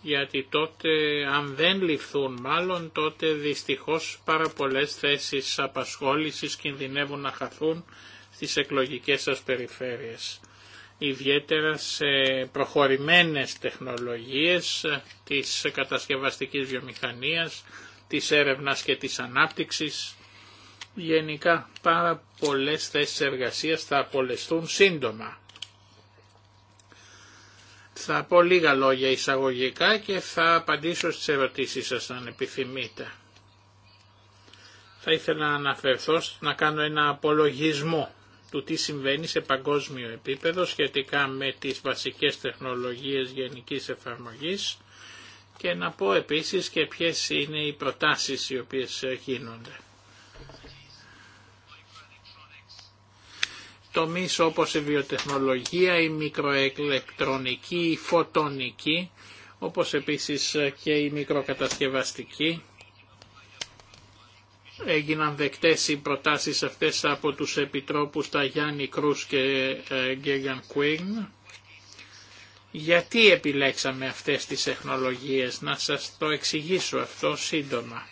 γιατί τότε αν δεν ληφθούν μάλλον τότε δυστυχώς πάρα πολλές θέσεις απασχόλησης κινδυνεύουν να χαθούν στις εκλογικές σας περιφέρειες ιδιαίτερα σε προχωρημένες τεχνολογίες της κατασκευαστικής βιομηχανίας, της έρευνας και της ανάπτυξης. Γενικά πάρα πολλές θέσεις εργασίας θα απολεστούν σύντομα. Θα πω λίγα λόγια εισαγωγικά και θα απαντήσω στις ερωτήσεις σας αν επιθυμείτε. Θα ήθελα να αναφερθώ να κάνω ένα απολογισμό του τι συμβαίνει σε παγκόσμιο επίπεδο σχετικά με τις βασικές τεχνολογίες γενικής εφαρμογής και να πω επίσης και ποιες είναι οι προτάσεις οι οποίες γίνονται. Τομείς όπως η βιοτεχνολογία, η μικροεκλεκτρονική, η φωτονική, όπως επίσης και η μικροκατασκευαστική, έγιναν δεκτές οι προτάσεις αυτές από τους επιτρόπους τα Γιάννη Κρούς και ε, Γκέγαν Κουίν. Γιατί επιλέξαμε αυτές τις τεχνολογίες, να σας το εξηγήσω αυτό σύντομα.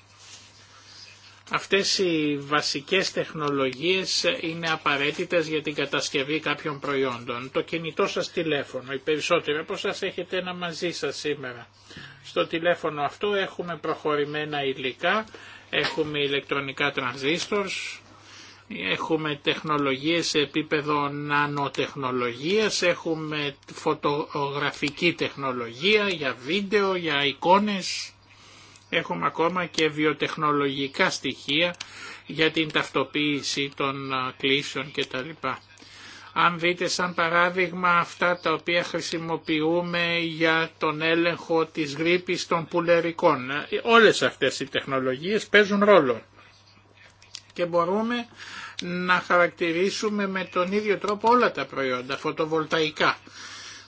Αυτές οι βασικές τεχνολογίες είναι απαραίτητες για την κατασκευή κάποιων προϊόντων. Το κινητό σας τηλέφωνο, οι περισσότεροι από σας έχετε ένα μαζί σας σήμερα. Στο τηλέφωνο αυτό έχουμε προχωρημένα υλικά Έχουμε ηλεκτρονικά τρανζίστορς, έχουμε τεχνολογίες σε επίπεδο νανοτεχνολογίας, έχουμε φωτογραφική τεχνολογία για βίντεο, για εικόνες, έχουμε ακόμα και βιοτεχνολογικά στοιχεία για την ταυτοποίηση των κλήσεων κτλ. Αν δείτε σαν παράδειγμα αυτά τα οποία χρησιμοποιούμε για τον έλεγχο της γρήπης των πουλερικών. Όλες αυτές οι τεχνολογίες παίζουν ρόλο και μπορούμε να χαρακτηρίσουμε με τον ίδιο τρόπο όλα τα προϊόντα φωτοβολταϊκά.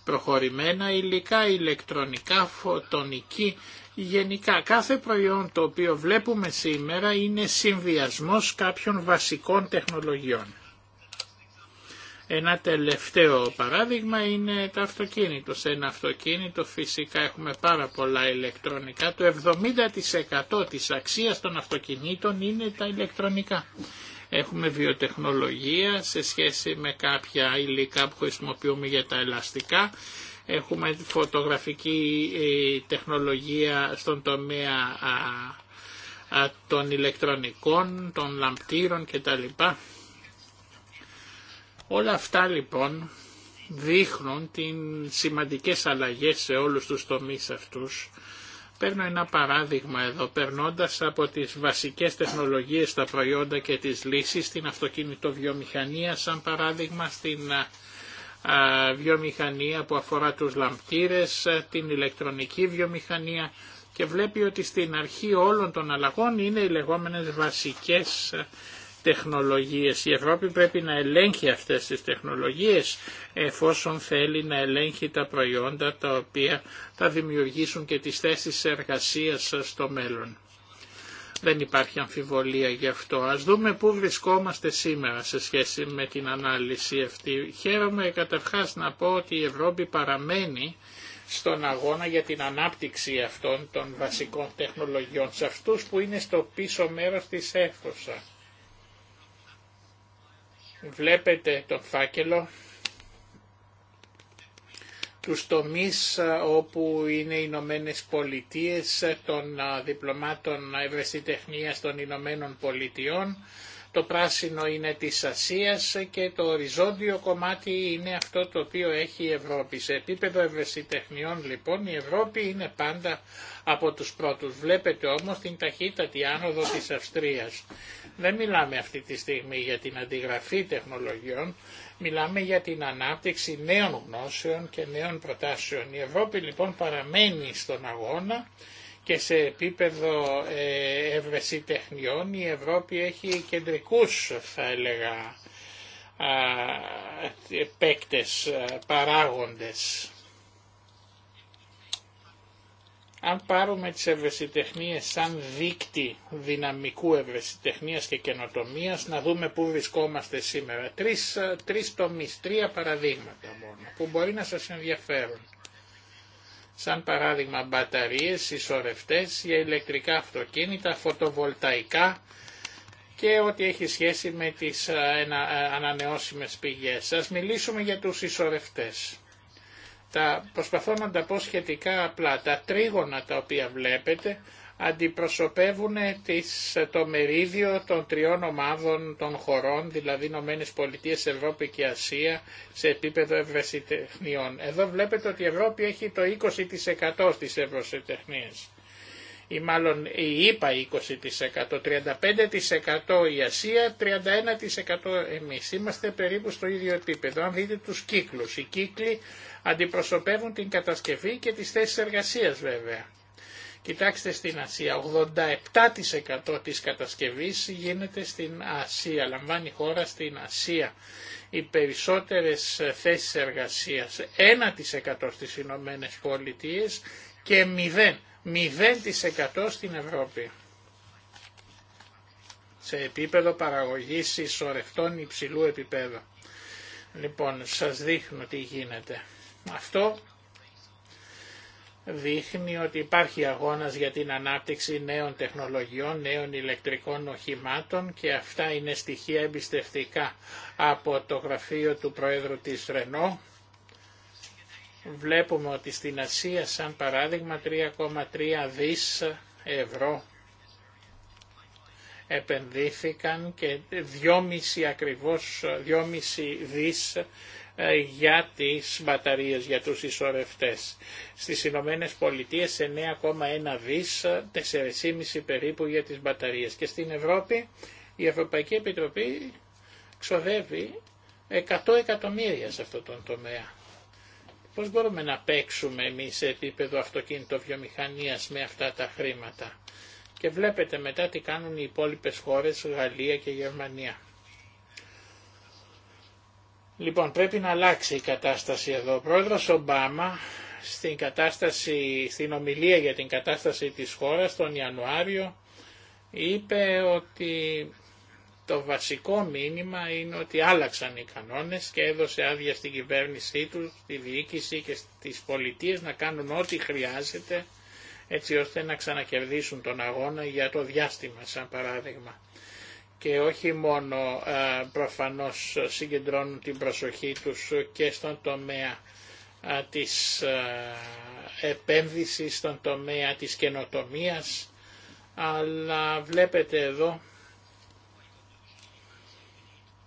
Προχωρημένα υλικά, ηλεκτρονικά, φωτονική, γενικά κάθε προϊόν το οποίο βλέπουμε σήμερα είναι συνδυασμός κάποιων βασικών τεχνολογιών. Ένα τελευταίο παράδειγμα είναι το αυτοκίνητο. Σε ένα αυτοκίνητο φυσικά έχουμε πάρα πολλά ηλεκτρονικά. Το 70% της αξίας των αυτοκινήτων είναι τα ηλεκτρονικά. Έχουμε βιοτεχνολογία σε σχέση με κάποια υλικά που χρησιμοποιούμε για τα ελαστικά. Έχουμε φωτογραφική ε, τεχνολογία στον τομέα των ηλεκτρονικών, των λαμπτήρων κτλ. Όλα αυτά λοιπόν δείχνουν την σημαντικές αλλαγές σε όλους τους τομείς αυτούς. Παίρνω ένα παράδειγμα εδώ, περνώντας από τις βασικές τεχνολογίες, τα προϊόντα και τις λύσεις στην αυτοκινητοβιομηχανία, σαν παράδειγμα στην βιομηχανία που αφορά τους λαμπτήρες, την ηλεκτρονική βιομηχανία και βλέπει ότι στην αρχή όλων των αλλαγών είναι οι λεγόμενες βασικές τεχνολογίες. Η Ευρώπη πρέπει να ελέγχει αυτές τις τεχνολογίες εφόσον θέλει να ελέγχει τα προϊόντα τα οποία θα δημιουργήσουν και τις θέσεις εργασίας στο μέλλον. Δεν υπάρχει αμφιβολία γι' αυτό. Ας δούμε πού βρισκόμαστε σήμερα σε σχέση με την ανάλυση αυτή. Χαίρομαι καταρχάς να πω ότι η Ευρώπη παραμένει στον αγώνα για την ανάπτυξη αυτών των βασικών τεχνολογιών, σε αυτούς που είναι στο πίσω μέρος της Βλέπετε το φάκελο τους τομείς ε, όπου είναι οι Ηνωμένε Πολιτείε ε, των ε, διπλωμάτων ευαισθητεχνίας των Ηνωμένων Πολιτειών. Το πράσινο είναι της Ασίας και το οριζόντιο κομμάτι είναι αυτό το οποίο έχει η Ευρώπη. Σε επίπεδο ευαισθητεχνιών λοιπόν η Ευρώπη είναι πάντα από τους πρώτους. Βλέπετε όμως την ταχύτατη άνοδο της Αυστρίας. Δεν μιλάμε αυτή τη στιγμή για την αντιγραφή τεχνολογιών, μιλάμε για την ανάπτυξη νέων γνώσεων και νέων προτάσεων. Η Ευρώπη λοιπόν παραμένει στον αγώνα και σε επίπεδο ε, τεχνιών η Ευρώπη έχει κεντρικούς θα έλεγα παίκτες, παράγοντες. Αν πάρουμε τις ευρεσιτεχνίες σαν δίκτυ δυναμικού ευρεσιτεχνίας και καινοτομίας, να δούμε πού βρισκόμαστε σήμερα. Τρεις, τρεις τομείς, τρία παραδείγματα μόνο, που μπορεί να σας ενδιαφέρουν. Σαν παράδειγμα μπαταρίες, ισορρευτές για ηλεκτρικά αυτοκίνητα, φωτοβολταϊκά και ό,τι έχει σχέση με τις ε, ε, ανανεώσιμες πηγές. Σας μιλήσουμε για τους ισορρευτές. Τα, προσπαθώ να τα πω σχετικά απλά. Τα τρίγωνα τα οποία βλέπετε αντιπροσωπεύουν το μερίδιο των τριών ομάδων των χωρών, δηλαδή Ηνωμένε Πολιτείε, Ευρώπη και Ασία, σε επίπεδο ευρεσιτεχνιών. Εδώ βλέπετε ότι η Ευρώπη έχει το 20% στις ευρεσιτεχνίες ή μάλλον η ΕΠΑ 20%, 35% η Ασία, 31% εμείς. Είμαστε περίπου στο ίδιο επίπεδο. Αν δείτε τους κύκλους, οι κύκλοι αντιπροσωπεύουν την κατασκευή και τις θέσεις εργασίας βέβαια. Κοιτάξτε στην Ασία, 87% της κατασκευής γίνεται στην Ασία, λαμβάνει χώρα στην Ασία. Οι περισσότερες θέσεις εργασίας, 1% στις Ηνωμένε Πολιτείες και 0% 0% στην Ευρώπη. Σε επίπεδο παραγωγής ισορρευτών υψηλού επίπεδου. Λοιπόν, σας δείχνω τι γίνεται. Αυτό δείχνει ότι υπάρχει αγώνας για την ανάπτυξη νέων τεχνολογιών, νέων ηλεκτρικών οχημάτων και αυτά είναι στοιχεία εμπιστευτικά από το γραφείο του Προέδρου της Ρενό Βλέπουμε ότι στην Ασία σαν παράδειγμα 3,3 δις ευρώ επενδύθηκαν και 2,5 ακριβώς, 2,5 δις ε, για τις μπαταρίες, για τους ισορρευτές. Στις Ηνωμένε Πολιτείε 9,1 δις, 4,5 περίπου για τις μπαταρίες. Και στην Ευρώπη η Ευρωπαϊκή Επιτροπή ξοδεύει 100 εκατομμύρια σε αυτό τον τομέα. Πώς μπορούμε να παίξουμε εμεί σε επίπεδο βιομηχανία με αυτά τα χρήματα. Και βλέπετε μετά τι κάνουν οι υπόλοιπες χώρες, Γαλλία και Γερμανία. Λοιπόν, πρέπει να αλλάξει η κατάσταση εδώ. Ο πρόεδρος Ομπάμα στην, κατάσταση, στην ομιλία για την κατάσταση της χώρας τον Ιανουάριο είπε ότι το βασικό μήνυμα είναι ότι άλλαξαν οι κανόνες και έδωσε άδεια στην κυβέρνησή τους, στη διοίκηση και στις πολιτείες να κάνουν ό,τι χρειάζεται έτσι ώστε να ξανακερδίσουν τον αγώνα για το διάστημα σαν παράδειγμα. Και όχι μόνο προφανώς συγκεντρώνουν την προσοχή τους και στον τομέα της επένδυσης, στον τομέα της καινοτομίας, αλλά βλέπετε εδώ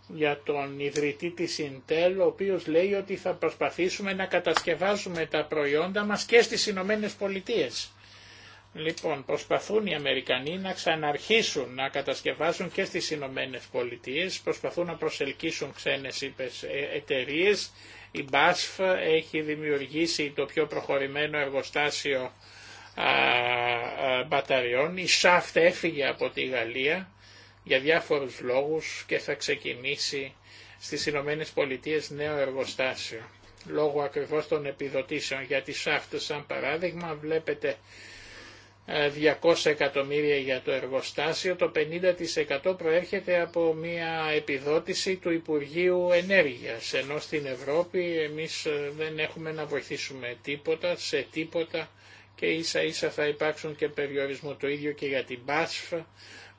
για τον ιδρυτή της Intel, ο οποίος λέει ότι θα προσπαθήσουμε να κατασκευάσουμε τα προϊόντα μας και στις Ηνωμένε Πολιτείε. Λοιπόν, προσπαθούν οι Αμερικανοί να ξαναρχίσουν να κατασκευάσουν και στις Ηνωμένε Πολιτείε, προσπαθούν να προσελκύσουν ξένες ε, εταιρείε. Η BASF έχει δημιουργήσει το πιο προχωρημένο εργοστάσιο α, μπαταριών. Η Shaft έφυγε από τη Γαλλία για διάφορους λόγους και θα ξεκινήσει στις Ηνωμένε Πολιτείες νέο εργοστάσιο. Λόγω ακριβώς των επιδοτήσεων για τις ΣΑΦΤ, σαν παράδειγμα, βλέπετε 200 ε, εκατομμύρια για το εργοστάσιο, το 50% προέρχεται από μια επιδότηση του Υπουργείου Ενέργειας, ενώ στην Ευρώπη εμείς ε, δεν έχουμε να βοηθήσουμε τίποτα, σε τίποτα και ίσα ίσα θα υπάρξουν και περιορισμό το ίδιο και για την ΠΑΣΦ,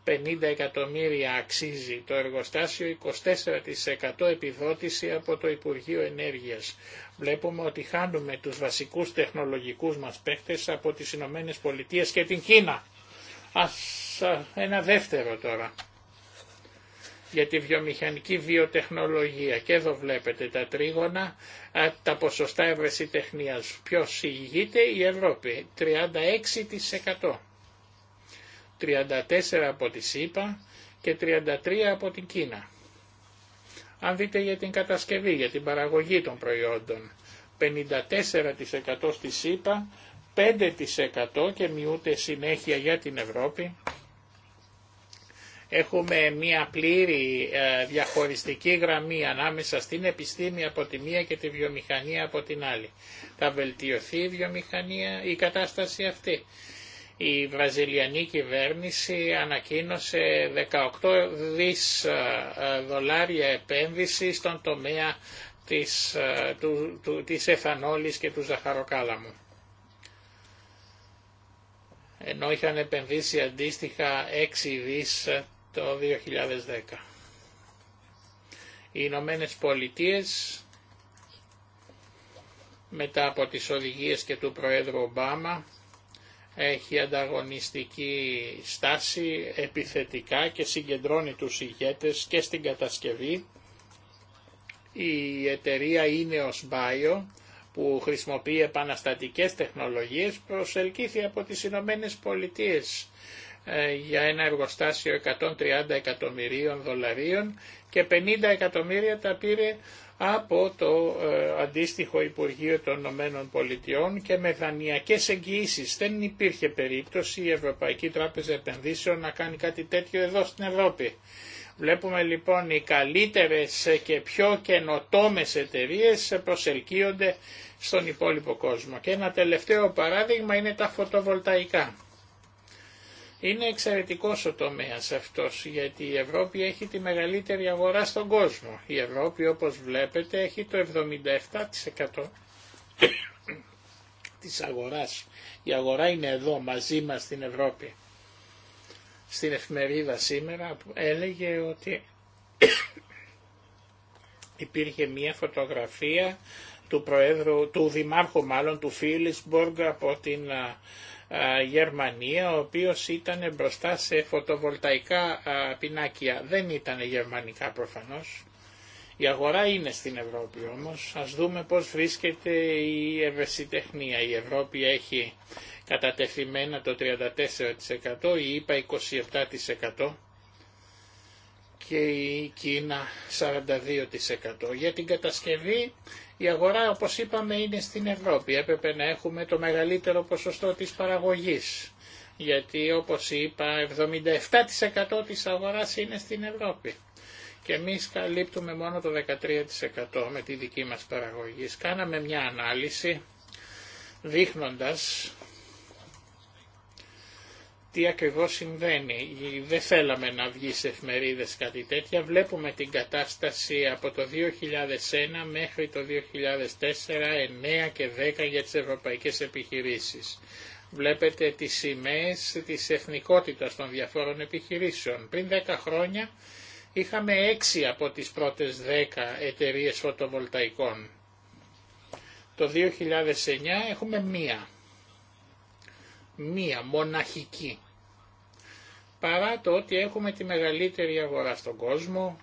50 εκατομμύρια αξίζει το εργοστάσιο, 24% επιδότηση από το Υπουργείο Ενέργειας. Βλέπουμε ότι χάνουμε τους βασικούς τεχνολογικούς μας παίχτες από τις Ηνωμένε Πολιτείες και την Κίνα. Ας ένα δεύτερο τώρα για τη βιομηχανική βιοτεχνολογία. Και εδώ βλέπετε τα τρίγωνα, τα ποσοστά ευρεσιτεχνίας. Ποιος ηγείται η Ευρώπη, 36%. 34 από τη ΣΥΠΑ και 33 από την Κίνα. Αν δείτε για την κατασκευή, για την παραγωγή των προϊόντων, 54% στη ΣΥΠΑ, 5% και μειούται συνέχεια για την Ευρώπη. Έχουμε μια πλήρη ε, διαχωριστική γραμμή ανάμεσα στην επιστήμη από τη μία και τη βιομηχανία από την άλλη. Θα βελτιωθεί η βιομηχανία, η κατάσταση αυτή. Η βραζιλιανή κυβέρνηση ανακοίνωσε 18 δις ε, ε, δολάρια επένδυση στον τομέα της, ε, του, της εθανόλης και του ζαχαροκάλαμου. Ενώ είχαν επενδύσει αντίστοιχα 6 δις το 2010. Οι Ηνωμένε Πολιτείε, μετά από τις οδηγίες και του Προέδρου Ομπάμα έχει ανταγωνιστική στάση επιθετικά και συγκεντρώνει τους ηγέτες και στην κατασκευή. Η εταιρεία Ineos Bio που χρησιμοποιεί επαναστατικές τεχνολογίες προσελκύθη από τις Ηνωμένε Πολιτείες ε, για ένα εργοστάσιο 130 εκατομμυρίων δολαρίων και 50 εκατομμύρια τα πήρε από το ε, αντίστοιχο Υπουργείο των Ηνωμένων Πολιτειών και με δανειακές εγγυήσεις. Δεν υπήρχε περίπτωση η Ευρωπαϊκή Τράπεζα Επενδύσεων να κάνει κάτι τέτοιο εδώ στην Ευρώπη. Βλέπουμε λοιπόν οι καλύτερες και πιο καινοτόμες εταιρείες προσελκύονται στον υπόλοιπο κόσμο. Και ένα τελευταίο παράδειγμα είναι τα φωτοβολταϊκά. Είναι εξαιρετικός ο τομέας αυτός γιατί η Ευρώπη έχει τη μεγαλύτερη αγορά στον κόσμο. Η Ευρώπη όπως βλέπετε έχει το 77% της αγοράς. Η αγορά είναι εδώ μαζί μας στην Ευρώπη. Στην εφημερίδα σήμερα έλεγε ότι υπήρχε μία φωτογραφία του, προέδρου, του δημάρχου μάλλον του Φίλισμποργκ από την Γερμανία ο οποίος ήταν μπροστά σε φωτοβολταϊκά πινάκια. Δεν ήταν γερμανικά προφανώς. Η αγορά είναι στην Ευρώπη όμως. Ας δούμε πώς βρίσκεται η ευαισθητεχνία. Η Ευρώπη έχει κατατεθειμένα το 34%, η ΕΠΑ 27% και η Κίνα 42%. Για την κατασκευή η αγορά όπως είπαμε είναι στην Ευρώπη. Έπρεπε να έχουμε το μεγαλύτερο ποσοστό της παραγωγής γιατί όπως είπα 77% της αγοράς είναι στην Ευρώπη και εμείς καλύπτουμε μόνο το 13% με τη δική μας παραγωγή. Κάναμε μια ανάλυση δείχνοντας τι ακριβώς συμβαίνει. Δεν θέλαμε να βγει σε εφημερίδες κάτι τέτοια. Βλέπουμε την κατάσταση από το 2001 μέχρι το 2004, 9 και 10 για τις ευρωπαϊκές επιχειρήσεις. Βλέπετε τις σημαίες της εθνικότητας των διαφόρων επιχειρήσεων. Πριν 10 χρόνια είχαμε 6 από τις πρώτες 10 εταιρείες φωτοβολταϊκών. Το 2009 έχουμε μία μία μοναχική παρά το ότι έχουμε τη μεγαλύτερη αγορά στον κόσμο,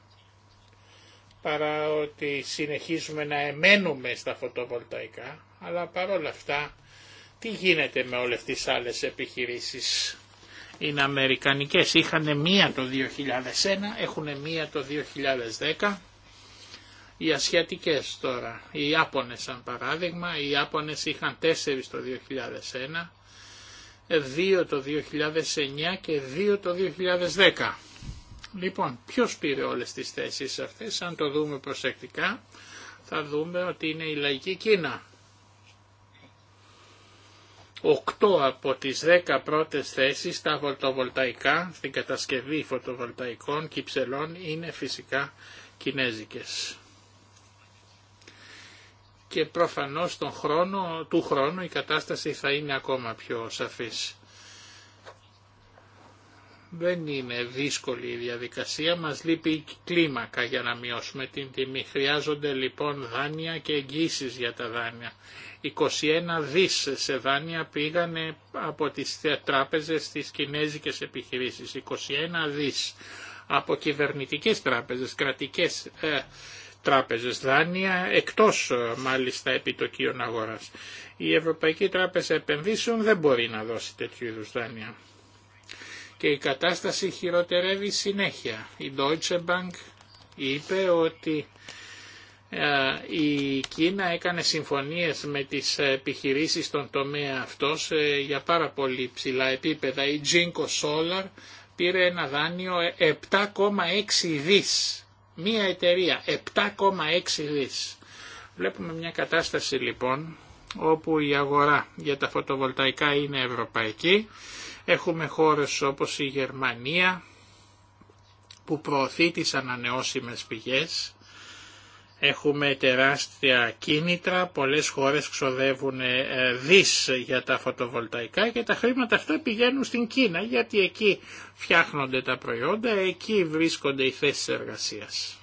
παρά ότι συνεχίζουμε να εμένουμε στα φωτοβολταϊκά, αλλά παρόλα αυτά τι γίνεται με όλες τις άλλες επιχειρήσεις. Οι αμερικανικές, είχαν μία το 2001, έχουν μία το 2010, οι ασιατικές τώρα, οι Ιάπωνες σαν παράδειγμα, οι Ιάπωνες είχαν τέσσερις το 2001, 2 το 2009 και 2 το 2010. Λοιπόν, ποιος πήρε όλες τις θέσεις αυτές, αν το δούμε προσεκτικά, θα δούμε ότι είναι η λαϊκή Κίνα. 8 από τις 10 πρώτες θέσεις στα φωτοβολταϊκά, στην κατασκευή φωτοβολταϊκών κυψελών, είναι φυσικά κινέζικες και προφανώς τον χρόνο, του χρόνου η κατάσταση θα είναι ακόμα πιο σαφής. Δεν είναι δύσκολη η διαδικασία, μας λείπει κλίμακα για να μειώσουμε την τιμή. Χρειάζονται λοιπόν δάνεια και εγγύσει για τα δάνεια. 21 δις σε δάνεια πήγανε από τις τράπεζες στις κινέζικες επιχειρήσεις. 21 δις από κυβερνητικές τράπεζες, κρατικές ε, τράπεζες δάνεια εκτός ε, μάλιστα επιτοκίων αγοράς. Η Ευρωπαϊκή Τράπεζα Επενδύσεων δεν μπορεί να δώσει τέτοιου είδους δάνεια. Και η κατάσταση χειροτερεύει συνέχεια. Η Deutsche Bank είπε ότι ε, η Κίνα έκανε συμφωνίες με τις επιχειρήσεις στον τομέα αυτός για πάρα πολύ ψηλά επίπεδα. Η Jinko Solar πήρε ένα δάνειο 7,6 δις Μία εταιρεία 7,6 δις. Βλέπουμε μια κατάσταση λοιπόν όπου η αγορά για τα φωτοβολταϊκά είναι ευρωπαϊκή. Έχουμε χώρες όπως η Γερμανία που προωθεί τις ανανεώσιμες πηγές Έχουμε τεράστια κίνητρα, πολλές χώρες ξοδεύουν ε, δις για τα φωτοβολταϊκά και τα χρήματα αυτά πηγαίνουν στην Κίνα γιατί εκεί φτιάχνονται τα προϊόντα, εκεί βρίσκονται οι θέσεις εργασίας.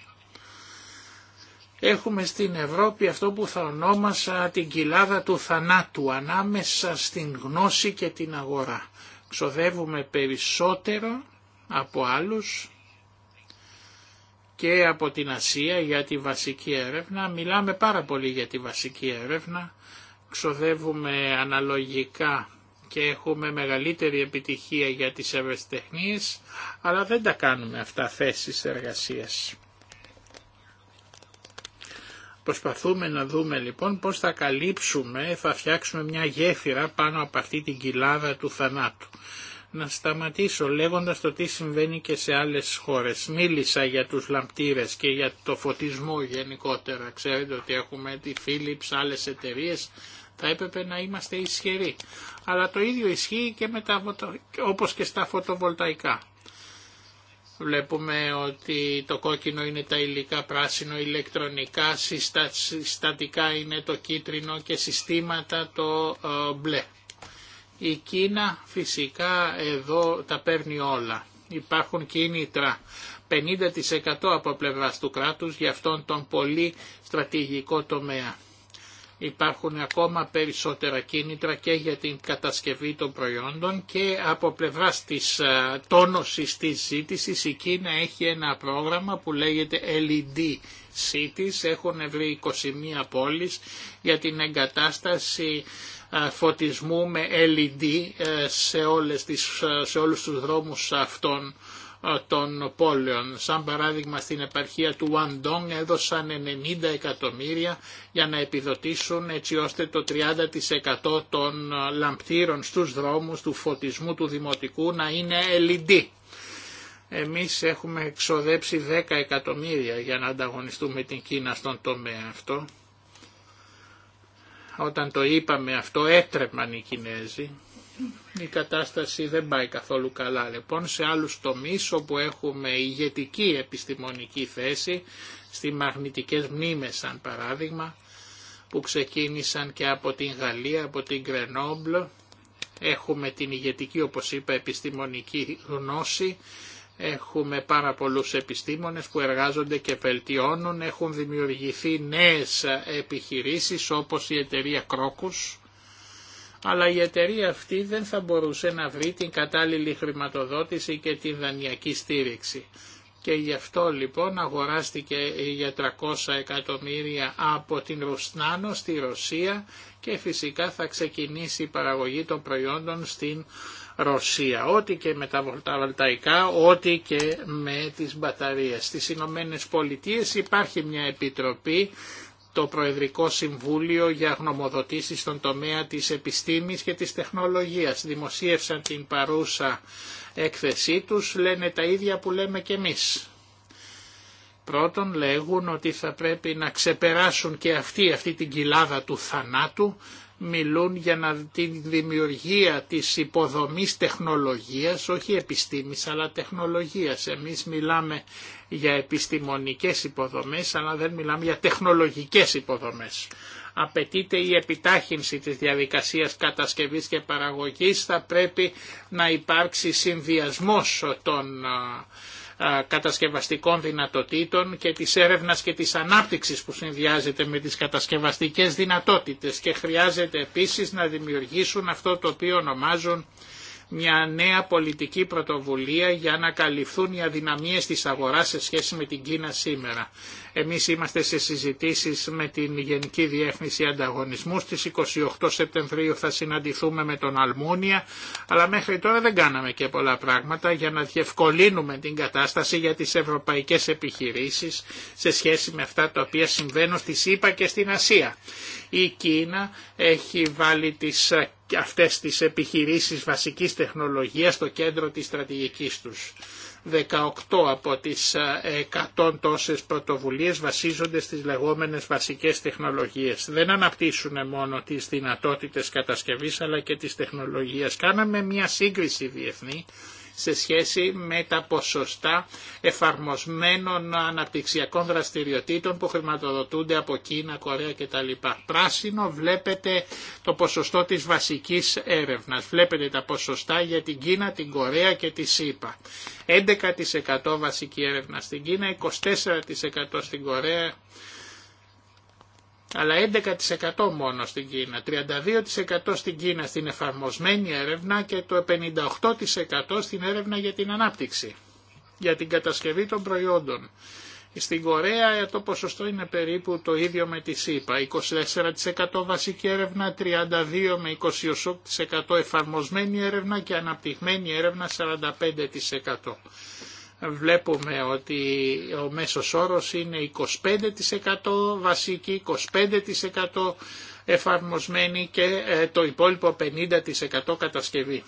Έχουμε στην Ευρώπη αυτό που θα ονόμασα την κοιλάδα του θανάτου ανάμεσα στην γνώση και την αγορά. Ξοδεύουμε περισσότερο από άλλους και από την Ασία για τη βασική έρευνα. Μιλάμε πάρα πολύ για τη βασική έρευνα. Ξοδεύουμε αναλογικά και έχουμε μεγαλύτερη επιτυχία για τις ευαισθητεχνίες, αλλά δεν τα κάνουμε αυτά θέσεις εργασίας. Προσπαθούμε να δούμε λοιπόν πώς θα καλύψουμε, θα φτιάξουμε μια γέφυρα πάνω από αυτή την κοιλάδα του θανάτου να σταματήσω λέγοντας το τι συμβαίνει και σε άλλες χώρες. Μίλησα για τους λαμπτήρες και για το φωτισμό γενικότερα. Ξέρετε ότι έχουμε τη Philips, άλλες εταιρείες. Θα έπρεπε να είμαστε ισχυροί. Αλλά το ίδιο ισχύει και με όπως και στα φωτοβολταϊκά. Βλέπουμε ότι το κόκκινο είναι τα υλικά, πράσινο ηλεκτρονικά, συστατικά είναι το κίτρινο και συστήματα το ε, μπλε. Η Κίνα φυσικά εδώ τα παίρνει όλα. Υπάρχουν κίνητρα 50% από πλευράς του κράτους για αυτόν τον πολύ στρατηγικό τομέα. Υπάρχουν ακόμα περισσότερα κίνητρα και για την κατασκευή των προϊόντων και από πλευράς της ε, τόνωσης της ζήτησης η Κίνα έχει ένα πρόγραμμα που λέγεται LED Cities. Έχουν βρει 21 πόλεις για την εγκατάσταση ε, φωτισμού με LED ε, σε, όλες τις, ε, σε όλους τους δρόμους αυτών των πόλεων. Σαν παράδειγμα στην επαρχία του Wandong έδωσαν 90 εκατομμύρια για να επιδοτήσουν έτσι ώστε το 30% των λαμπτήρων στους δρόμους του φωτισμού του δημοτικού να είναι LED. Εμείς έχουμε εξοδέψει 10 εκατομμύρια για να ανταγωνιστούμε την Κίνα στον τομέα αυτό όταν το είπαμε αυτό έτρεπαν οι Κινέζοι. Η κατάσταση δεν πάει καθόλου καλά λοιπόν σε άλλους τομείς όπου έχουμε ηγετική επιστημονική θέση, στις μαγνητικές μνήμες σαν παράδειγμα, που ξεκίνησαν και από την Γαλλία, από την Γκρενόμπλ, έχουμε την ηγετική όπως είπα επιστημονική γνώση Έχουμε πάρα πολλούς επιστήμονες που εργάζονται και βελτιώνουν. Έχουν δημιουργηθεί νέες επιχειρήσεις όπως η εταιρεία Κρόκους. Αλλά η εταιρεία αυτή δεν θα μπορούσε να βρει την κατάλληλη χρηματοδότηση και την δανειακή στήριξη. Και γι' αυτό λοιπόν αγοράστηκε για 300 εκατομμύρια από την Ρουσνάνο στη Ρωσία και φυσικά θα ξεκινήσει η παραγωγή των προϊόντων στην Ρωσία, ό,τι και με τα βολταϊκά, ό,τι και με τις μπαταρίες. Στις Ηνωμένε Πολιτείε υπάρχει μια επιτροπή, το Προεδρικό Συμβούλιο για γνωμοδοτήσεις στον τομέα της επιστήμης και της τεχνολογίας. Δημοσίευσαν την παρούσα έκθεσή τους, λένε τα ίδια που λέμε και εμείς. Πρώτον λέγουν ότι θα πρέπει να ξεπεράσουν και αυτή αυτή την κοιλάδα του θανάτου μιλούν για να, την δημιουργία της υποδομής τεχνολογίας, όχι επιστήμης αλλά τεχνολογίας. Εμείς μιλάμε για επιστημονικές υποδομές αλλά δεν μιλάμε για τεχνολογικές υποδομές. Απαιτείται η επιτάχυνση της διαδικασίας κατασκευής και παραγωγής, θα πρέπει να υπάρξει συνδυασμός των κατασκευαστικών δυνατοτήτων και της έρευνας και της ανάπτυξης που συνδυάζεται με τις κατασκευαστικές δυνατότητες και χρειάζεται επίσης να δημιουργήσουν αυτό το οποίο ονομάζουν μια νέα πολιτική πρωτοβουλία για να καλυφθούν οι αδυναμίες της αγοράς σε σχέση με την Κίνα σήμερα. Εμείς είμαστε σε συζητήσεις με την Γενική Διεύθυνση Ανταγωνισμού. Στις 28 Σεπτεμβρίου θα συναντηθούμε με τον Αλμούνια, αλλά μέχρι τώρα δεν κάναμε και πολλά πράγματα για να διευκολύνουμε την κατάσταση για τις ευρωπαϊκές επιχειρήσεις σε σχέση με αυτά τα οποία συμβαίνουν στη ΣΥΠΑ και στην Ασία. Η Κίνα έχει βάλει τις αυτές τις επιχειρήσεις βασικής τεχνολογίας στο κέντρο της στρατηγικής τους. 18 από τις 100 ε, τόσες πρωτοβουλίες βασίζονται στις λεγόμενες βασικές τεχνολογίες. Δεν αναπτύσσουν μόνο τις δυνατότητες κατασκευής αλλά και τις τεχνολογίες. Κάναμε μια σύγκριση διεθνή σε σχέση με τα ποσοστά εφαρμοσμένων αναπτυξιακών δραστηριοτήτων που χρηματοδοτούνται από Κίνα, Κορέα κτλ. Πράσινο βλέπετε το ποσοστό της βασικής έρευνας. Βλέπετε τα ποσοστά για την Κίνα, την Κορέα και τη ΣΥΠΑ. 11% βασική έρευνα στην Κίνα, 24% στην Κορέα, αλλά 11% μόνο στην Κίνα, 32% στην Κίνα στην εφαρμοσμένη έρευνα και το 58% στην έρευνα για την ανάπτυξη, για την κατασκευή των προϊόντων. Στην Κορέα το ποσοστό είναι περίπου το ίδιο με τη ΣΥΠΑ, 24% βασική έρευνα, 32 με 28% εφαρμοσμένη έρευνα και αναπτυγμένη έρευνα 45% βλέπουμε ότι ο μέσος όρος είναι 25% βασική, 25% εφαρμοσμένη και ε, το υπόλοιπο 50% κατασκευή.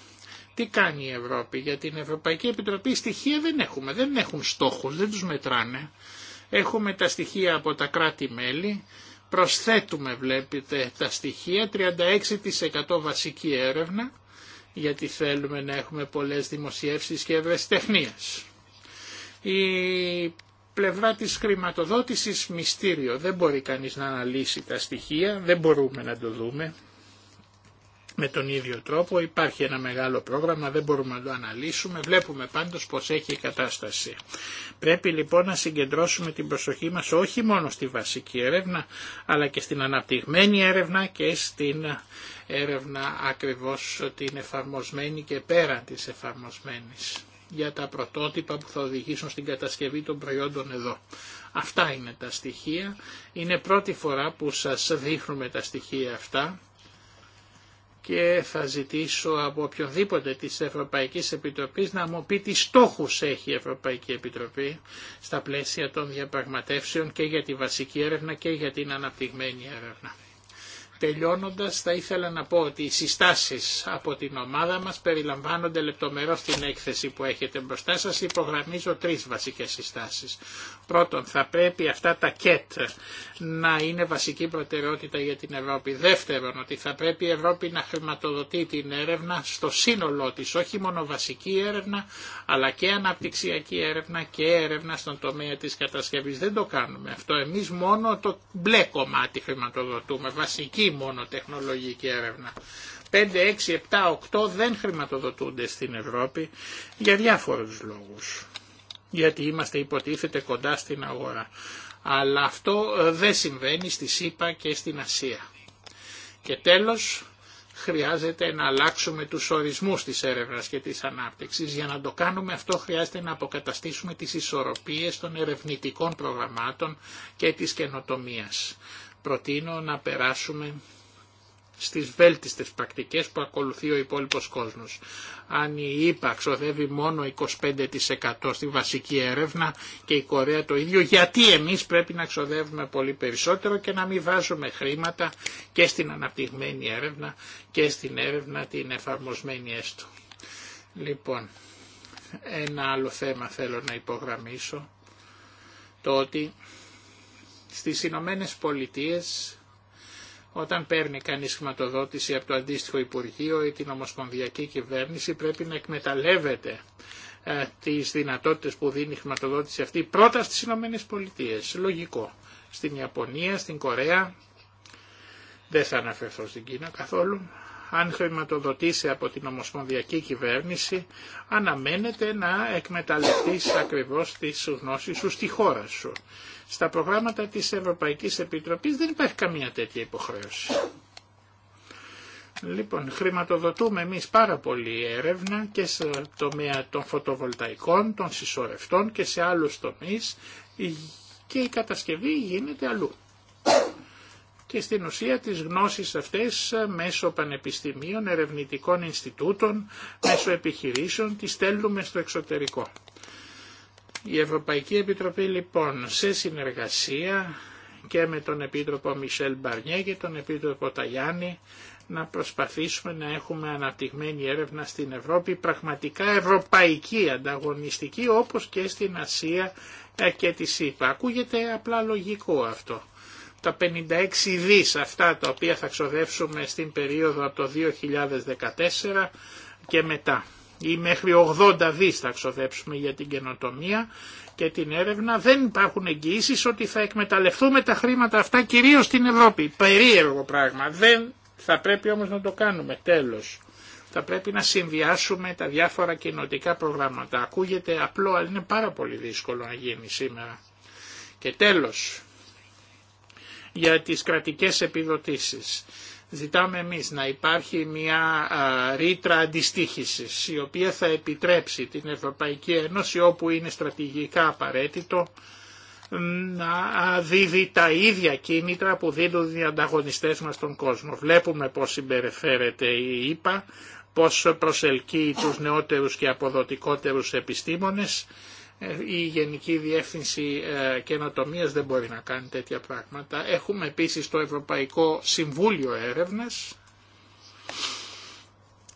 Τι κάνει η Ευρώπη για την Ευρωπαϊκή Επιτροπή, στοιχεία δεν έχουμε, δεν έχουν στόχους, δεν τους μετράνε. Έχουμε τα στοιχεία από τα κράτη-μέλη, προσθέτουμε βλέπετε τα στοιχεία, 36% βασική έρευνα, γιατί θέλουμε να έχουμε πολλές δημοσιεύσεις και ευαισθητεχνίες. Η πλευρά της χρηματοδότησης μυστήριο. Δεν μπορεί κανείς να αναλύσει τα στοιχεία, δεν μπορούμε να το δούμε. Με τον ίδιο τρόπο υπάρχει ένα μεγάλο πρόγραμμα, δεν μπορούμε να το αναλύσουμε, βλέπουμε πάντως πως έχει η κατάσταση. Πρέπει λοιπόν να συγκεντρώσουμε την προσοχή μας όχι μόνο στη βασική έρευνα, αλλά και στην αναπτυγμένη έρευνα και στην έρευνα ακριβώς την εφαρμοσμένη και πέραν της εφαρμοσμένης για τα πρωτότυπα που θα οδηγήσουν στην κατασκευή των προϊόντων εδώ. Αυτά είναι τα στοιχεία. Είναι πρώτη φορά που σας δείχνουμε τα στοιχεία αυτά και θα ζητήσω από οποιονδήποτε της Ευρωπαϊκής Επιτροπής να μου πει τι στόχους έχει η Ευρωπαϊκή Επιτροπή στα πλαίσια των διαπραγματεύσεων και για τη βασική έρευνα και για την αναπτυγμένη έρευνα. Τελειώνοντας θα ήθελα να πω ότι οι συστάσεις από την ομάδα μας περιλαμβάνονται λεπτομερώς στην έκθεση που έχετε μπροστά σας. Υπογραμμίζω τρεις βασικές συστάσεις. Πρώτον, θα πρέπει αυτά τα ΚΕΤ να είναι βασική προτεραιότητα για την Ευρώπη. Δεύτερον, ότι θα πρέπει η Ευρώπη να χρηματοδοτεί την έρευνα στο σύνολό της, όχι μόνο βασική έρευνα, αλλά και αναπτυξιακή έρευνα και έρευνα στον τομέα της κατασκευής. Δεν το κάνουμε αυτό. Εμείς μόνο το μπλε κομμάτι χρηματοδοτούμε. Βασική μόνο τεχνολογική έρευνα. 5, 6, 7, 8 δεν χρηματοδοτούνται στην Ευρώπη για διάφορους λόγους. Γιατί είμαστε υποτίθεται κοντά στην αγορά. Αλλά αυτό ε, δεν συμβαίνει στη ΣΥΠΑ και στην Ασία. Και τέλος, χρειάζεται να αλλάξουμε τους ορισμούς της έρευνας και της ανάπτυξης. Για να το κάνουμε αυτό χρειάζεται να αποκαταστήσουμε τις ισορροπίες των ερευνητικών προγραμμάτων και της καινοτομίας προτείνω να περάσουμε στις βέλτιστες πρακτικές που ακολουθεί ο υπόλοιπος κόσμος. Αν η ΕΠΑ ξοδεύει μόνο 25% στη βασική έρευνα και η Κορέα το ίδιο, γιατί εμείς πρέπει να ξοδεύουμε πολύ περισσότερο και να μην βάζουμε χρήματα και στην αναπτυγμένη έρευνα και στην έρευνα την εφαρμοσμένη έστω. Λοιπόν, ένα άλλο θέμα θέλω να υπογραμμίσω, το ότι στις Ηνωμένε Πολιτείε, όταν παίρνει κανείς χρηματοδότηση από το αντίστοιχο Υπουργείο ή την Ομοσπονδιακή Κυβέρνηση, πρέπει να εκμεταλλεύεται ε, τις δυνατότητες που δίνει η χρηματοδότηση αυτή πρώτα στις Ηνωμένε Πολιτείε. Λογικό. Στην Ιαπωνία, στην Κορέα, δεν θα αναφερθώ στην Κίνα καθόλου αν χρηματοδοτήσει από την Ομοσπονδιακή Κυβέρνηση, αναμένεται να εκμεταλλευτείς ακριβώς τις γνώσεις σου στη χώρα σου. Στα προγράμματα της Ευρωπαϊκής Επιτροπής δεν υπάρχει καμία τέτοια υποχρέωση. Λοιπόν, χρηματοδοτούμε εμείς πάρα πολύ έρευνα και σε τομέα των φωτοβολταϊκών, των συσσωρευτών και σε άλλους τομείς και η κατασκευή γίνεται αλλού και στην ουσία τις γνώσεις αυτές μέσω πανεπιστημίων, ερευνητικών Ινστιτούτων, μέσω επιχειρήσεων τις στέλνουμε στο εξωτερικό. Η Ευρωπαϊκή Επιτροπή λοιπόν σε συνεργασία και με τον Επίτροπο Μισελ Μπαρνιέ και τον Επίτροπο Ταγιάννη να προσπαθήσουμε να έχουμε αναπτυγμένη έρευνα στην Ευρώπη, πραγματικά ευρωπαϊκή, ανταγωνιστική, όπως και στην Ασία ε, και τη ΣΥΠΑ. Ακούγεται απλά λογικό αυτό τα 56 δις αυτά τα οποία θα ξοδέψουμε στην περίοδο από το 2014 και μετά ή μέχρι 80 δις θα ξοδέψουμε για την καινοτομία και την έρευνα δεν υπάρχουν εγγυήσει ότι θα εκμεταλλευτούμε τα χρήματα αυτά κυρίως στην Ευρώπη. Περίεργο πράγμα. Δεν θα πρέπει όμως να το κάνουμε. Τέλος. Θα πρέπει να συνδυάσουμε τα διάφορα κοινωτικά προγράμματα. Ακούγεται απλό, αλλά είναι πάρα πολύ δύσκολο να γίνει σήμερα. Και τέλος, για τις κρατικές επιδοτήσεις. Ζητάμε εμείς να υπάρχει μια ρήτρα αντιστήχησης η οποία θα επιτρέψει την Ευρωπαϊκή Ένωση όπου είναι στρατηγικά απαραίτητο να δίδει τα ίδια κίνητρα που δίνουν οι ανταγωνιστές μας στον κόσμο. Βλέπουμε πώς συμπεριφέρεται η ΕΠΑ, πώς προσελκύει τους νεότερους και αποδοτικότερους επιστήμονες η Γενική Διεύθυνση ε, Καινοτομίας δεν μπορεί να κάνει τέτοια πράγματα. Έχουμε επίσης το Ευρωπαϊκό Συμβούλιο Έρευνας,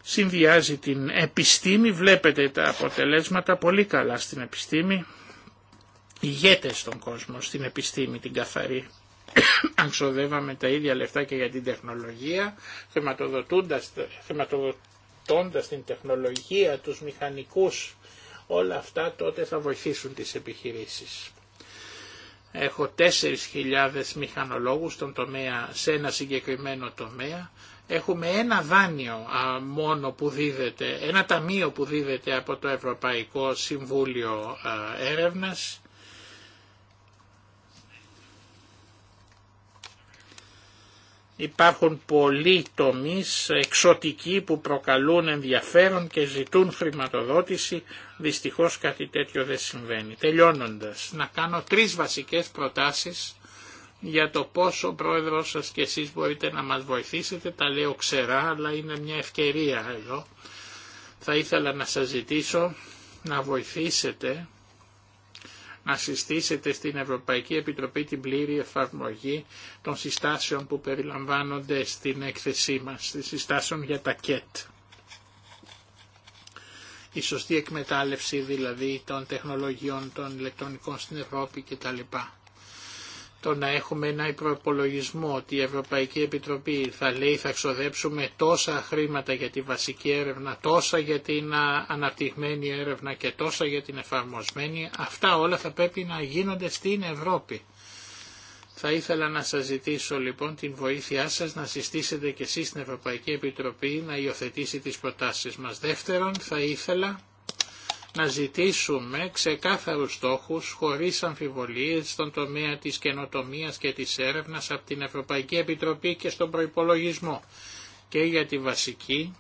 συνδυάζει την επιστήμη, βλέπετε τα αποτελέσματα πολύ καλά στην επιστήμη, ηγέτες στον κόσμο στην επιστήμη την καθαρή. Αν ξοδεύαμε τα ίδια λεφτά και για την τεχνολογία, χρηματοδοτώντας, χρηματοδοτώντας την τεχνολογία, τους μηχανικούς, Όλα αυτά τότε θα βοηθήσουν τις επιχειρήσεις. Έχω 4.000 μηχανολόγους στον τομέα, σε ένα συγκεκριμένο τομέα. Έχουμε ένα δάνειο μόνο που δίδεται, ένα ταμείο που δίδεται από το Ευρωπαϊκό Συμβούλιο α, Έρευνας Υπάρχουν πολλοί τομείς εξωτικοί που προκαλούν ενδιαφέρον και ζητούν χρηματοδότηση. Δυστυχώς κάτι τέτοιο δεν συμβαίνει. Τελειώνοντας, να κάνω τρεις βασικές προτάσεις για το πόσο ο πρόεδρος σας και εσείς μπορείτε να μας βοηθήσετε. Τα λέω ξερά, αλλά είναι μια ευκαιρία εδώ. Θα ήθελα να σας ζητήσω να βοηθήσετε να συστήσετε στην Ευρωπαϊκή Επιτροπή την πλήρη εφαρμογή των συστάσεων που περιλαμβάνονται στην έκθεσή μας, στις συστάσεων για τα ΚΕΤ. Η σωστή εκμετάλλευση δηλαδή των τεχνολογιών των ηλεκτρονικών στην Ευρώπη κτλ το να έχουμε ένα υπροπολογισμό ότι η Ευρωπαϊκή Επιτροπή θα λέει θα ξοδέψουμε τόσα χρήματα για τη βασική έρευνα, τόσα για την αναπτυγμένη έρευνα και τόσα για την εφαρμοσμένη, αυτά όλα θα πρέπει να γίνονται στην Ευρώπη. Θα ήθελα να σας ζητήσω λοιπόν την βοήθειά σας να συστήσετε και εσείς στην Ευρωπαϊκή Επιτροπή να υιοθετήσει τις προτάσεις μας. Δεύτερον, θα ήθελα να ζητήσουμε ξεκάθαρους στόχους χωρίς αμφιβολίες στον τομέα της καινοτομίας και της έρευνας από την Ευρωπαϊκή Επιτροπή και στον προϋπολογισμό και για τη βασική.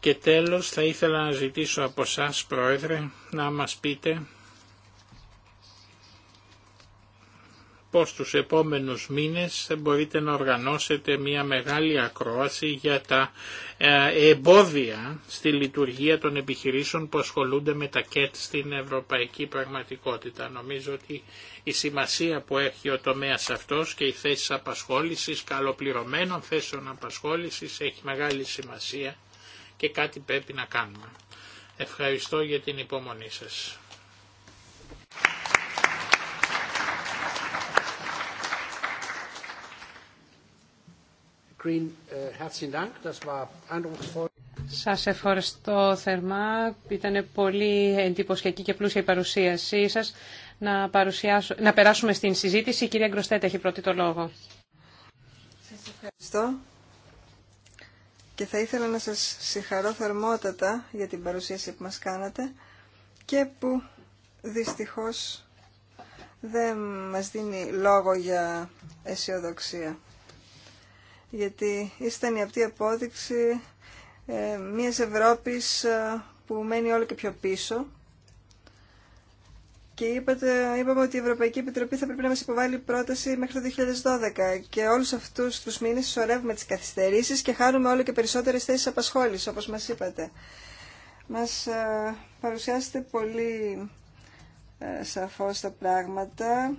Και τέλος θα ήθελα να ζητήσω από σας Πρόεδρε να μας πείτε πως τους επόμενους μήνες μπορείτε να οργανώσετε μια μεγάλη ακρόαση για τα ε, εμπόδια στη λειτουργία των επιχειρήσεων που ασχολούνται με τα ΚΕΤ στην ευρωπαϊκή πραγματικότητα. Νομίζω ότι η σημασία που έχει ο τομέας αυτός και οι θέσεις απασχόλησης, καλοπληρωμένων θέσεων απασχόλησης έχει μεγάλη σημασία και κάτι πρέπει να κάνουμε. Ευχαριστώ για την υπομονή σας. Green. Äh, σας ευχαριστώ θερμά. Ήταν πολύ εντυπωσιακή και πλούσια η παρουσίασή σας. Να, παρουσιάσω, να περάσουμε στην συζήτηση. Η κυρία Γκροστέτα έχει πρώτη το λόγο. Σας ευχαριστώ. Και θα ήθελα να σας συγχαρώ θερμότατα για την παρουσίαση που μας κάνατε και που δυστυχώς δεν μας δίνει λόγο για αισιοδοξία γιατί ήσταν η απτή απόδειξη ε, μιας Ευρώπης ε, που μένει όλο και πιο πίσω και είπαμε ότι η Ευρωπαϊκή Επιτροπή θα πρέπει να μας υποβάλει πρόταση μέχρι το 2012 και όλους αυτούς τους μήνες σωρεύουμε τις καθυστερήσεις και χάνουμε όλο και περισσότερες θέσεις απασχόλησης όπως μας είπατε. Μας ε, παρουσιάσετε πολύ σαφώς τα πράγματα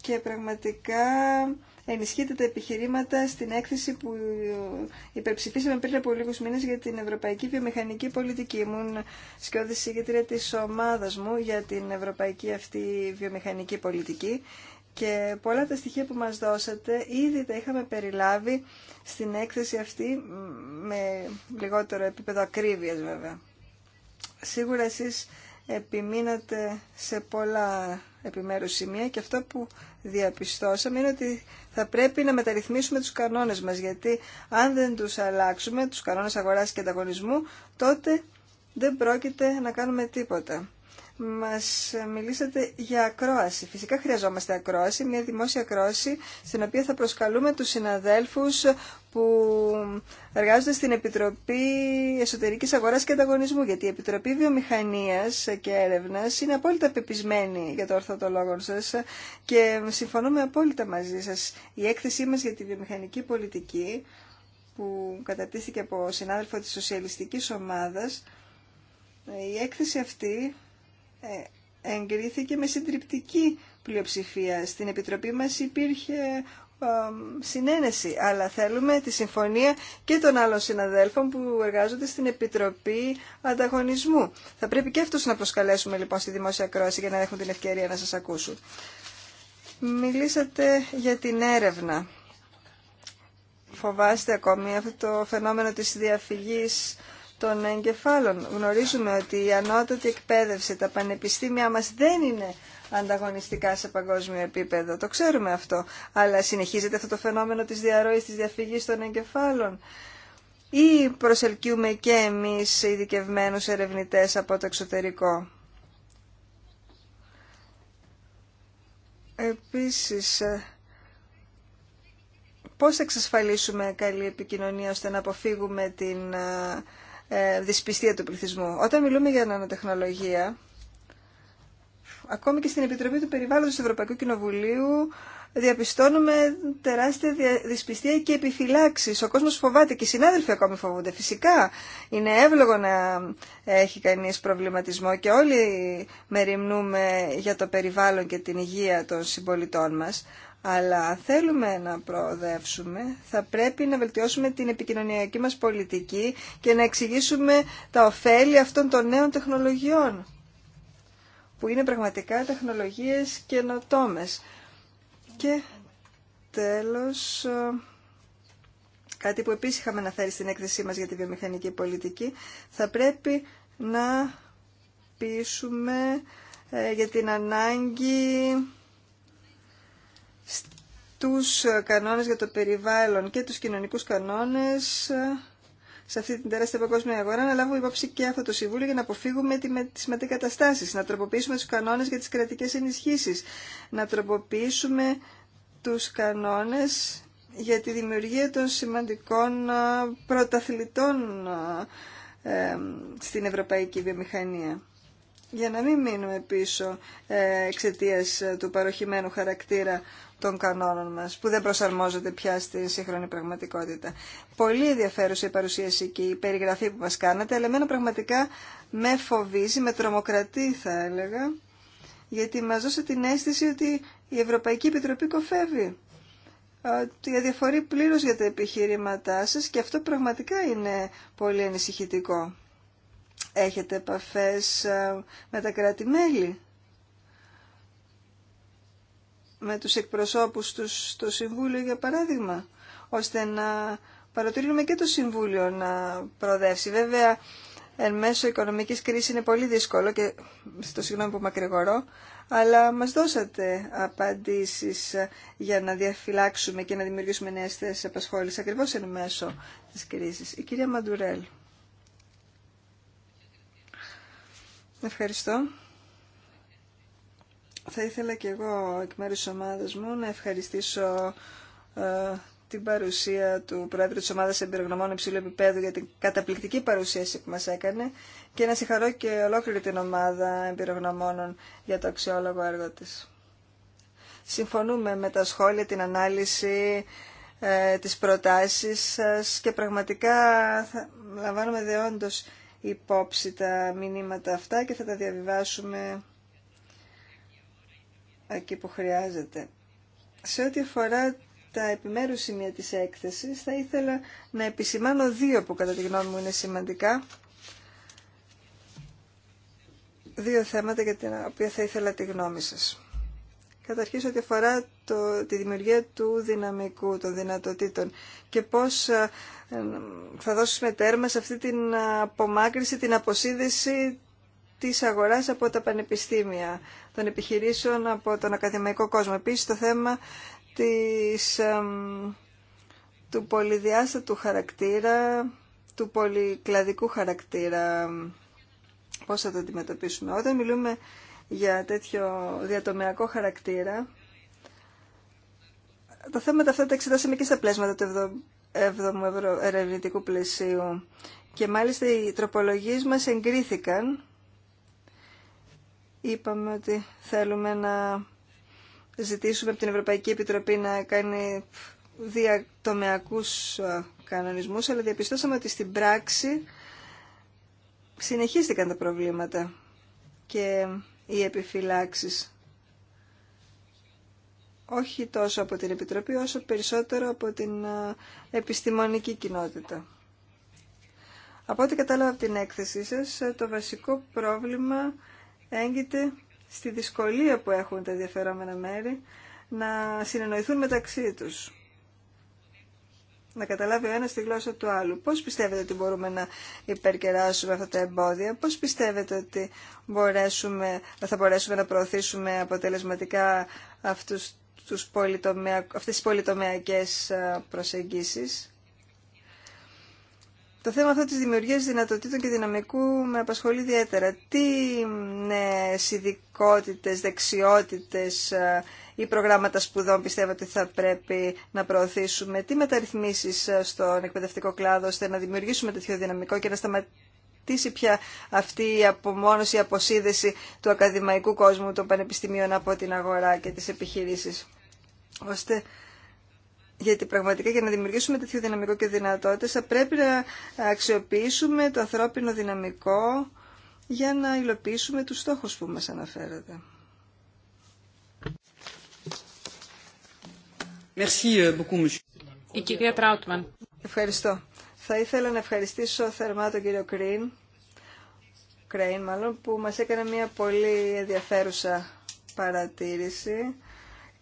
και πραγματικά ενισχύεται τα επιχειρήματα στην έκθεση που υπερψηφίσαμε πριν από λίγους μήνες για την Ευρωπαϊκή Βιομηχανική Πολιτική. Ήμουν σκιώδης συγγετρία της ομάδας μου για την Ευρωπαϊκή αυτή βιομηχανική πολιτική και πολλά τα στοιχεία που μας δώσατε ήδη τα είχαμε περιλάβει στην έκθεση αυτή με λιγότερο επίπεδο ακρίβειας βέβαια. Σίγουρα εσείς επιμείνατε σε πολλά επιμέρους σημεία και αυτό που διαπιστώσαμε είναι ότι θα πρέπει να μεταρρυθμίσουμε τους κανόνες μας γιατί αν δεν τους αλλάξουμε, τους κανόνες αγοράς και ανταγωνισμού, τότε δεν πρόκειται να κάνουμε τίποτα μας μιλήσατε για ακρόαση. Φυσικά χρειαζόμαστε ακρόαση, μια δημόσια ακρόαση στην οποία θα προσκαλούμε τους συναδέλφους που εργάζονται στην Επιτροπή Εσωτερικής Αγοράς και Ανταγωνισμού, γιατί η Επιτροπή Βιομηχανίας και Έρευνας είναι απόλυτα πεπισμένη για το όρθο των λόγων σας και συμφωνούμε απόλυτα μαζί σας. Η έκθεσή μας για τη βιομηχανική πολιτική που κατατήθηκε από συνάδελφο της Σοσιαλιστικής Ομάδας, η έκθεση αυτή ε, εγκρίθηκε με συντριπτική πλειοψηφία. Στην Επιτροπή μας υπήρχε ε, συνένεση, αλλά θέλουμε τη συμφωνία και των άλλων συναδέλφων που εργάζονται στην Επιτροπή Ανταγωνισμού. Θα πρέπει και αυτούς να προσκαλέσουμε λοιπόν στη δημόσια κρόαση για να έχουν την ευκαιρία να σας ακούσουν. Μιλήσατε για την έρευνα. Φοβάστε ακόμη αυτό το φαινόμενο της διαφυγής των εγκεφάλων. Γνωρίζουμε ότι η ανώτατη εκπαίδευση, τα πανεπιστήμια μας δεν είναι ανταγωνιστικά σε παγκόσμιο επίπεδο. Το ξέρουμε αυτό. Αλλά συνεχίζεται αυτό το φαινόμενο της διαρροής, της διαφυγής των εγκεφάλων. Ή προσελκύουμε και εμείς ειδικευμένους ερευνητές από το εξωτερικό. Επίσης, πώς εξασφαλίσουμε καλή επικοινωνία ώστε να αποφύγουμε την ε, ε, δυσπιστία του πληθυσμού. Όταν μιλούμε για νανοτεχνολογία, ακόμη και στην Επιτροπή του Περιβάλλοντος του Ευρωπαϊκού Κοινοβουλίου διαπιστώνουμε τεράστια δυσπιστία και επιφυλάξεις. Ο κόσμος φοβάται και οι συνάδελφοι ακόμη φοβούνται. Φυσικά είναι εύλογο να έχει κανείς προβληματισμό και όλοι μεριμνούμε για το περιβάλλον και την υγεία των συμπολιτών μας. Αλλά θέλουμε να προοδεύσουμε, θα πρέπει να βελτιώσουμε την επικοινωνιακή μας πολιτική και να εξηγήσουμε τα ωφέλη αυτών των νέων τεχνολογιών, που είναι πραγματικά τεχνολογίες καινοτόμες. Και τέλος, ε, κάτι που επίσης είχαμε αναφέρει στην έκθεσή μας για τη βιομηχανική πολιτική, θα πρέπει να πείσουμε ε, για την ανάγκη στους ε, κανόνες για το περιβάλλον και τους κοινωνικούς κανόνες ε, σε αυτή την τεράστια παγκόσμια αγορά να λάβουμε υπόψη και αυτό το Συμβούλιο για να αποφύγουμε τις καταστάσεις να τροποποιήσουμε τους κανόνες για τις κρατικές ενισχύσεις, να τροποποιήσουμε τους κανόνες για τη δημιουργία των σημαντικών ε, πρωταθλητών στην ευρωπαϊκή βιομηχανία για να μην μείνουμε πίσω ε, εξαιτία ε, του παροχημένου χαρακτήρα των κανόνων μας, που δεν προσαρμόζονται πια στην σύγχρονη πραγματικότητα. Πολύ ενδιαφέρουσα η παρουσίαση και η περιγραφή που μας κάνατε, αλλά εμένα πραγματικά με φοβίζει, με τρομοκρατεί θα έλεγα, γιατί μας δώσε την αίσθηση ότι η Ευρωπαϊκή Επιτροπή κοφεύει. Ότι αδιαφορεί πλήρως για τα επιχείρηματά σας και αυτό πραγματικά είναι πολύ ανησυχητικό. Έχετε επαφές ε, με τα κράτη-μέλη, με τους εκπροσώπους τους στο Συμβούλιο για παράδειγμα, ώστε να παρατηρήσουμε και το Συμβούλιο να προοδεύσει. Βέβαια, εν μέσω οικονομικής κρίσης είναι πολύ δύσκολο και στο συγγνώμη που μακρηγορώ, αλλά μας δώσατε απαντήσεις ε, για να διαφυλάξουμε και να δημιουργήσουμε νέες θέσεις απασχόλησης ακριβώς εν μέσω της κρίσης. Η κυρία Μαντουρέλ. Ευχαριστώ. Θα ήθελα και εγώ εκ μέρους της ομάδας μου να ευχαριστήσω ε, την παρουσία του Πρόεδρου της Ομάδας Εμπειρογνωμών Υψηλού Επιπέδου για την καταπληκτική παρουσίαση που μας έκανε και να συγχαρώ και ολόκληρη την ομάδα εμπειρογνωμόνων για το αξιόλογο έργο της. Συμφωνούμε με τα σχόλια, την ανάλυση, ε, τις προτάσεις σας και πραγματικά θα λαμβάνουμε δεόντως υπόψη τα μηνύματα αυτά και θα τα διαβιβάσουμε εκεί που χρειάζεται. Σε ό,τι αφορά τα επιμέρους σημεία της έκθεσης, θα ήθελα να επισημάνω δύο που κατά τη γνώμη μου είναι σημαντικά. Δύο θέματα για τα οποία θα ήθελα τη γνώμη σας καταρχήν ό,τι αφορά το, τη δημιουργία του δυναμικού, των δυνατοτήτων και πώς ε, θα δώσουμε τέρμα σε αυτή την απομάκρυση, την αποσύνδεση της αγοράς από τα πανεπιστήμια, των επιχειρήσεων από τον ακαδημαϊκό κόσμο. Επίσης το θέμα της, του πολυδιάστατου χαρακτήρα, του πολυκλαδικού χαρακτήρα, πώς θα το αντιμετωπίσουμε. Όταν μιλούμε για τέτοιο διατομιακό χαρακτήρα. Τα θέματα αυτά τα εξετάσαμε και στα πλέσματα του 7ου ερευνητικού πλαισίου και μάλιστα οι τροπολογίες μας εγκρίθηκαν. Είπαμε ότι θέλουμε να ζητήσουμε από την Ευρωπαϊκή Επιτροπή να κάνει διατομιακούς ε, κανονισμούς, αλλά διαπιστώσαμε ότι στην πράξη συνεχίστηκαν τα προβλήματα και οι επιφυλάξεις. Όχι τόσο από την Επιτροπή, όσο περισσότερο από την ε, επιστημονική κοινότητα. Από ό,τι κατάλαβα από την έκθεσή σας, ε, το βασικό πρόβλημα έγκυται στη δυσκολία που έχουν τα ενδιαφερόμενα μέρη να συνεννοηθούν μεταξύ τους να καταλάβει ο ένας τη γλώσσα του άλλου. Πώς πιστεύετε ότι μπορούμε να υπερκεράσουμε αυτά τα εμπόδια, πώς πιστεύετε ότι μπορέσουμε, θα μπορέσουμε να προωθήσουμε αποτελεσματικά αυτούς, τους πολυτομέα, αυτές τις πολυτομεακές προσεγγίσεις. Το θέμα αυτό της δημιουργίας δυνατοτήτων και δυναμικού με απασχολεί ιδιαίτερα. Τι νέες ειδικότητες, δεξιότητες, ή προγράμματα σπουδών πιστεύω ότι θα πρέπει να προωθήσουμε, τι μεταρρυθμίσεις ε, στον εκπαιδευτικό κλάδο ώστε να δημιουργήσουμε τέτοιο δυναμικό και να σταματήσει πια αυτή η απομόνωση, η αποσύνδεση του ακαδημαϊκού κόσμου των πανεπιστημίων από την αγορά και τι επιχείρησει. Ώστε γιατί πραγματικά για να δημιουργήσουμε τέτοιο δυναμικό και δυνατότητε, θα πρέπει να αξιοποιήσουμε το ανθρώπινο δυναμικό για να υλοποιήσουμε τους στόχους που μας αναφέρατε. Euh, Ευχαριστώ. Θα ήθελα να ευχαριστήσω θερμά τον κύριο Κρίν, Κρέιν μάλλον, που μας έκανε μια πολύ ενδιαφέρουσα παρατήρηση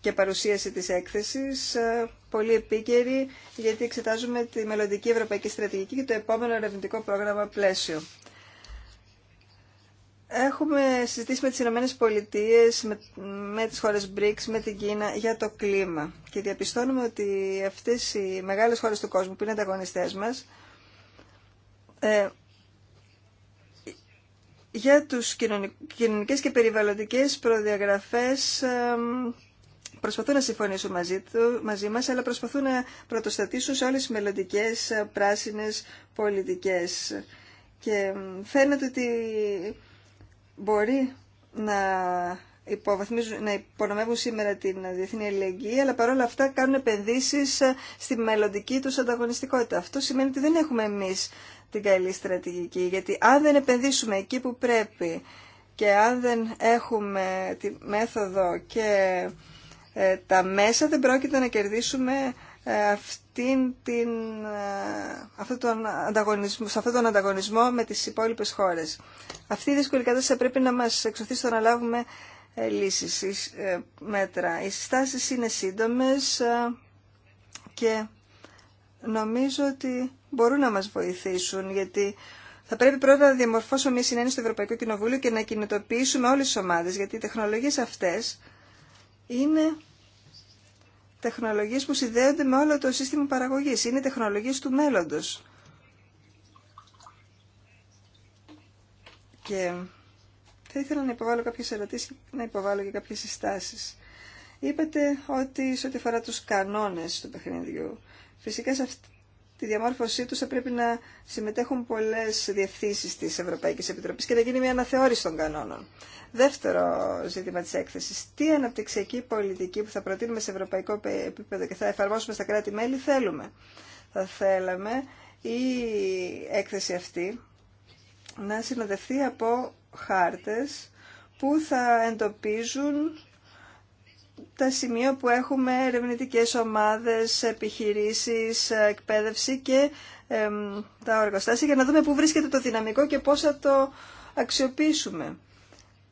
και παρουσίαση της έκθεσης, ε, πολύ επίκαιρη, γιατί εξετάζουμε τη μελλοντική ευρωπαϊκή στρατηγική και το επόμενο ερευνητικό πρόγραμμα πλαίσιο. Έχουμε συζητήσει με τις Ηνωμένες Πολιτείες, με, με τις χώρες BRICS, με την Κίνα για το κλίμα και διαπιστώνουμε ότι αυτές οι μεγάλες χώρες του κόσμου που είναι ανταγωνιστές μας ε, για τους κοινωνικές και περιβαλλοντικές προδιαγραφές ε, προσπαθούν να συμφωνήσουν μαζί, του, μαζί μας, αλλά προσπαθούν να πρωτοστατήσουν σε όλες τις μελλοντικές ε, πράσινες πολιτικές. Και ε, φαίνεται ότι μπορεί να υποβαθμίζουν, να υπονομεύουν σήμερα την διεθνή αλληλεγγύη, αλλά παρόλα αυτά κάνουν επενδύσει στη μελλοντική του ανταγωνιστικότητα. Αυτό σημαίνει ότι δεν έχουμε εμεί την καλή στρατηγική, γιατί αν δεν επενδύσουμε εκεί που πρέπει και αν δεν έχουμε τη μέθοδο και ε, τα μέσα, δεν πρόκειται να κερδίσουμε ε, αυτήν την, ε, τον ανταγωνισμό, σε αυτόν τον ανταγωνισμό με τις υπόλοιπες χώρες. Αυτή η δύσκολη κατάσταση πρέπει να μας εξωθεί στο να λάβουμε ε, λύσεις, μέτρα. Οι συστάσεις είναι σύντομες και νομίζω ότι μπορούν να μας βοηθήσουν γιατί θα πρέπει πρώτα να διαμορφώσουμε μια συνένεση στο Ευρωπαϊκό Κοινοβούλιο και να κινητοποιήσουμε όλες τις ομάδες γιατί οι τεχνολογίες αυτές είναι τεχνολογίες που συνδέονται με όλο το σύστημα παραγωγής. Είναι τεχνολογίες του μέλλοντος. Και θα ήθελα να υποβάλω κάποιες ερωτήσεις και να υποβάλω και κάποιες συστάσεις. Είπατε ότι σε ό,τι αφορά τους κανόνες του παιχνιδιού, φυσικά σε αυτή τη διαμόρφωσή του θα πρέπει να συμμετέχουν πολλές διευθύνσει τη Ευρωπαϊκή Επιτροπή και να γίνει μια αναθεώρηση των κανόνων. Δεύτερο ζήτημα τη έκθεση. Τι αναπτυξιακή πολιτική που θα προτείνουμε σε ευρωπαϊκό επίπεδο και θα εφαρμόσουμε στα κράτη-μέλη θέλουμε. Θα θέλαμε η έκθεση αυτή να συνοδευτεί από χάρτες που θα εντοπίζουν τα σημεία που έχουμε ερευνητικές ομάδες, επιχειρήσεις, εκπαίδευση και ε, τα εργοστάσια για να δούμε πού βρίσκεται το δυναμικό και πώς θα το αξιοποιήσουμε.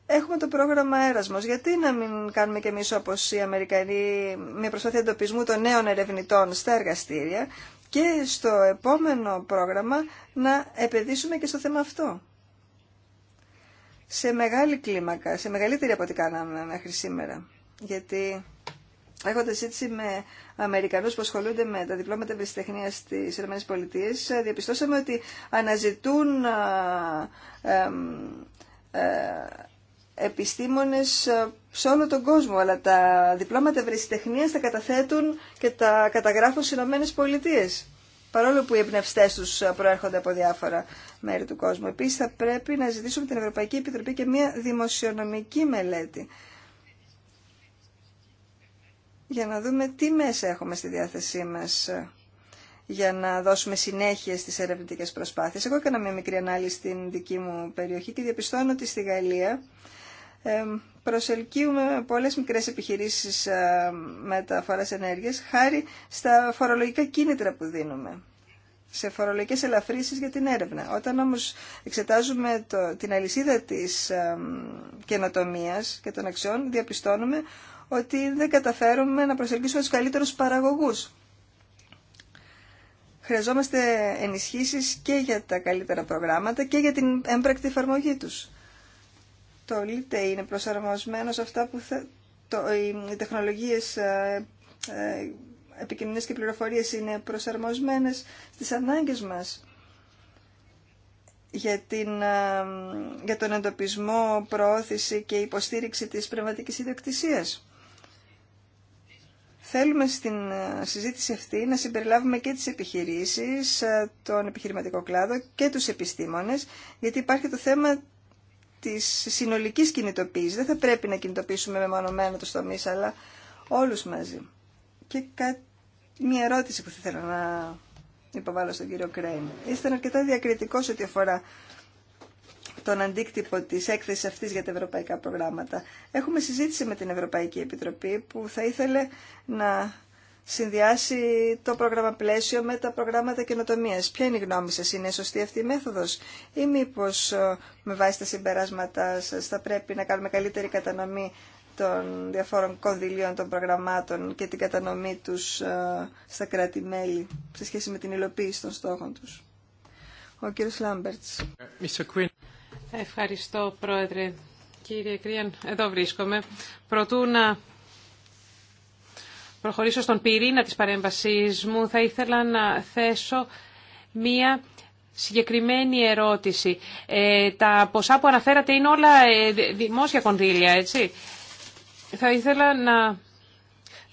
Έχουμε το πρόγραμμα Έρασμος. Γιατί να μην κάνουμε και εμείς όπως οι Αμερικανοί μια προσπάθεια εντοπισμού των νέων ερευνητών στα εργαστήρια και στο επόμενο πρόγραμμα να επενδύσουμε και στο θέμα αυτό. Σε μεγάλη κλίμακα, σε μεγαλύτερη από ό,τι κάναμε μέχρι σήμερα γιατί έχοντα έτσι με Αμερικανούς που ασχολούνται με τα διπλώματα ευρεσιτεχνία στις ΗΠΑ, διαπιστώσαμε ότι αναζητούν ε, επιστήμονες σε όλο τον κόσμο, αλλά τα διπλώματα ευρεσιτεχνία τα καταθέτουν και τα καταγράφουν στι ΗΠΑ. Παρόλο που οι εμπνευστέ του προέρχονται από διάφορα μέρη του κόσμου. Επίση, θα πρέπει να ζητήσουμε την Ευρωπαϊκή Επιτροπή και μια δημοσιονομική μελέτη για να δούμε τι μέσα έχουμε στη διάθεσή μας ε, για να δώσουμε συνέχεια στις ερευνητικές προσπάθειες. Εγώ έκανα μια μικρή ανάλυση στην δική μου περιοχή και διαπιστώνω ότι στη Γαλλία ε, προσελκύουμε πολλές μικρές επιχειρήσεις ε, μεταφοράς ενέργειας χάρη στα φορολογικά κίνητρα που δίνουμε σε φορολογικές ελαφρύσεις για την έρευνα. Όταν όμως εξετάζουμε την αλυσίδα της καινοτομία και των αξιών, διαπιστώνουμε ότι δεν καταφέρουμε να προσελκύσουμε τους καλύτερους παραγωγούς. Χρειαζόμαστε ενισχύσεις και για τα καλύτερα προγράμματα και για την έμπρακτη εφαρμογή τους. Το ΛΙΤΕ είναι προσαρμοσμένο σε αυτά που το, οι, οι τεχνολογίες ε, ε, και πληροφορίες είναι προσαρμοσμένες στις ανάγκες μας για, την, ε, για τον εντοπισμό, προώθηση και υποστήριξη της πνευματικής ιδιοκτησίας. Θέλουμε στην ε, συζήτηση αυτή να συμπεριλάβουμε και τις επιχειρήσεις, ε, τον επιχειρηματικό κλάδο και τους επιστήμονες, γιατί υπάρχει το θέμα της συνολικής κινητοποίησης. Δεν θα πρέπει να κινητοποιήσουμε μεμονωμένα τους τομείς, αλλά όλους μαζί. Και μια ερώτηση που θα ήθελα να υποβάλω στον κύριο Κρέιν. Ήσταν αρκετά διακριτικός ό,τι αφορά τον αντίκτυπο τη έκθεση αυτής για τα ευρωπαϊκά προγράμματα. Έχουμε συζήτηση με την Ευρωπαϊκή Επιτροπή που θα ήθελε να συνδυάσει το πρόγραμμα πλαίσιο με τα προγράμματα καινοτομία. Ποια είναι η γνώμη σα, είναι σωστή αυτή η μέθοδο. ή μήπω ε, με βάση τα συμπεράσματά σα θα πρέπει να κάνουμε καλύτερη κατανομή των διαφόρων κονδυλίων των προγραμμάτων και την κατανομή τους ε, στα κράτη-μέλη σε σχέση με την υλοποίηση των στόχων τους. Ο κύριος Λάμπερτς. Ε, Ευχαριστώ, Πρόεδρε. Κύριε Κρίαν, εδώ βρίσκομαι. Προτού να προχωρήσω στον πυρήνα της παρέμβασής μου, θα ήθελα να θέσω μία συγκεκριμένη ερώτηση. Ε, τα ποσά που αναφέρατε είναι όλα ε, δημόσια κονδύλια, έτσι. Θα ήθελα να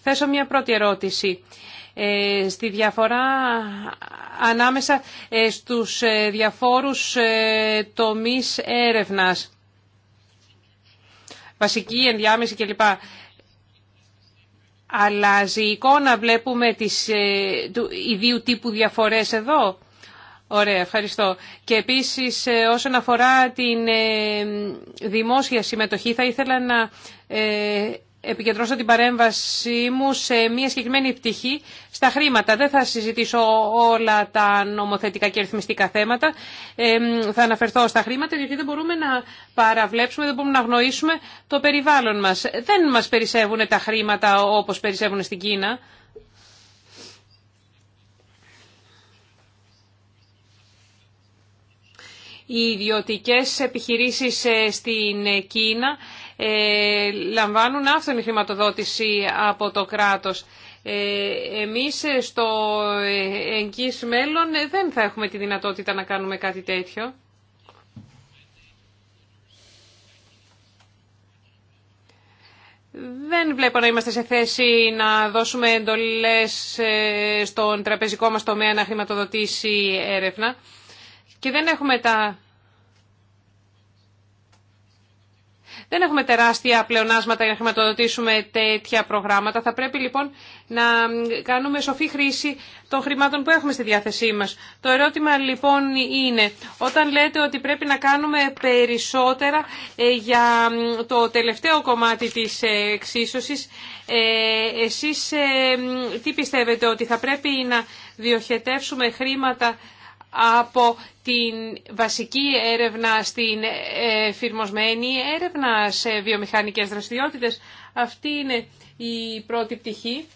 θέσω μία πρώτη ερώτηση. Ε, στη διαφορά ανάμεσα ε, στους ε, διαφόρους τομείς έρευνας. Βασική, ενδιάμεση κλπ. Αλλάζει η εικόνα, βλέπουμε τις του ιδίου τύπου διαφορές εδώ. Ωραία, ευχαριστώ. Και επίσης όσον αφορά την δημόσια συμμετοχή θα ήθελα να επικεντρώσω την παρέμβασή μου σε μια συγκεκριμένη πτυχή στα χρήματα. Δεν θα συζητήσω όλα τα νομοθετικά και ρυθμιστικά θέματα. Ε, θα αναφερθώ στα χρήματα γιατί δεν μπορούμε να παραβλέψουμε, δεν μπορούμε να γνωρίσουμε το περιβάλλον μας. Δεν μας περισσεύουν τα χρήματα όπως περισσεύουν στην Κίνα. Οι ιδιωτικές επιχειρήσεις ε, στην Κίνα ε, λαμβάνουν άφθονη χρηματοδότηση από το κράτος. Ε, εμείς ε, στο εγγύς μέλλον δεν θα έχουμε τη δυνατότητα να κάνουμε κάτι τέτοιο. Δεν βλέπω να είμαστε σε θέση να δώσουμε εντολές στον τραπεζικό μας τομέα να χρηματοδοτήσει έρευνα και δεν έχουμε τα Δεν έχουμε τεράστια πλεονάσματα για να χρηματοδοτήσουμε τέτοια προγράμματα. Θα πρέπει λοιπόν να κάνουμε σοφή χρήση των χρημάτων που έχουμε στη διάθεσή μας. Το ερώτημα λοιπόν είναι, όταν λέτε ότι πρέπει να κάνουμε περισσότερα ε, για το τελευταίο κομμάτι της ε, εξίσωσης, ε, εσείς τι πιστεύετε ότι θα πρέπει να διοχετεύσουμε χρήματα από την βασική έρευνα στην φυρμοσμένη έρευνα σε βιομηχανικές δραστηριότητες. Αυτή είναι η πρώτη πτυχή.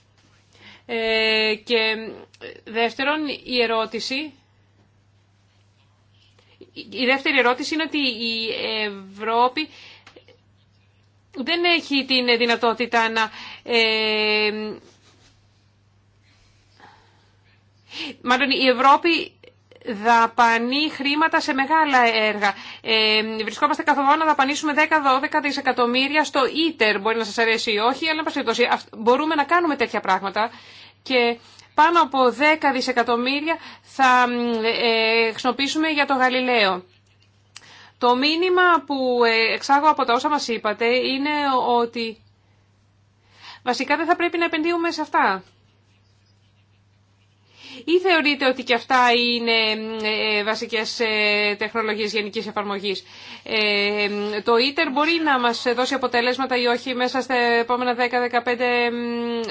Ε, και δεύτερον, η ερώτηση... Η δεύτερη ερώτηση είναι ότι η Ευρώπη δεν έχει την δυνατότητα να... Ε, μάλλον η Ευρώπη δαπανεί χρήματα σε μεγάλα έργα. Ε, βρισκόμαστε καθοδόν να δαπανίσουμε 10-12 δισεκατομμύρια στο ίτερ. Μπορεί να σας αρέσει ή όχι, αλλά μπορούμε να κάνουμε τέτοια πράγματα και πάνω από 10 δισεκατομμύρια θα ε, χρησιμοποιήσουμε για το Γαλιλαίο. Το μήνυμα που ε, εξάγω από τα όσα μας είπατε είναι ότι βασικά δεν θα πρέπει να επενδύουμε σε αυτά ή θεωρείτε ότι και αυτά είναι ε, ε, βασικές ε, τεχνολογίες γενικής εφαρμογής. Το ίτερ μπορεί να μας δώσει αποτελέσματα ή όχι μέσα στα επόμενα 10-15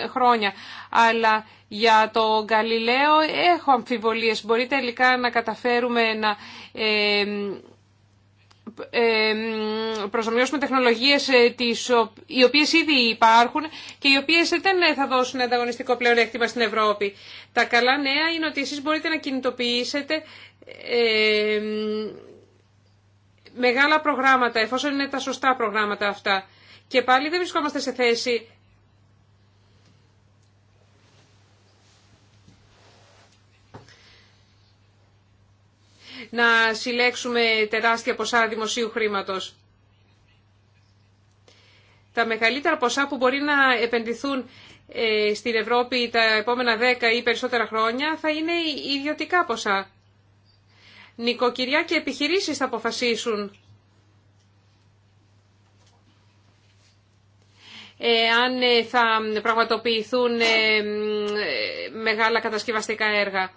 χρόνια, αλλά για το Γαλιλαίο έχω αμφιβολίες. Μπορεί τελικά να καταφέρουμε να προσωμιώσουμε τεχνολογίες ε, οι οποίες ήδη υπάρχουν και οι οποίες δεν ε, θα δώσουν ανταγωνιστικό πλεονέκτημα στην Ευρώπη. Τα καλά νέα είναι ότι εσείς μπορείτε να κινητοποιήσετε μεγάλα προγράμματα, εφόσον είναι τα σωστά προγράμματα αυτά. Και πάλι δεν βρισκόμαστε σε θέση να συλλέξουμε τεράστια ποσά δημοσίου χρήματος. Τα μεγαλύτερα ποσά που μπορεί να επενδυθούν ε, στην Ευρώπη τα επόμενα δέκα ή περισσότερα χρόνια θα είναι ιδιωτικά ποσά. Νοικοκυριά και επιχειρήσεις θα αποφασίσουν ε, αν ε, θα πραγματοποιηθούν μεγάλα κατασκευαστικά έργα.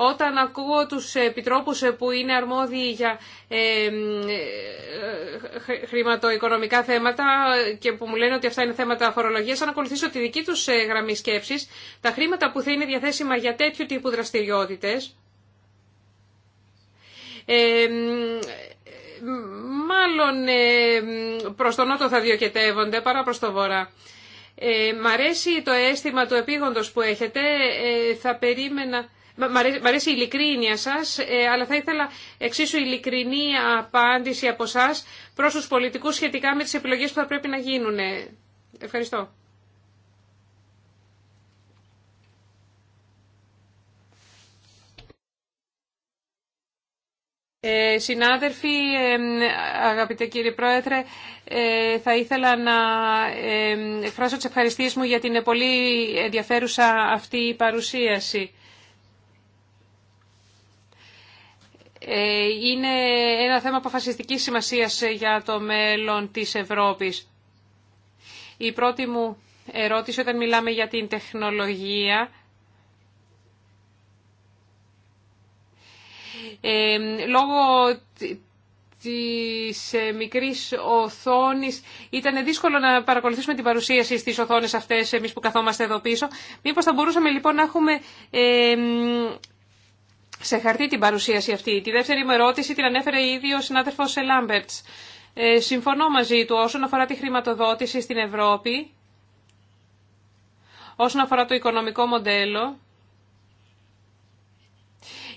Όταν ακούω τους επιτρόπους που είναι αρμόδιοι για ε, ε, χρηματοοικονομικά θέματα και που μου λένε ότι αυτά είναι θέματα φορολογίας, αν ακολουθήσω τη δική τους ε, γραμμή σκέψης, τα χρήματα που θα είναι διαθέσιμα για τέτοιου τύπου δραστηριότητες, μάλλον προς τον νότο θα διοκετεύονται παρά προς τον βορρά. Ε, μ' αρέσει το αίσθημα του επίγοντος που έχετε. θα περίμενα Μ' αρέσει η ειλικρίνεια σας, ε, αλλά θα ήθελα εξίσου ειλικρινή απάντηση από εσά προ του πολιτικού σχετικά με τι επιλογέ που θα πρέπει να γίνουν. Ευχαριστώ. Ε, συνάδελφοι, ε, αγαπητέ κύριε Πρόεδρε, ε, θα ήθελα να εκφράσω τις ευχαριστίες μου για την πολύ ενδιαφέρουσα αυτή η παρουσίαση. Ε, είναι ένα θέμα αποφασιστική σημασίας ε, για το μέλλον της Ευρώπης. Η πρώτη μου ερώτηση όταν μιλάμε για την τεχνολογία ε, λόγω της μικρής οθόνης ήταν δύσκολο να παρακολουθήσουμε την παρουσίαση στις οθόνες αυτές εμείς που καθόμαστε εδώ πίσω. Μήπως θα μπορούσαμε λοιπόν να έχουμε σε χαρτί την παρουσίαση αυτή. Τη δεύτερη μου ερώτηση την ανέφερε ήδη ο συνάδελφος Λάμπερτς. Ε, συμφωνώ μαζί του όσον αφορά τη χρηματοδότηση στην Ευρώπη, όσον αφορά το οικονομικό μοντέλο.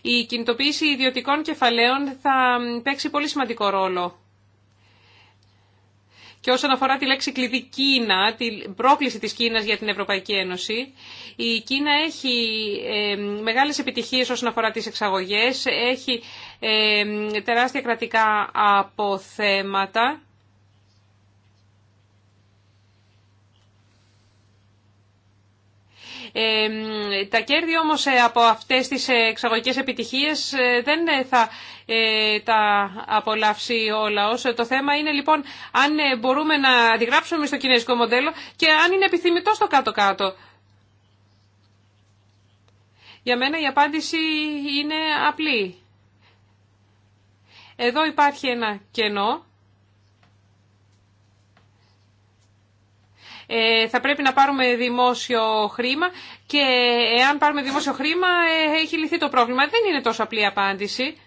Η κινητοποίηση ιδιωτικών κεφαλαίων θα παίξει πολύ σημαντικό ρόλο. Και όσον αφορά τη λέξη κλειδί Κίνα, την πρόκληση της Κίνας για την Ευρωπαϊκή Ένωση, η Κίνα έχει ε, μεγάλες επιτυχίες όσον αφορά τις εξαγωγές, έχει ε, τεράστια κρατικά αποθέματα Τα κέρδη όμως ε, από αυτές τις ε, εξαγωγικές επιτυχίες ε, δεν θα τα απολαύσει ο λαός. Το θέμα είναι λοιπόν αν μπορούμε να αντιγράψουμε στο κινέζικο μοντέλο και αν είναι επιθυμητό στο κάτω-κάτω. Για μένα η απάντηση είναι απλή. Εδώ υπάρχει ένα κενό Ε, θα πρέπει να πάρουμε δημόσιο χρήμα και εάν πάρουμε δημόσιο χρήμα ε, έχει λυθεί το πρόβλημα. Δεν είναι τόσο απλή απάντηση.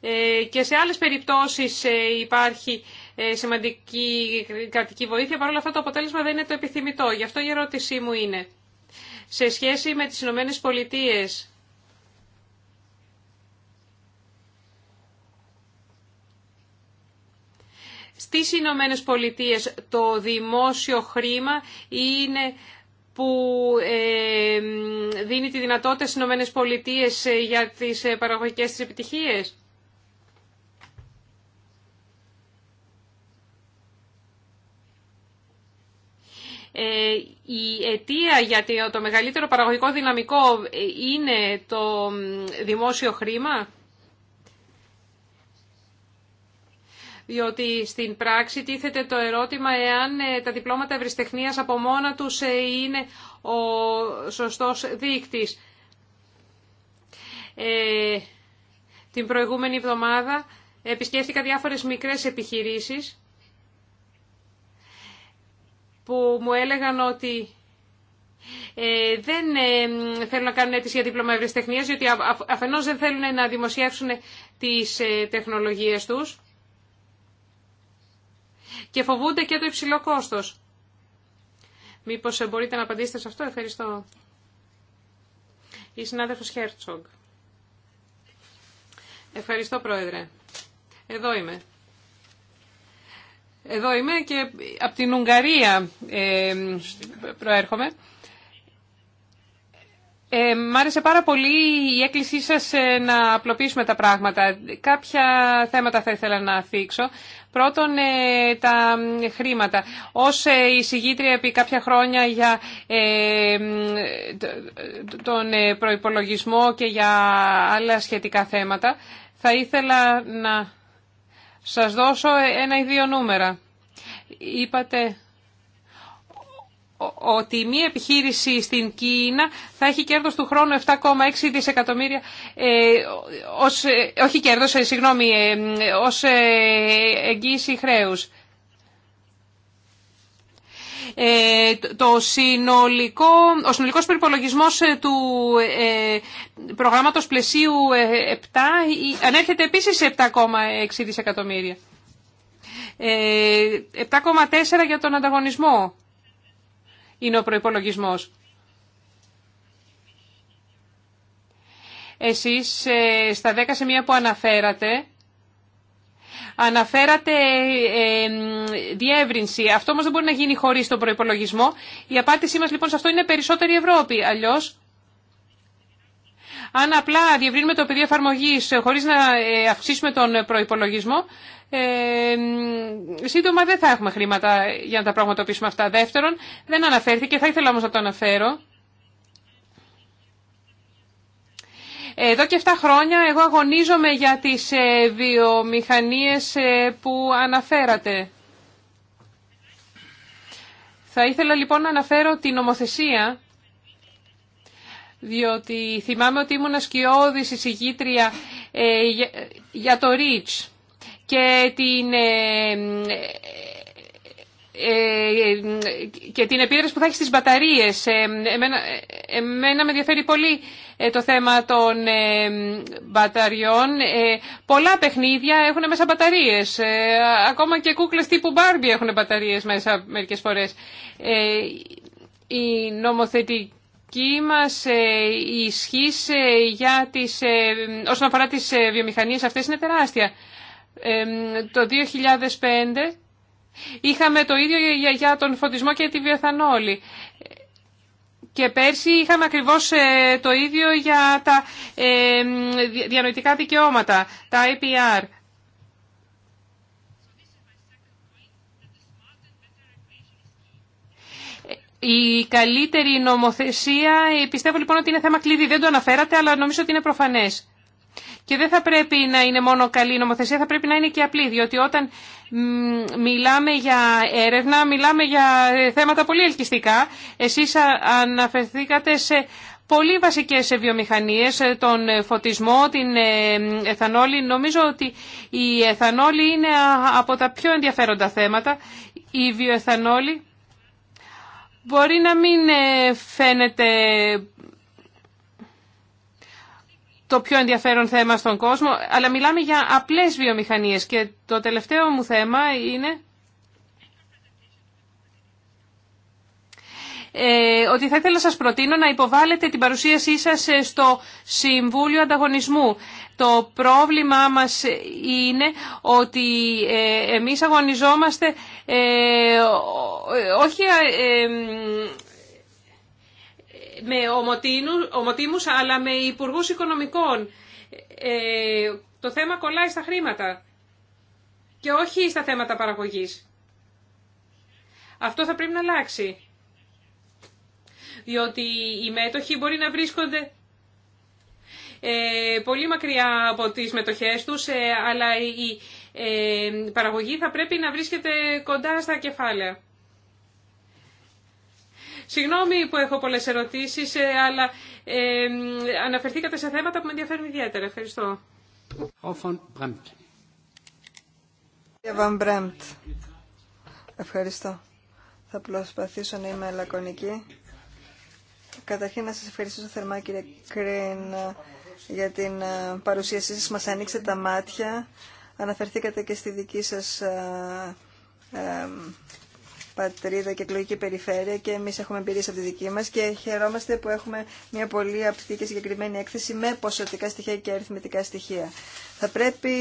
Ε, και σε άλλες περιπτώσεις υπάρχει σημαντική κρατική βοήθεια, παρόλα αυτά το αποτέλεσμα δεν είναι το επιθυμητό. Γι' αυτό η ερώτησή μου είναι, σε σχέση με τις Ηνωμένε Πολιτείες, Στις Ηνωμένε Πολιτείε το δημόσιο χρήμα είναι που ε, δίνει τη δυνατότητα στις Ηνωμένε Πολιτείε ε, για τις ε, παραγωγικές της επιτυχίες. η αιτία για το μεγαλύτερο παραγωγικό δυναμικό είναι το δημόσιο χρήμα. διότι στην πράξη τίθεται το ερώτημα εάν ε, τα διπλώματα ευρυστεχνίας από μόνα τους ε, είναι ο σωστός δείκτης. Ε, την προηγούμενη εβδομάδα επισκέφτηκα διάφορες μικρές επιχειρήσεις που μου έλεγαν ότι ε, δεν θέλουν να κάνουν αίτηση για δίπλωμα ευρεσιτεχνίας διότι αφενός δεν θέλουν να δημοσιεύσουν τις τεχνολογίες τους και φοβούνται και το υψηλό κόστος. Μήπως ε, μπορείτε να απαντήσετε σε αυτό. Ευχαριστώ. Η συνάδελφος Χέρτσογκ. Ευχαριστώ, Πρόεδρε. Εδώ είμαι. Εδώ είμαι και από την Ουγγαρία ε, προέρχομαι. Ε, μ' άρεσε πάρα πολύ η έκκλησή σας ε, να απλοποιήσουμε τα πράγματα. Κάποια θέματα θα ήθελα να θίξω. Πρώτον, ε, τα χρήματα. Ως ε, εισηγήτρια επί κάποια χρόνια για ε, τον προϋπολογισμό και για άλλα σχετικά θέματα, θα ήθελα να σας δώσω ένα ή δύο νούμερα. Είπατε ότι μία επιχείρηση στην Κίνα θα έχει κέρδος του χρόνου 7,6 δισεκατομμύρια, ε, ως, ε, όχι κέρδος, ε, συγγνώμη, ε, ως εγγύηση χρέους. το συνολικό, ο συνολικός περιπολογισμός του ε, προγράμματος πλαισίου 7 ανέρχεται επίσης σε 7,6 δισεκατομμύρια. 7,4 για τον ανταγωνισμό είναι ο προϋπολογισμός. Εσείς ε, στα 10 σημεία που αναφέρατε, αναφέρατε ε, διεύρυνση. Αυτό όμως δεν μπορεί να γίνει χωρίς τον προϋπολογισμό. Η απάντησή μας λοιπόν σε αυτό είναι περισσότερη Ευρώπη. Αλλιώς αν απλά διευρύνουμε το πεδίο εφαρμογή ε, χωρί να αυξήσουμε τον προπολογισμό, ε, σύντομα δεν θα έχουμε χρήματα για να τα πραγματοποιήσουμε αυτά. Δεύτερον, δεν αναφέρθηκε, θα ήθελα όμως να το αναφέρω. Εδώ και 7 χρόνια εγώ αγωνίζομαι για τις ε, βιομηχανίες ε, που αναφέρατε. Θα ήθελα λοιπόν να αναφέρω την νομοθεσία, διότι θυμάμαι ότι ήμουν ασκιώδης εισηγήτρια για το REACH και την ε, ε, ε, και την επίδραση που θα έχει στις μπαταρίες. Εμένα, με ενδιαφέρει πολύ το θέμα των μπαταριών. Πολλά παιχνίδια έχουν μέσα μπαταρίες. Ακόμα και κούκλες τύπου Barbie έχουν μπαταρίες μέσα μερικές φορές. Η νομοθετική μας ισχύς για τις, όσον αφορά τις βιομηχανίες αυτές είναι τεράστια το 2005 είχαμε το ίδιο για, τον φωτισμό και τη βιοθανόλη. Και πέρσι είχαμε ακριβώς ε, το ίδιο για τα διανοητικά δικαιώματα, τα IPR. Η καλύτερη νομοθεσία, ε, πιστεύω λοιπόν ότι είναι θέμα κλειδί, δεν το αναφέρατε, αλλά νομίζω ότι είναι προφανές. Και δεν θα πρέπει να είναι μόνο καλή νομοθεσία, θα πρέπει να είναι και απλή, διότι όταν μιλάμε για έρευνα, μιλάμε για θέματα πολύ ελκυστικά. Εσείς αναφερθήκατε σε πολύ βασικές βιομηχανίες, ε, τον φωτισμό, την ε, εθανόλη. Νομίζω ότι η εθανόλη είναι από τα πιο ενδιαφέροντα θέματα. Η βιοεθανόλη μπορεί να μην ε, φαίνεται το πιο ενδιαφέρον θέμα στον κόσμο, αλλά μιλάμε για απλές βιομηχανίες και το τελευταίο μου θέμα είναι ε, ότι θα ήθελα να σας προτείνω να υποβάλλετε την παρουσίασή σας ε, στο Συμβούλιο Ανταγωνισμού. Το πρόβλημά μας είναι ότι ε, εμείς αγωνιζόμαστε όχι με ομοτήμους αλλά με υπουργούς οικονομικών. Ε, το θέμα κολλάει στα χρήματα και όχι στα θέματα παραγωγής. Αυτό θα πρέπει να αλλάξει. Διότι οι μέτοχοι μπορεί να βρίσκονται ε, πολύ μακριά από τις μετοχές τους, ε, αλλά η ε, παραγωγή θα πρέπει να βρίσκεται κοντά στα κεφάλαια. Συγγνώμη που έχω πολλές ερωτήσεις, ε, αλλά ε, αναφερθήκατε σε θέματα που με ενδιαφέρουν ιδιαίτερα. Ευχαριστώ. Ευχαριστώ. Θα προσπαθήσω να είμαι λακωνική. Καταρχήν να σας ευχαριστήσω θερμά κύριε Κρίν για την ε, παρουσίασή σας. Μας ανοίξετε τα μάτια. Αναφερθήκατε και στη δική σας πατρίδα και εκλογική περιφέρεια και εμείς έχουμε εμπειρίες από τη δική μας και χαιρόμαστε που έχουμε μια πολύ απτή και συγκεκριμένη έκθεση με ποσοτικά στοιχεία και αριθμητικά στοιχεία. Θα πρέπει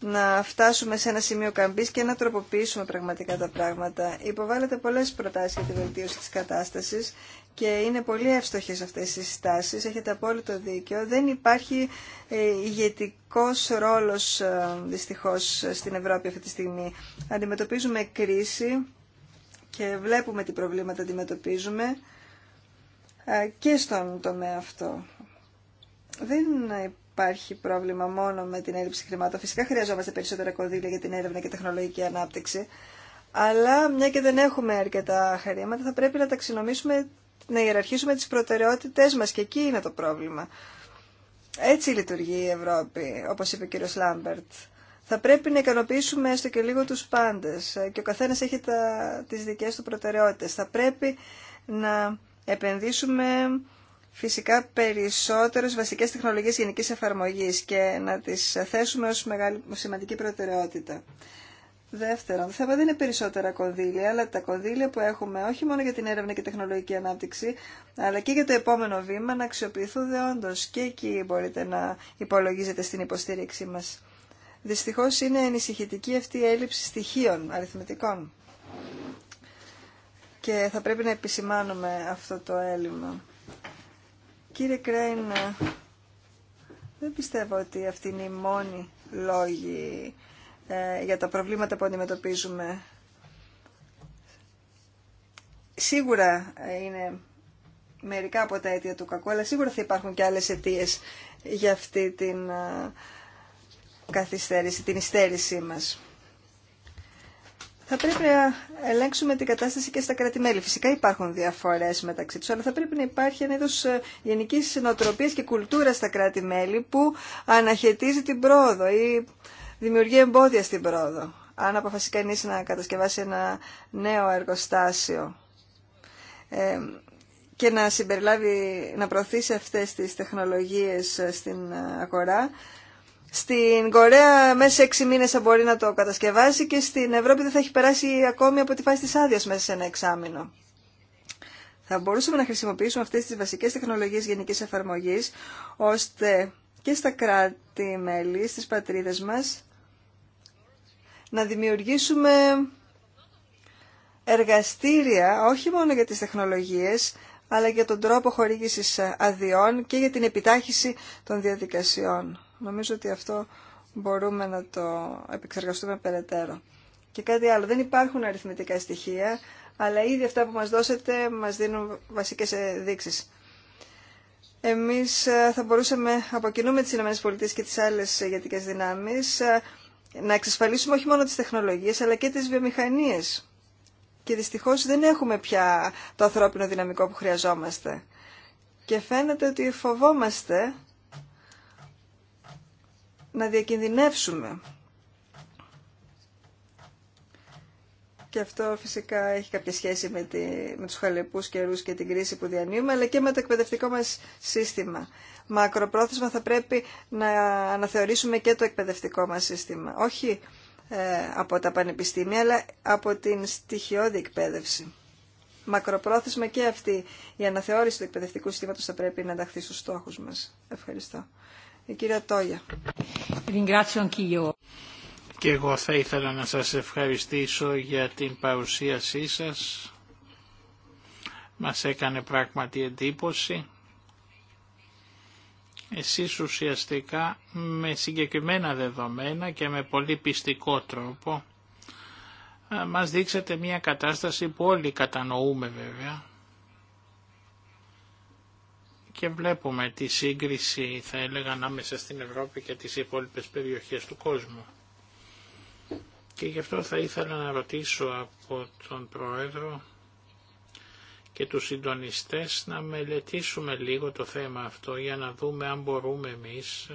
να φτάσουμε σε ένα σημείο καμπής και να τροποποιήσουμε πραγματικά τα πράγματα. Υποβάλλεται πολλές προτάσεις για τη βελτίωση της κατάστασης και είναι πολύ εύστοχες αυτές οι συστάσεις. Έχετε απόλυτο δίκαιο. Δεν υπάρχει ε, ηγετικός ρόλος ε, δυστυχώς στην Ευρώπη αυτή τη στιγμή. Αντιμετωπίζουμε κρίση και βλέπουμε τι προβλήματα αντιμετωπίζουμε ε, και στον τομέα αυτό. Δεν υπάρχει πρόβλημα μόνο με την έλλειψη χρημάτων. Φυσικά χρειαζόμαστε περισσότερα κονδύλια για την έρευνα και τεχνολογική ανάπτυξη. Αλλά μια και δεν έχουμε αρκετά χρήματα, θα πρέπει να ταξινομήσουμε, να ιεραρχήσουμε τις προτεραιότητες μας και εκεί είναι το πρόβλημα. Έτσι λειτουργεί η Ευρώπη, όπως είπε ο κύριος Λάμπερτ θα πρέπει να ικανοποιήσουμε έστω και λίγο τους πάντες και ο καθένας έχει τα, τις δικές του προτεραιότητες. Θα πρέπει να επενδύσουμε φυσικά περισσότερες βασικές τεχνολογίες γενικής εφαρμογής και να τις θέσουμε ως μεγάλη, σημαντική προτεραιότητα. Δεύτερον, το θέμα δεν είναι περισσότερα κονδύλια, αλλά τα κονδύλια που έχουμε όχι μόνο για την έρευνα και τεχνολογική ανάπτυξη, αλλά και για το επόμενο βήμα να αξιοποιηθούν δεόντως. Και εκεί μπορείτε να υπολογίζετε στην υποστήριξή μας. Δυστυχώς είναι ενησυχητική αυτή η έλλειψη στοιχείων αριθμητικών και θα πρέπει να επισημάνουμε αυτό το έλλειμμα. Κύριε Κρέιν, ε, δεν πιστεύω ότι αυτή είναι η μόνη λόγη ε, για τα προβλήματα που αντιμετωπίζουμε. Σίγουρα ε, είναι μερικά από τα αίτια του κακού, αλλά σίγουρα θα υπάρχουν και άλλες αιτίες για αυτή την καθυστέρηση, την υστέρησή μας. Θα πρέπει να ελέγξουμε την κατάσταση και στα κρατη Φυσικά υπάρχουν διαφορέ μεταξύ του, αλλά θα πρέπει να υπάρχει ένα είδο ε, γενική συνοτροπία και κουλτούρα στα κράτη-μέλη που αναχαιτίζει την πρόοδο ή δημιουργεί εμπόδια στην πρόοδο. Αν αποφασίσει κανεί να κατασκευάσει ένα νέο εργοστάσιο ε, και να συμπεριλάβει, να προωθήσει αυτές τις τεχνολογίες ε, στην αγορά, στην Κορέα μέσα σε έξι μήνες θα μπορεί να το κατασκευάσει και στην Ευρώπη δεν θα έχει περάσει ακόμη από τη φάση της άδεια μέσα σε ένα εξάμεινο. Θα μπορούσαμε να χρησιμοποιήσουμε αυτές τις βασικές τεχνολογίες γενικής εφαρμογής, ώστε και στα κράτη-μέλη, στις πατρίδες μας, να δημιουργήσουμε εργαστήρια, όχι μόνο για τις τεχνολογίες, αλλά για τον τρόπο χορήγησης αδειών και για την επιτάχυση των διαδικασιών. Νομίζω ότι αυτό μπορούμε να το επεξεργαστούμε περαιτέρω. Και κάτι άλλο, δεν υπάρχουν αριθμητικά στοιχεία, αλλά ήδη αυτά που μας δώσετε μας δίνουν βασικές δείξεις. Εμείς ε, θα μπορούσαμε από κοινού με τις ΗΠΑ και τις άλλες ηγετικές δυνάμεις ε, να εξασφαλίσουμε όχι μόνο τις τεχνολογίες αλλά και τις βιομηχανίες. Και δυστυχώς δεν έχουμε πια το ανθρώπινο δυναμικό που χρειαζόμαστε. Και φαίνεται ότι φοβόμαστε να διακινδυνεύσουμε. Και αυτό φυσικά έχει κάποια σχέση με, τη, με τους χαλεπούς καιρούς και την κρίση που διανύουμε, αλλά και με το εκπαιδευτικό μας σύστημα. Μακροπρόθεσμα θα πρέπει να αναθεωρήσουμε και το εκπαιδευτικό μας σύστημα. Όχι ε, από τα πανεπιστήμια, αλλά από την στοιχειώδη εκπαίδευση. Μακροπρόθεσμα και αυτή η αναθεώρηση του εκπαιδευτικού συστήματος θα πρέπει να ενταχθεί στους στόχους μας. Ευχαριστώ κυρία Τόγια. Και εγώ θα ήθελα να σας ευχαριστήσω για την παρουσίασή σας. Μας έκανε πράγματι εντύπωση. Εσείς ουσιαστικά με συγκεκριμένα δεδομένα και με πολύ πιστικό τρόπο ε, μας δείξατε μια κατάσταση που όλοι κατανοούμε βέβαια και βλέπουμε τη σύγκριση θα έλεγα ανάμεσα στην Ευρώπη και τις υπόλοιπες περιοχές του κόσμου. Και γι' αυτό θα ήθελα να ρωτήσω από τον Πρόεδρο και τους συντονιστές να μελετήσουμε λίγο το θέμα αυτό για να δούμε αν μπορούμε εμείς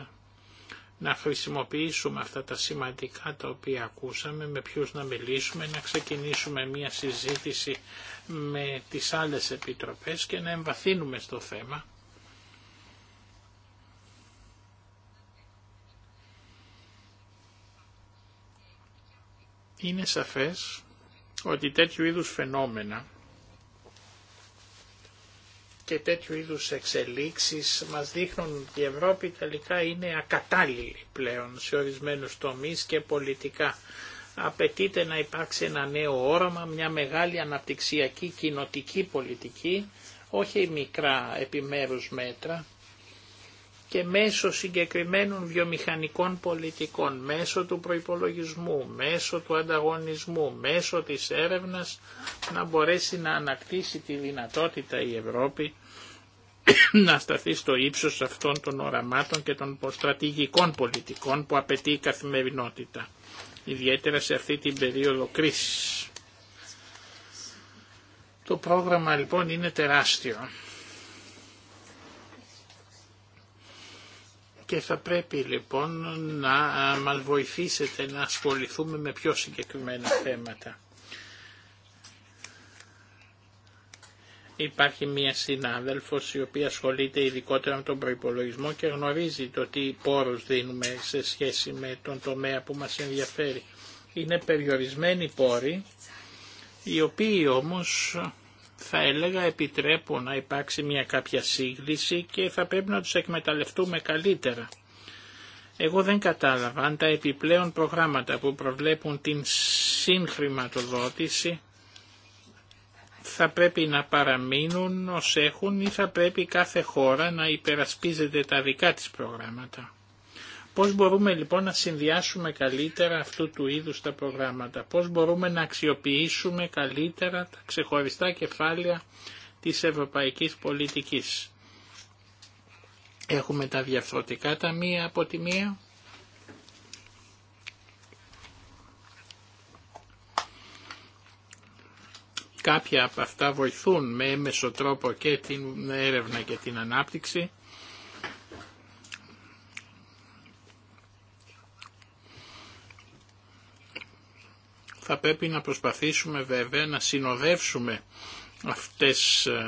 να χρησιμοποιήσουμε αυτά τα σημαντικά τα οποία ακούσαμε, με ποιους να μιλήσουμε, να ξεκινήσουμε μια συζήτηση με τις άλλες επιτροπές και να εμβαθύνουμε στο θέμα Είναι σαφές ότι τέτοιου είδους φαινόμενα και τέτοιου είδους εξελίξεις μας δείχνουν ότι η Ευρώπη τελικά είναι ακατάλληλη πλέον σε ορισμένους τομείς και πολιτικά. Απαιτείται να υπάρξει ένα νέο όραμα, μια μεγάλη αναπτυξιακή κοινοτική πολιτική, όχι μικρά επιμέρους μέτρα, και μέσω συγκεκριμένων βιομηχανικών πολιτικών, μέσω του προϋπολογισμού, μέσω του ανταγωνισμού, μέσω της έρευνας να μπορέσει να ανακτήσει τη δυνατότητα η Ευρώπη [clears throat] να σταθεί στο ύψος αυτών των οραμάτων και των στρατηγικών πολιτικών που απαιτεί η καθημερινότητα, ιδιαίτερα σε αυτή την περίοδο κρίσης. Το πρόγραμμα λοιπόν είναι τεράστιο και θα πρέπει λοιπόν να μας βοηθήσετε να ασχοληθούμε με πιο συγκεκριμένα θέματα. Υπάρχει μία συνάδελφος η οποία ασχολείται ειδικότερα με τον προϋπολογισμό και γνωρίζει το τι πόρους δίνουμε σε σχέση με τον τομέα που μας ενδιαφέρει. Είναι περιορισμένοι πόροι οι οποίοι όμως θα έλεγα επιτρέπω να υπάρξει μια κάποια σύγκληση και θα πρέπει να τους εκμεταλλευτούμε καλύτερα. Εγώ δεν κατάλαβα αν τα επιπλέον προγράμματα που προβλέπουν την συγχρηματοδότηση θα πρέπει να παραμείνουν ως έχουν ή θα πρέπει κάθε χώρα να υπερασπίζεται τα δικά της προγράμματα. Πώς μπορούμε λοιπόν να συνδυάσουμε καλύτερα αυτού του είδους τα προγράμματα, πώς μπορούμε να αξιοποιήσουμε καλύτερα τα ξεχωριστά κεφάλαια της ευρωπαϊκής πολιτικής. Έχουμε τα διαφορετικά ταμεία από τη μία. Κάποια από αυτά βοηθούν με έμεσο τρόπο και την έρευνα και την ανάπτυξη Θα πρέπει να προσπαθήσουμε βέβαια να συνοδεύσουμε αυτές ε,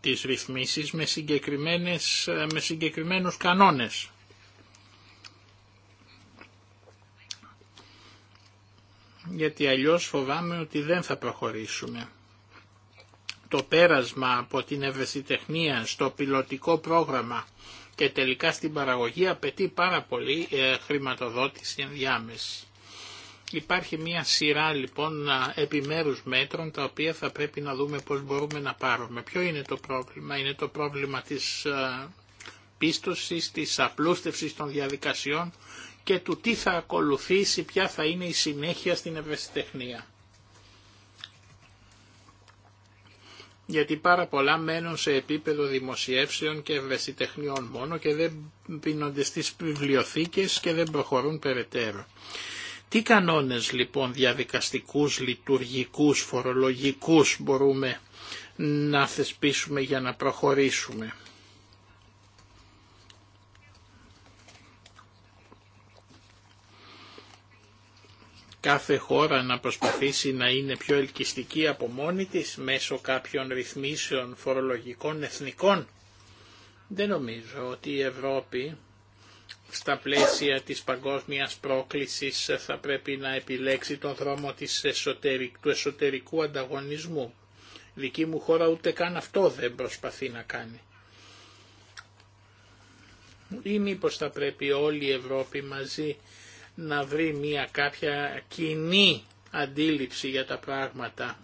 τις ρυθμίσεις με, συγκεκριμένες, ε, με συγκεκριμένους κανόνες. Γιατί αλλιώς φοβάμαι ότι δεν θα προχωρήσουμε. Το πέρασμα από την ευαισθητεχνία στο πιλωτικό πρόγραμμα και τελικά στην παραγωγή απαιτεί πάρα πολύ ε, χρηματοδότηση ενδιάμεση. Υπάρχει μια σειρά λοιπόν επιμέρους μέτρων τα οποία θα πρέπει να δούμε πώς μπορούμε να πάρουμε. Ποιο είναι το πρόβλημα. Είναι το πρόβλημα της πίστοσης, της απλούστευσης των διαδικασιών και του τι θα ακολουθήσει, ποια θα είναι η συνέχεια στην ευαισθητεχνία. γιατί πάρα πολλά μένουν σε επίπεδο δημοσιεύσεων και ευαισθητεχνιών μόνο και δεν πίνονται στις βιβλιοθήκες και δεν προχωρούν περαιτέρω. Τι κανόνες λοιπόν διαδικαστικούς, λειτουργικούς, φορολογικούς μπορούμε να θεσπίσουμε για να προχωρήσουμε. Κάθε χώρα να προσπαθήσει να είναι πιο ελκυστική από μόνη της μέσω κάποιων ρυθμίσεων φορολογικών εθνικών. Δεν νομίζω ότι η Ευρώπη στα πλαίσια της παγκόσμιας πρόκλησης θα πρέπει να επιλέξει τον δρόμο της του εσωτερικού ανταγωνισμού. δική μου χώρα ούτε καν αυτό δεν προσπαθεί να κάνει. Ή μήπως θα πρέπει όλη η Ευρώπη μαζί να βρει μια κάποια κοινή αντίληψη για τα πράγματα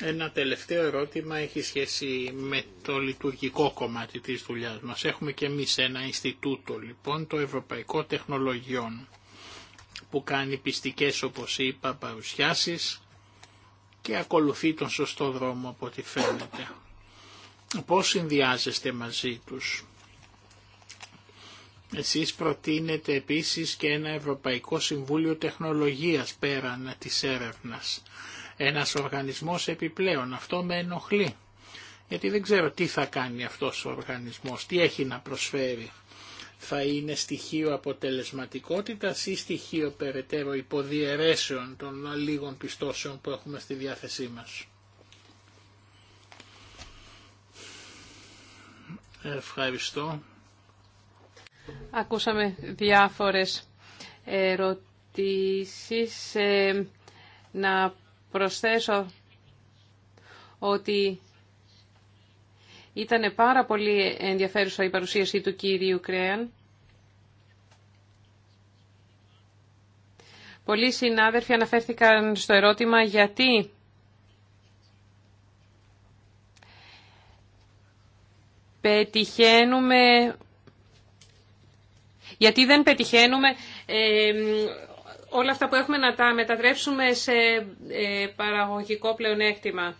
Ένα τελευταίο ερώτημα έχει σχέση με το λειτουργικό κομμάτι της δουλειάς μας. Έχουμε και εμείς ένα Ινστιτούτο λοιπόν, το Ευρωπαϊκό Τεχνολογιών, που κάνει πιστικές όπως είπα παρουσιάσεις και ακολουθεί τον σωστό δρόμο από ό,τι φαίνεται. Πώς συνδυάζεστε μαζί τους. Εσείς προτείνετε επίσης και ένα Ευρωπαϊκό Συμβούλιο Τεχνολογίας πέραν της έρευνας ένας οργανισμός επιπλέον. Αυτό με ενοχλεί. Γιατί δεν ξέρω τι θα κάνει αυτός ο οργανισμός, τι έχει να προσφέρει. Θα είναι στοιχείο αποτελεσματικότητας ή στοιχείο περαιτέρω υποδιαιρέσεων των λίγων πιστώσεων που έχουμε στη διάθεσή μας. Ευχαριστώ. Ακούσαμε διάφορες ερωτήσεις. Ε, να προσθέσω ότι ήταν πάρα πολύ ενδιαφέρουσα η παρουσίαση του κύριου Κρέαν. Πολλοί συνάδελφοι αναφέρθηκαν στο ερώτημα γιατί πετυχαίνουμε γιατί δεν πετυχαίνουμε όλα αυτά που έχουμε να τα μετατρέψουμε σε ε, παραγωγικό πλεονέκτημα.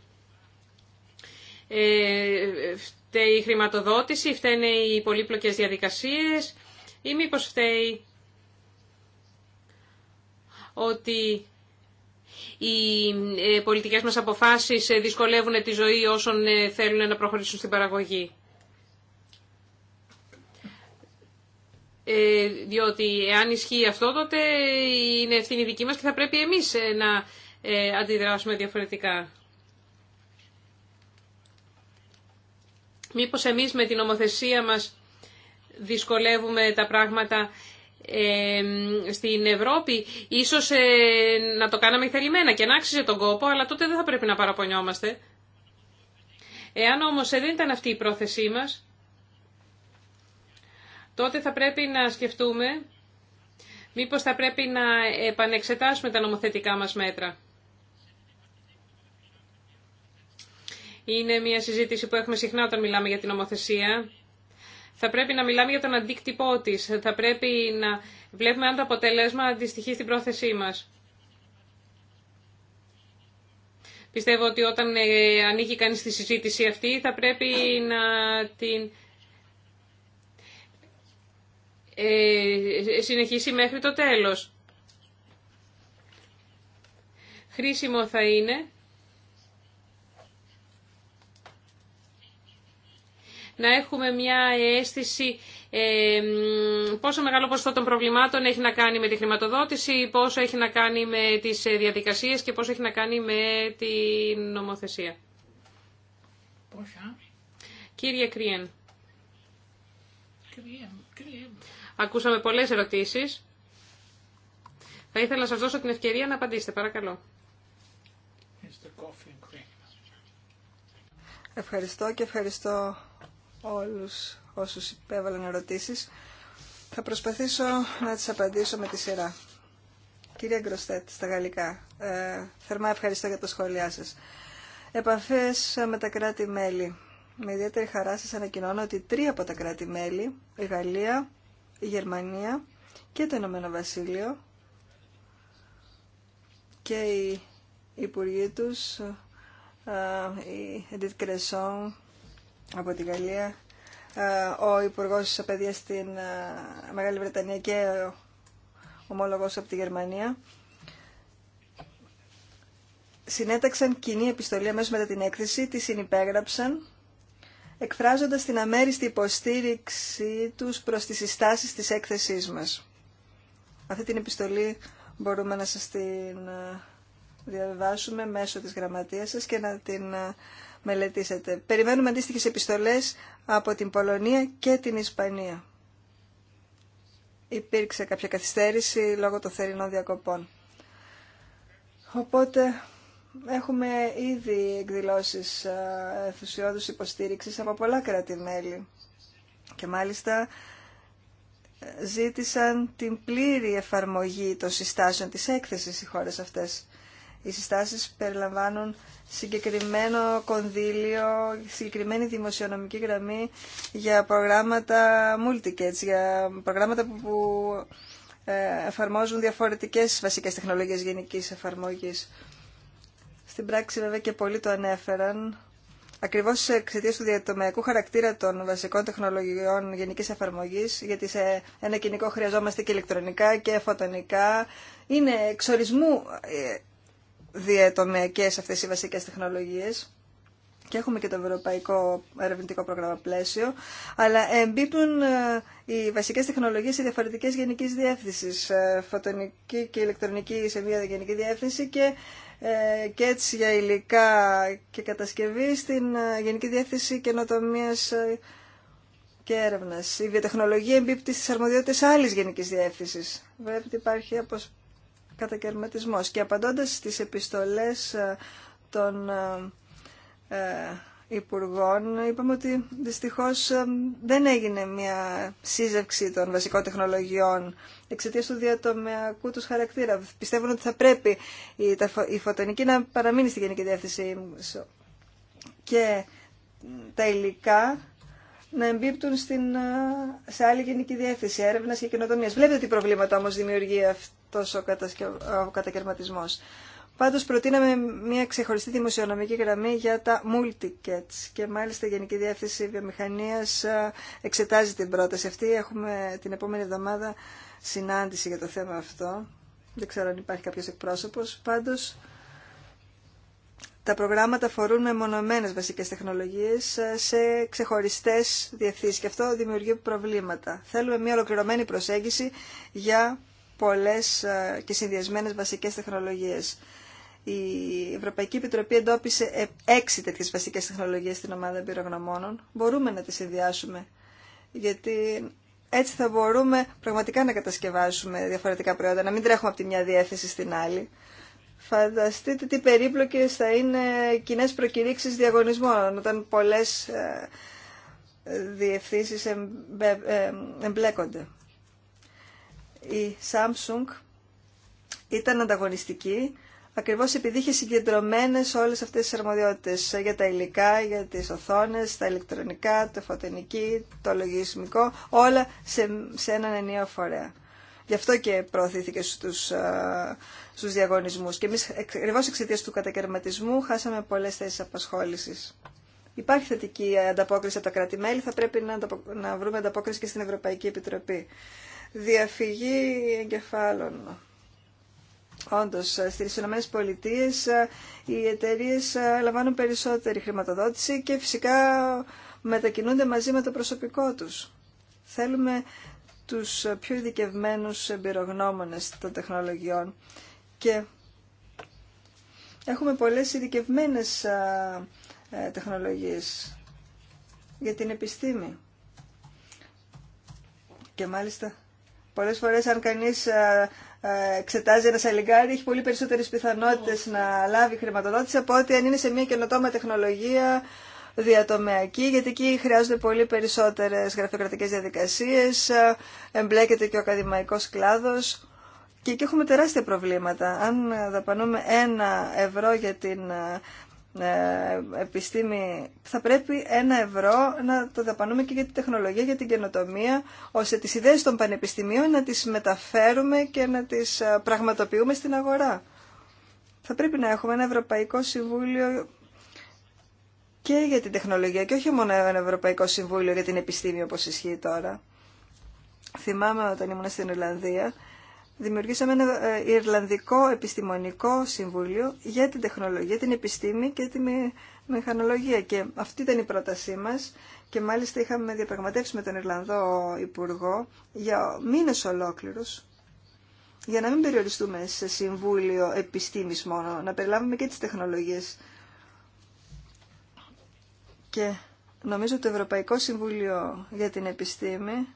Ε, φταίει η χρηματοδότηση, φταίνε οι πολύπλοκες διαδικασίες ή μήπως φταίει ότι οι ε, πολιτικές μας αποφάσεις δυσκολεύουν τη ζωή όσων θέλουν να προχωρήσουν στην παραγωγή. Ε, διότι εάν ισχύει αυτό τότε είναι ευθύνη δική μας και θα πρέπει εμείς ε, να ε, αντιδράσουμε διαφορετικά. Μήπως εμείς με την ομοθεσία μας δυσκολεύουμε τα πράγματα στην Ευρώπη, ίσως να το κάναμε θελημένα και να άξιζε τον κόπο, αλλά τότε δεν θα πρέπει να παραπονιόμαστε. Εάν όμως δεν ήταν αυτή η πρόθεσή μας, τότε θα πρέπει να σκεφτούμε μήπως θα πρέπει να επανεξετάσουμε τα νομοθετικά μας μέτρα. Είναι μια συζήτηση που έχουμε συχνά όταν μιλάμε για την νομοθεσία. Θα πρέπει να μιλάμε για τον αντίκτυπό τη. Θα πρέπει να βλέπουμε αν το αποτέλεσμα αντιστοιχεί στην πρόθεσή μας. Πιστεύω ότι όταν ε, ανοίγει κανείς τη συζήτηση αυτή θα πρέπει να την ε, συνεχίσει μέχρι το τέλος. Χρήσιμο θα είναι να έχουμε μια αίσθηση ε, πόσο μεγάλο ποσοστό των προβλημάτων έχει να κάνει με τη χρηματοδότηση, πόσο έχει να κάνει με τις διαδικασίες και πόσο έχει να κάνει με την νομοθεσία. Πόσα. Κύριε Κριέν. Κριέν. Ακούσαμε πολλές ερωτήσεις. Θα ήθελα να σας δώσω την ευκαιρία να απαντήσετε. Παρακαλώ. Ευχαριστώ και ευχαριστώ όλους όσους υπέβαλαν ερωτήσεις. Θα προσπαθήσω να τις απαντήσω με τη σειρά. Κυρία Γκροστέτ, στα γαλλικά, ε, θερμά ευχαριστώ για τα σχόλιά σας. Επαφές με τα κράτη-μέλη. Με ιδιαίτερη χαρά σας ανακοινώνω ότι τρία από τα κράτη-μέλη, η Γαλλία, η Γερμανία και το Ηνωμένο Βασίλειο και οι υπουργοί τους, η Edith Cresson από τη Γαλλία, ο Υπουργός Παιδείας στην Μεγάλη Βρετανία και ο ομόλογος από τη Γερμανία, συνέταξαν κοινή επιστολή αμέσως μετά την έκθεση, τη συνυπέγραψαν εκφράζοντας την αμέριστη υποστήριξή τους προς τις συστάσεις της έκθεσής μας. Αυτή την επιστολή μπορούμε να σας την ε, διαβάσουμε μέσω της γραμματείας σας και να την ε, μελετήσετε. Περιμένουμε αντίστοιχε επιστολές από την Πολωνία και την Ισπανία. Υπήρξε κάποια καθυστέρηση λόγω των θερινών διακοπών. Οπότε Έχουμε ήδη εκδηλώσεις ε, ενθουσιώδους υποστήριξης από πολλά κράτη-μέλη και μάλιστα ε, ζήτησαν την πλήρη εφαρμογή των συστάσεων της έκθεσης οι χώρες αυτές. Οι συστάσεις περιλαμβάνουν συγκεκριμένο κονδύλιο, συγκεκριμένη δημοσιονομική γραμμή για προγράμματα multicats, για προγράμματα που ε, εφαρμόζουν διαφορετικές βασικές τεχνολογίες γενικής εφαρμογής. Στην πράξη βέβαια και πολλοί το ανέφεραν. Ακριβώς εξαιτία του διατομιακού χαρακτήρα των βασικών τεχνολογιών γενικής εφαρμογής, γιατί σε ένα κοινικό χρειαζόμαστε και ηλεκτρονικά και φωτονικά, είναι εξορισμού ε, διατομιακές αυτές οι βασικές τεχνολογίες και έχουμε και το Ευρωπαϊκό Ερευνητικό Πρόγραμμα Πλαίσιο, αλλά εμπίπτουν ε, οι βασικές τεχνολογίες σε διαφορετικές γενικής διεύθυνσεις, ε, φωτονική και ηλεκτρονική σε μια γενική διεύθυνση και ε, και έτσι για υλικά και κατασκευή στην ε, Γενική Διεύθυνση Καινοτομία ε, και Έρευνα. Η βιοτεχνολογία εμπίπτει στι αρμοδιότητε άλλη Γενική Διεύθυνση. Βέβαια υπάρχει κατακαιρματισμό. Και απαντώντα στι επιστολέ των Υπουργών είπαμε ότι δυστυχώ ε, δεν έγινε μια σύζευξη των βασικών τεχνολογιών Εξαιτία του διατομιακού του χαρακτήρα. Πιστεύουν ότι θα πρέπει η φωτονική να παραμείνει στη γενική διεύθυνση και τα υλικά να εμπίπτουν στην, ε, σε άλλη γενική διεύθυνση έρευνα και Κοινοτομία. Βλέπετε τι προβλήματα όμω δημιουργεί αυτό ο κατακαιρματισμός. Πάντω προτείναμε μια ξεχωριστή δημοσιονομική γραμμή για τα Multicats και μάλιστα η Γενική Διεύθυνση Βιομηχανία ε, εξετάζει την πρόταση αυτή. Έχουμε την επόμενη εβδομάδα συνάντηση για το θέμα αυτό. Δεν ξέρω αν υπάρχει κάποιο εκπρόσωπο. Πάντως τα προγράμματα με μονομένες βασικέ τεχνολογίε ε, σε ξεχωριστέ διευθύνσει και αυτό δημιουργεί προβλήματα. Θέλουμε μια ολοκληρωμένη προσέγγιση για πολλές ε, και συνδυασμένε βασικές τεχνολογίες. Η Ευρωπαϊκή Επιτροπή εντόπισε ε, έξι τέτοιες βασικές τεχνολογίες στην ομάδα εμπειρογνωμόνων. Μπορούμε να τις συνδυάσουμε, γιατί έτσι θα μπορούμε πραγματικά να κατασκευάσουμε διαφορετικά προϊόντα, να μην τρέχουμε από τη μια διέθεση στην άλλη. Φανταστείτε τι περίπλοκες θα είναι κοινέ προκηρύξεις διαγωνισμών, όταν πολλές ε, διευθύνσεις ε, εμπλέκονται. Η Samsung ήταν ανταγωνιστική Ακριβώ επειδή είχε συγκεντρωμένες όλες αυτές τις αρμοδιότητες για τα υλικά, για τι οθόνε, τα ηλεκτρονικά, το φωτενική, το λογισμικό, όλα σε, σε έναν ενίο φορέα. Γι' αυτό και προωθήθηκε στου στους διαγωνισμούς. Και εμεί ακριβώ εξαιτία του κατακαιρματισμού χάσαμε πολλέ θέσει απασχόληση. Υπάρχει θετική ανταπόκριση από τα κράτη-μέλη, θα πρέπει να, να βρούμε ανταπόκριση και στην Ευρωπαϊκή Επιτροπή. Διαφυγή εγκεφάλων. Όντω, στι ΗΠΑ οι εταιρείε ε, λαμβάνουν περισσότερη χρηματοδότηση και φυσικά μετακινούνται μαζί με το προσωπικό τους. Θέλουμε τους πιο ειδικευμένου εμπειρογνώμονες των τεχνολογιών και έχουμε πολλές ειδικευμένε ε, ε, τεχνολογίες για την επιστήμη. Και μάλιστα, πολλές φορές αν κανείς εξετάζει ένα σαλιγκάρι έχει πολύ περισσότερες πιθανότητες να λάβει χρηματοδότηση από ότι αν είναι σε μια καινοτόμα τεχνολογία διατομεακή, γιατί εκεί χρειάζονται πολύ περισσότερες γραφειοκρατικές διαδικασίες, εμπλέκεται και ο ακαδημαϊκός κλάδος. Και εκεί έχουμε τεράστια προβλήματα. Αν δαπανούμε ένα ευρώ για την ε, επιστήμη θα πρέπει ένα ευρώ να το δαπανούμε και για την τεχνολογία, για την καινοτομία, ώστε τις ιδέες των πανεπιστημίων να τις μεταφέρουμε και να τις ε, πραγματοποιούμε στην αγορά. Θα πρέπει να έχουμε ένα Ευρωπαϊκό Συμβούλιο και για την τεχνολογία και όχι μόνο ένα Ευρωπαϊκό Συμβούλιο για την επιστήμη όπως ισχύει τώρα. Θυμάμαι όταν ήμουν στην Ολλανδία δημιουργήσαμε ένα ε, Ιρλανδικό Επιστημονικό Συμβούλιο για την τεχνολογία, την επιστήμη και τη μηχανολογία. Και αυτή ήταν η πρότασή μας και μάλιστα είχαμε διαπραγματεύσει με τον Ιρλανδό Υπουργό για μήνες ολόκληρους για να μην περιοριστούμε σε Συμβούλιο Επιστήμης μόνο, να περιλάβουμε και τις τεχνολογίες. Και νομίζω το Ευρωπαϊκό Συμβούλιο για την Επιστήμη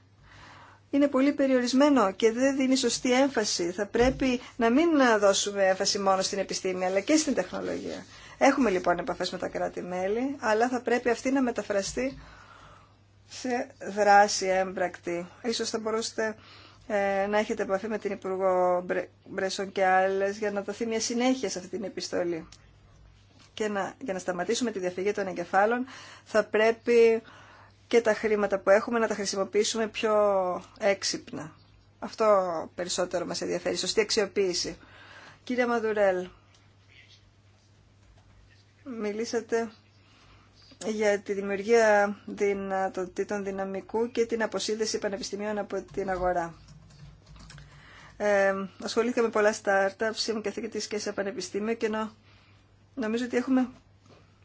είναι πολύ περιορισμένο και δεν δίνει σωστή έμφαση. Θα πρέπει να μην δώσουμε έμφαση μόνο στην επιστήμη αλλά και στην τεχνολογία. Έχουμε λοιπόν επαφές με τα κράτη-μέλη, αλλά θα πρέπει αυτή να μεταφραστεί σε δράση έμπρακτη. Ίσως θα μπορούσατε ε, να έχετε επαφή με την Υπουργό Μπρέσον και άλλε για να δοθεί μια συνέχεια σε αυτή την επιστολή. Και να, για να σταματήσουμε τη διαφυγή των εγκεφάλων θα πρέπει και τα χρήματα που έχουμε να τα χρησιμοποιήσουμε πιο έξυπνα. Αυτό περισσότερο μας ενδιαφέρει, σωστή αξιοποίηση. Κύριε Μαδουρέλ, μιλήσατε για τη δημιουργία δυνατοτήτων δυναμικού και την αποσύνδεση πανεπιστημίων από την αγορά. Ε, ασχολήθηκα με πολλά startups, ήμουν καθηγητή και σε πανεπιστήμιο και νο, νομίζω ότι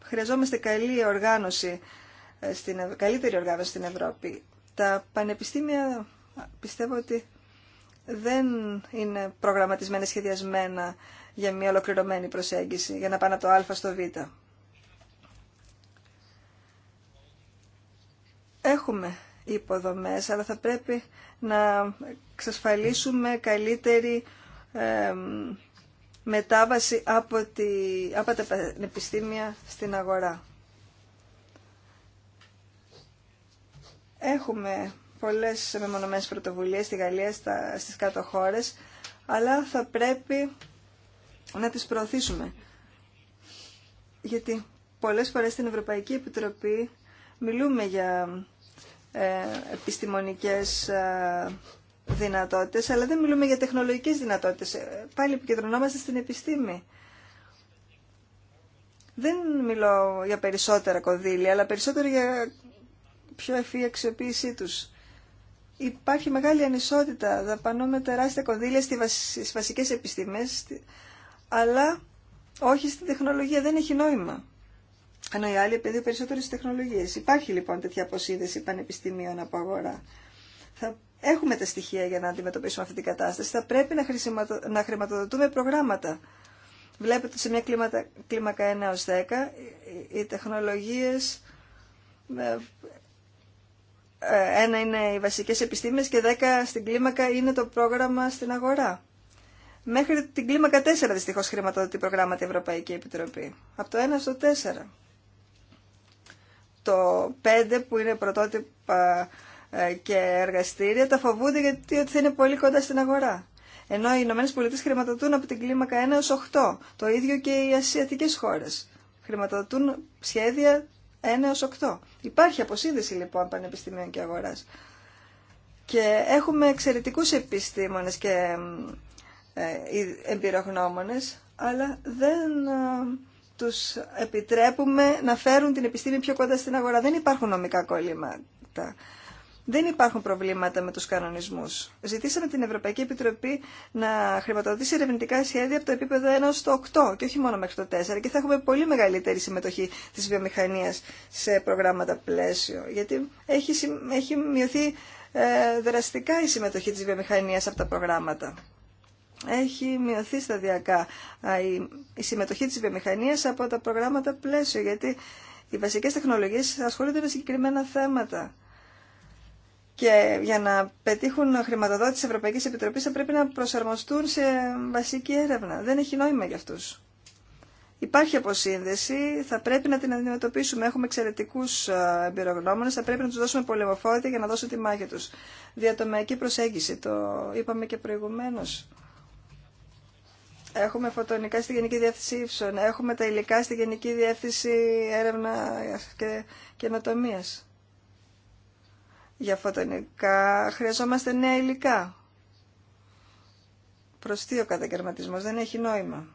χρειαζόμαστε καλή οργάνωση στην καλύτερη οργάνωση στην Ευρώπη. Τα πανεπιστήμια πιστεύω ότι δεν είναι προγραμματισμένα, σχεδιασμένα για μια ολοκληρωμένη προσέγγιση, για να πάνε το α στο β. Έχουμε υποδομές, αλλά θα πρέπει να εξασφαλίσουμε καλύτερη μετάβαση από, τη, από τα πανεπιστήμια στην αγορά. Έχουμε πολλές μεμονωμένες πρωτοβουλίες στη Γαλλία, στα, στις κάτω χώρες, αλλά θα πρέπει να τις προωθήσουμε. Γιατί πολλές φορές στην Ευρωπαϊκή Επιτροπή μιλούμε για ε, επιστημονικές ε, δυνατότητες, αλλά δεν μιλούμε για τεχνολογικές δυνατότητες. Ε, πάλι επικεντρωνόμαστε στην επιστήμη. Δεν μιλώ για περισσότερα κονδύλια, αλλά περισσότερο για πιο ευφύ αξιοποίησή του. Υπάρχει μεγάλη ανισότητα, δαπανούμε τεράστια κονδύλια στις βασικέ επιστήμες, αλλά όχι στην τεχνολογία, δεν έχει νόημα. Ενώ οι άλλοι επενδύουν περισσότερες τεχνολογίε. Υπάρχει λοιπόν τέτοια αποσύνδεση πανεπιστημίων από αγορά. Θα έχουμε τα στοιχεία για να αντιμετωπίσουμε αυτή την κατάσταση. Θα πρέπει να, να χρηματοδοτούμε προγράμματα. Βλέπετε σε μια κλίμακα 1 έως 10 οι τεχνολογίες ε, ένα είναι οι βασικές επιστήμες και δέκα στην κλίμακα είναι το πρόγραμμα στην αγορά. Μέχρι την κλίμακα 4 δυστυχώς χρηματοδοτεί προγράμματα η Ευρωπαϊκή Επιτροπή. Από το 1 στο 4. Το 5 που είναι πρωτότυπα ε, και εργαστήρια τα φοβούνται γιατί ότι θα είναι πολύ κοντά στην αγορά. Ενώ οι Ηνωμένε χρηματοδοτούν από την κλίμακα 1 έως 8. Το ίδιο και οι ασιατικές χώρες. Χρηματοδοτούν σχέδια έως 8. Υπάρχει αποσύνδεση λοιπόν πανεπιστημίων και αγοράς. Και έχουμε εξαιρετικούς επιστήμονες και ε, εμπειρογνώμονες, αλλά δεν ε, τους επιτρέπουμε να φέρουν την επιστήμη πιο κοντά στην αγορά. Δεν υπάρχουν νομικά κολλήματα δεν υπάρχουν προβλήματα με τους κανονισμούς. Ζητήσαμε την Ευρωπαϊκή Επιτροπή να χρηματοδοτήσει ερευνητικά σχέδια από το επίπεδο 1 στο 8 και όχι μόνο μέχρι το 4 και θα έχουμε πολύ μεγαλύτερη συμμετοχή της βιομηχανίας σε προγράμματα πλαίσιο γιατί έχει, έχει μειωθεί ε, δραστικά η συμμετοχή της βιομηχανίας από τα προγράμματα. Έχει μειωθεί σταδιακά η, η συμμετοχή της βιομηχανίας από τα προγράμματα πλαίσιο γιατί οι βασικές τεχνολογίες ασχολούνται με συγκεκριμένα θέματα και για να πετύχουν χρηματοδότηση τη Ευρωπαϊκή Επιτροπή θα πρέπει να προσαρμοστούν σε βασική έρευνα. Δεν έχει νόημα για αυτού. Υπάρχει αποσύνδεση, θα πρέπει να την αντιμετωπίσουμε. Έχουμε εξαιρετικού ε, εμπειρογνώμονε, θα πρέπει να του δώσουμε πολεμοφόρητα για να δώσουν τη μάχη του. Διατομιακή προσέγγιση, το είπαμε και προηγουμένω. Έχουμε φωτονικά στη Γενική Διεύθυνση Ήψων, έχουμε τα υλικά στη Γενική Διεύθυνση Έρευνα και Καινοτομία για φωτονικά χρειαζόμαστε νέα υλικά. τι ο κατακαιρματισμός, δεν έχει νόημα.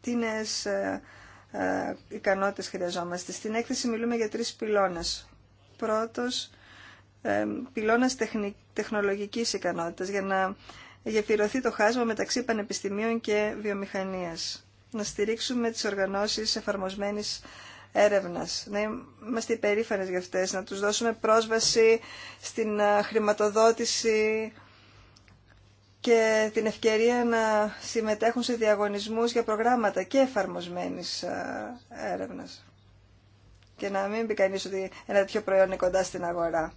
Τι νέες ε, ε, ικανότητες χρειαζόμαστε. Στην έκθεση μιλούμε για τρεις πυλώνες. Πρώτος, ε, πυλώνας τεχνολογικής ικανότητας για να γεφυρωθεί το χάσμα μεταξύ πανεπιστημίων και βιομηχανίας. Να στηρίξουμε τις οργανώσεις εφαρμοσμένης έρευνας. Να είμαστε υπερήφανες για αυτές, να τους δώσουμε πρόσβαση στην ε, χρηματοδότηση και την ευκαιρία να συμμετέχουν σε διαγωνισμούς για προγράμματα και εφαρμοσμένης ε, έρευνας. Και να μην πει κανείς ότι ένα τέτοιο προϊόν είναι κοντά στην αγορά.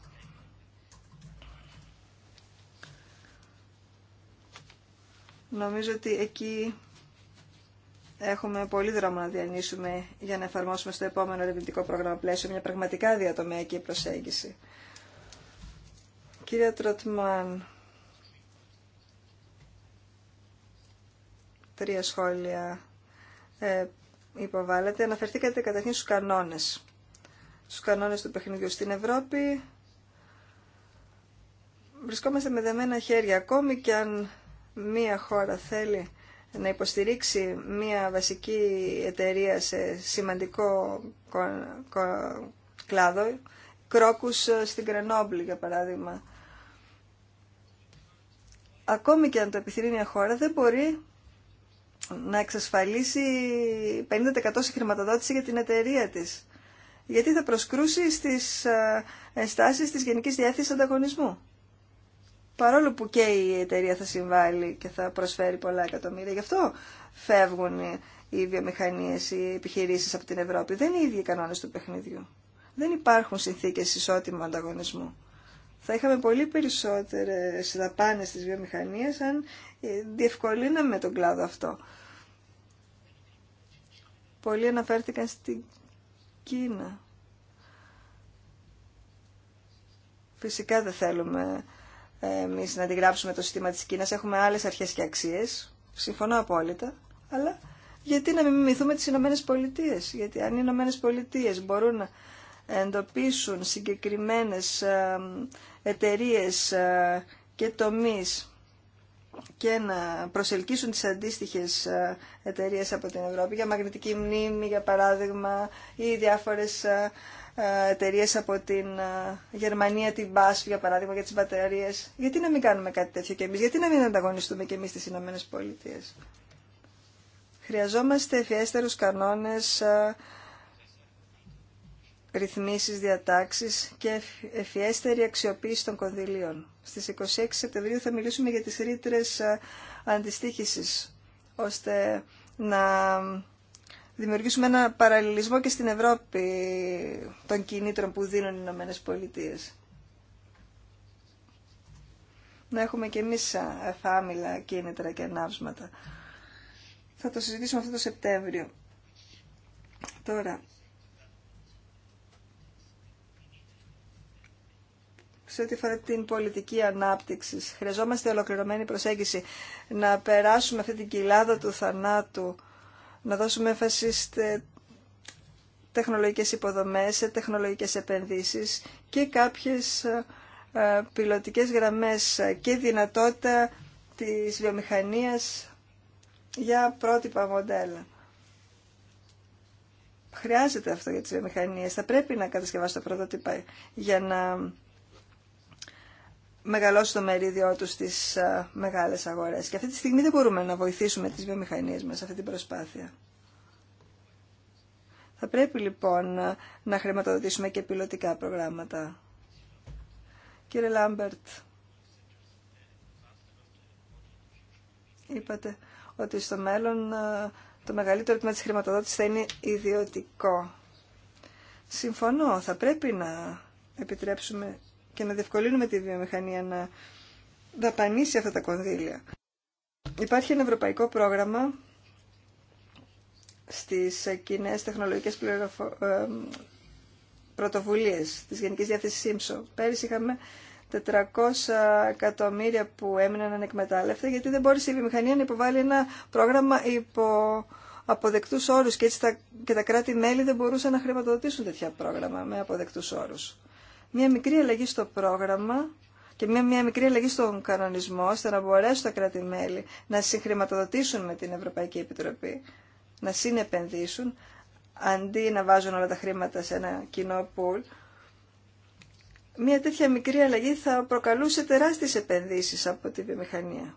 Νομίζω ότι εκεί έχουμε πολύ δρόμο να διανύσουμε για να εφαρμόσουμε στο επόμενο ερευνητικό πρόγραμμα πλαίσιο μια πραγματικά διατομιακή προσέγγιση. Κύριε Τροτμάν, τρία σχόλια ε, υποβάλλατε. Αναφερθήκατε καταρχήν στους κανόνες. Στους κανόνες του παιχνιδιού στην Ευρώπη βρισκόμαστε με δεμένα χέρια. Ακόμη και αν μία χώρα θέλει να υποστηρίξει μια βασική εταιρεία σε σημαντικό κλάδο, κρόκους ε, στην Κρενόμπλη για παράδειγμα. Ακόμη και αν το επιθυμεί μια χώρα δεν μπορεί να εξασφαλίσει 50% σε χρηματοδότηση για την εταιρεία της. Γιατί θα προσκρούσει στις ε, ενστάσεις της Γενικής Διεύθυνσης Ανταγωνισμού παρόλο που και η εταιρεία θα συμβάλλει και θα προσφέρει πολλά εκατομμύρια. Γι' αυτό φεύγουν οι βιομηχανίες, οι επιχειρήσεις από την Ευρώπη. Δεν είναι οι ίδιοι οι του παιχνιδιού. Δεν υπάρχουν συνθήκες ισότιμου ανταγωνισμού. Θα είχαμε πολύ περισσότερες δαπάνε στις βιομηχανίες αν ε, διευκολύναμε τον κλάδο αυτό. Πολλοί αναφέρθηκαν στην Κίνα. Φυσικά δεν θέλουμε εμεί να αντιγράψουμε το σύστημα τη Κίνα. Έχουμε άλλε αρχέ και αξίε. Συμφωνώ απόλυτα. Αλλά γιατί να μην μιμηθούμε τι Ηνωμένε Πολιτείε. Γιατί αν οι Ηνωμένε Πολιτείε μπορούν να εντοπίσουν συγκεκριμένε εταιρείε ε, και τομεί και να προσελκύσουν τις αντίστοιχες ε, εταιρείες από την Ευρώπη για μαγνητική μνήμη για παράδειγμα ή διάφορες ε, ε, εταιρείε από την ε, Γερμανία, την BASF για παράδειγμα, για τις μπαταρίες. Γιατί να μην κάνουμε κάτι τέτοιο κι εμεί, γιατί να μην ανταγωνιστούμε κι εμεί στι Ηνωμένε Πολιτείε, Χρειαζόμαστε ευφιέστερου κανόνες, ε, ρυθμίσει, διατάξει και ευφιέστερη αξιοποίηση των κονδυλίων. Στις 26 Σεπτεμβρίου θα μιλήσουμε για τι ρήτρε αντιστοίχηση, ώστε να δημιουργήσουμε ένα παραλληλισμό και στην Ευρώπη των κινήτρων που δίνουν οι Ηνωμένε Πολιτείε. Να έχουμε και εμεί εφάμιλα κίνητρα και ανάψματα. Θα το συζητήσουμε αυτό το Σεπτέμβριο. Τώρα, σε ό,τι αφορά την πολιτική ανάπτυξη. Χρειαζόμαστε ολοκληρωμένη προσέγγιση να περάσουμε αυτή την κοιλάδα του θανάτου να δώσουμε έμφαση σε τεχνολογικές υποδομές, σε τεχνολογικές επενδύσεις και κάποιες ε, πιλωτικές γραμμές και δυνατότητα της βιομηχανίας για πρότυπα μοντέλα. Χρειάζεται αυτό για τις βιομηχανίες. Θα πρέπει να κατασκευάστε τα πρωτότυπα για να μεγαλώσει το μερίδιό τους στις μεγάλες αγορές. Και αυτή τη στιγμή δεν μπορούμε να βοηθήσουμε τι βιομηχανίε μας σε αυτή την προσπάθεια. Θα πρέπει λοιπόν να χρηματοδοτήσουμε και πιλωτικά προγράμματα. Κύριε Λάμπερτ, είπατε ότι στο μέλλον το μεγαλύτερο τμήμα της χρηματοδότησης θα είναι ιδιωτικό. Συμφωνώ, θα πρέπει να επιτρέψουμε και να διευκολύνουμε τη βιομηχανία να δαπανίσει αυτά τα κονδύλια. Υπάρχει ένα ευρωπαϊκό πρόγραμμα στις κοινέ τεχνολογικές πληροφο... Ε, πρωτοβουλίες της Γενικής Διάθεσης ΣΥΜΣΟ. Πέρυσι είχαμε 400 εκατομμύρια που έμειναν ανεκμετάλλευτα γιατί δεν μπόρεσε η βιομηχανία να υποβάλει ένα πρόγραμμα υπό αποδεκτούς όρους και έτσι τα, τα κράτη-μέλη δεν μπορούσαν να χρηματοδοτήσουν τέτοια πρόγραμμα με αποδεκτούς όρους μια μικρή αλλαγή στο πρόγραμμα και μια, μικρή αλλαγή στον κανονισμό, ώστε να μπορέσουν τα κράτη-μέλη να συγχρηματοδοτήσουν με την Ευρωπαϊκή Επιτροπή, να συνεπενδύσουν, αντί να βάζουν όλα τα χρήματα σε ένα κοινό πουλ. Μια τέτοια μικρή αλλαγή θα προκαλούσε τεράστιες επενδύσεις από τη βιομηχανία.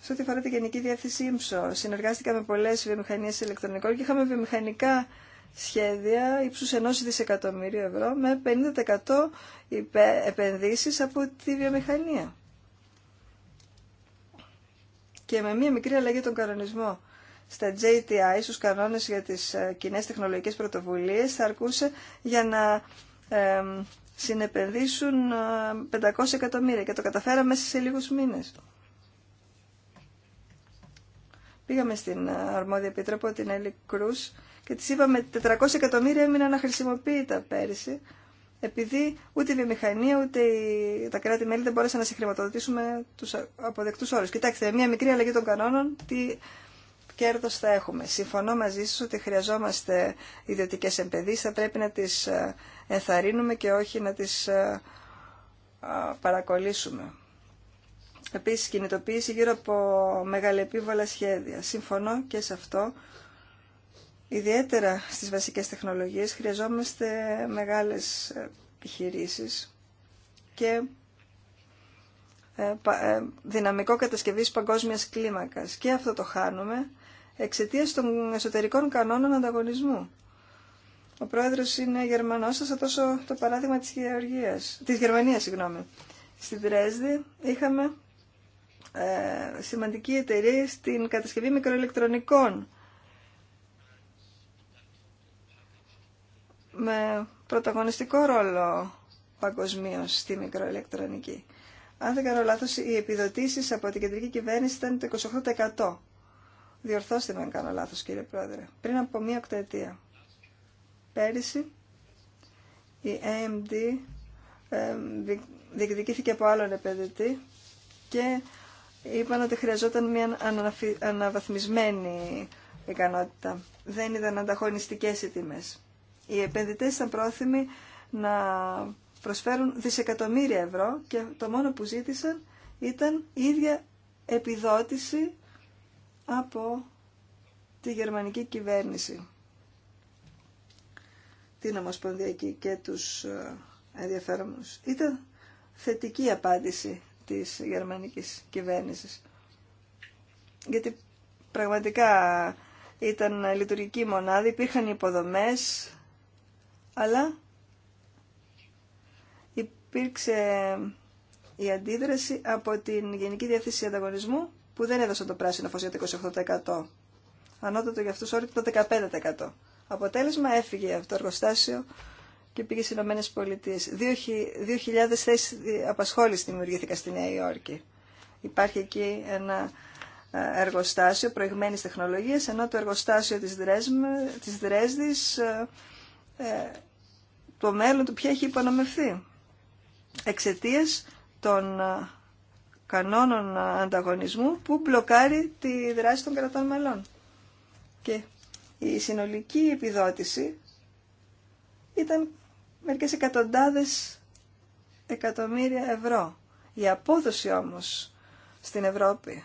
Σε ό,τι αφορά τη Γενική Διεύθυνση ύΜΣΟ, συνεργάστηκα με πολλές βιομηχανίε ηλεκτρονικών και είχαμε βιομηχανικά σχέδια ύψους ενός δισεκατομμύριου ευρώ με 50% επενδύσεις από τη βιομηχανία. Και με μία μικρή αλλαγή τον κανονισμό στα JTI, στους κανόνες για τις ε, κοινέ τεχνολογικές πρωτοβουλίες, θα αρκούσε για να ε, συνεπενδύσουν 500 εκατομμύρια και το καταφέραμε μέσα σε λίγους μήνες. Πήγαμε στην ε, αρμόδια επίτροπο, την Έλλη Κρούς, και τι είπαμε 400 εκατομμύρια έμειναν αχρησιμοποιητά πέρυσι επειδή ούτε η βιομηχανία ούτε τα κράτη-μέλη δεν μπόρεσαν να συγχρηματοδοτήσουμε του τους αποδεκτούς Κοιτάξτε, μια μικρή αλλαγή των κανόνων, τι κέρδο θα έχουμε. Συμφωνώ μαζί σα ότι χρειαζόμαστε ιδιωτικέ εμπεδίσει, θα πρέπει να τι ε, ενθαρρύνουμε και όχι να τι ε, παρακολύσουμε. Επίση κινητοποίηση γύρω από μεγαλεπίβολα σχέδια. Συμφωνώ και σε αυτό Ιδιαίτερα στις βασικές τεχνολογίες χρειαζόμαστε μεγάλες ε, επιχειρήσεις και ε, ε, δυναμικό κατασκευής παγκόσμιας κλίμακας. Και αυτό το χάνουμε εξαιτία των εσωτερικών κανόνων ανταγωνισμού. Ο πρόεδρος είναι Γερμανός, σας θα το παράδειγμα της, Γεωργίας, της Γερμανίας. Συγγνώμη. Στη Δρέσδη είχαμε ε, σημαντική εταιρεία στην κατασκευή μικροελεκτρονικών. με πρωταγωνιστικό ρόλο παγκοσμίω στη μικροελεκτρονική. Αν δεν κάνω λάθος, οι επιδοτήσεις από την κεντρική κυβέρνηση ήταν το 28%. Διορθώστε με αν κάνω λάθος, κύριε Πρόεδρε. Πριν από μία οκταετία. Πέρυσι, η AMD ε, διεκδικήθηκε από άλλον επενδυτή και είπαν ότι χρειαζόταν μια αναβαθμισμένη ικανότητα. Δεν ήταν ανταγωνιστικές οι τιμές. Οι επενδυτές ήταν πρόθυμοι να προσφέρουν δισεκατομμύρια ευρώ και το μόνο που ζήτησαν ήταν η ίδια επιδότηση από τη γερμανική κυβέρνηση, την Ομοσπονδιακή και τους ε, ενδιαφέρομενους. Ήταν θετική απάντηση της γερμανικής κυβέρνησης. Γιατί πραγματικά ήταν λειτουργική μονάδα, υπήρχαν υποδομές, αλλά υπήρξε η αντίδραση από την Γενική Διεύθυνση Ανταγωνισμού που δεν έδωσε το πράσινο φως για το 28%. Ανώτατο για αυτούς όρικτο το 15%. Αποτέλεσμα έφυγε από το εργοστάσιο και πήγε στι Ηνωμένε Πολιτείε. 2.000 θέσει απασχόληση δημιουργήθηκαν στη Νέα Υόρκη. Υπάρχει εκεί ένα ε, εργοστάσιο προηγμένη τεχνολογία, ενώ το εργοστάσιο τη Δρέσδη ε, ε, το μέλλον του πια έχει υπονομευθεί εξαιτία των ε, κανόνων ε, ανταγωνισμού που μπλοκάρει τη δράση των κρατών μελών. Και η συνολική επιδότηση ήταν μερικές εκατοντάδες εκατομμύρια ευρώ. Η απόδοση όμως στην Ευρώπη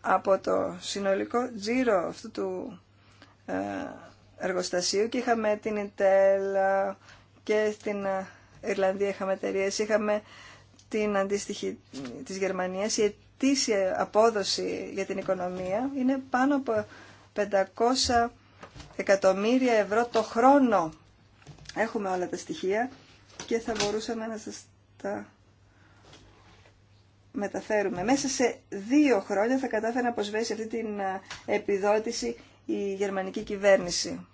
από το συνολικό τζίρο αυτού του εργοστασίου και είχαμε την Ιντελ και στην Ιρλανδία είχαμε εταιρείε, είχαμε την αντίστοιχη της Γερμανίας. Η ετήσια απόδοση για την οικονομία είναι πάνω από 500 εκατομμύρια ευρώ το χρόνο. Έχουμε όλα τα στοιχεία και θα μπορούσαμε να σας τα μεταφέρουμε. Μέσα σε δύο χρόνια θα κατάφερε να αποσβέσει αυτή την επιδότηση η γερμανική κυβέρνηση.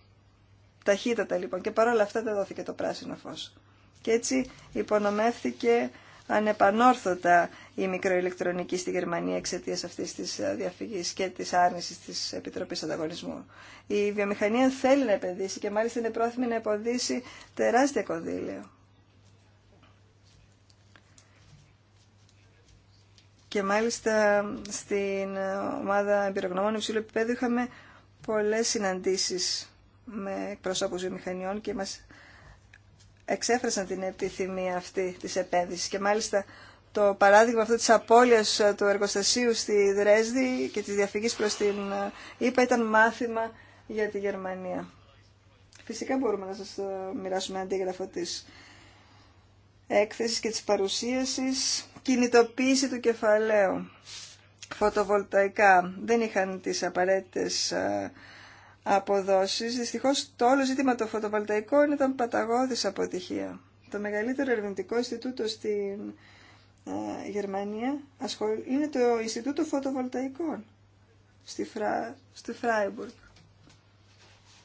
Ταχύτατα λοιπόν και παρόλα αυτά δεν δόθηκε το πράσινο φως. Και έτσι υπονομεύθηκε ανεπανόρθωτα η μικροηλεκτρονική στη Γερμανία εξαιτία αυτή τη ε, διαφυγή και τη άρνηση τη Επιτροπή Ανταγωνισμού. Η βιομηχανία θέλει να επενδύσει και μάλιστα είναι πρόθυμη να επενδύσει τεράστια κονδύλια. Και μάλιστα στην ομάδα εμπειρογνωμών υψηλού επίπεδου είχαμε πολλές συναντήσεις με εκπροσώπους βιομηχανιών και μας εξέφρασαν την επιθυμία αυτή της επένδυσης και μάλιστα το παράδειγμα αυτό της απώλειας του εργοστασίου στη Δρέσδη και τη διαφυγής προς την ΕΠΑ ήταν μάθημα για τη Γερμανία. Φυσικά μπορούμε να σας ε, μοιράσουμε αντίγραφο της έκθεσης και της παρουσίασης. Κινητοποίηση του κεφαλαίου. Φωτοβολταϊκά δεν είχαν τις απαραίτητες ε, αποδόσεις. Δυστυχώς το όλο ζήτημα των φωτοβολταϊκών ήταν παταγώδης αποτυχία. Το μεγαλύτερο ερευνητικό Ινστιτούτο στην ε, Γερμανία είναι το Ινστιτούτο Φωτοβολταϊκών στη, Φρα, στη Φράιμπουργκ.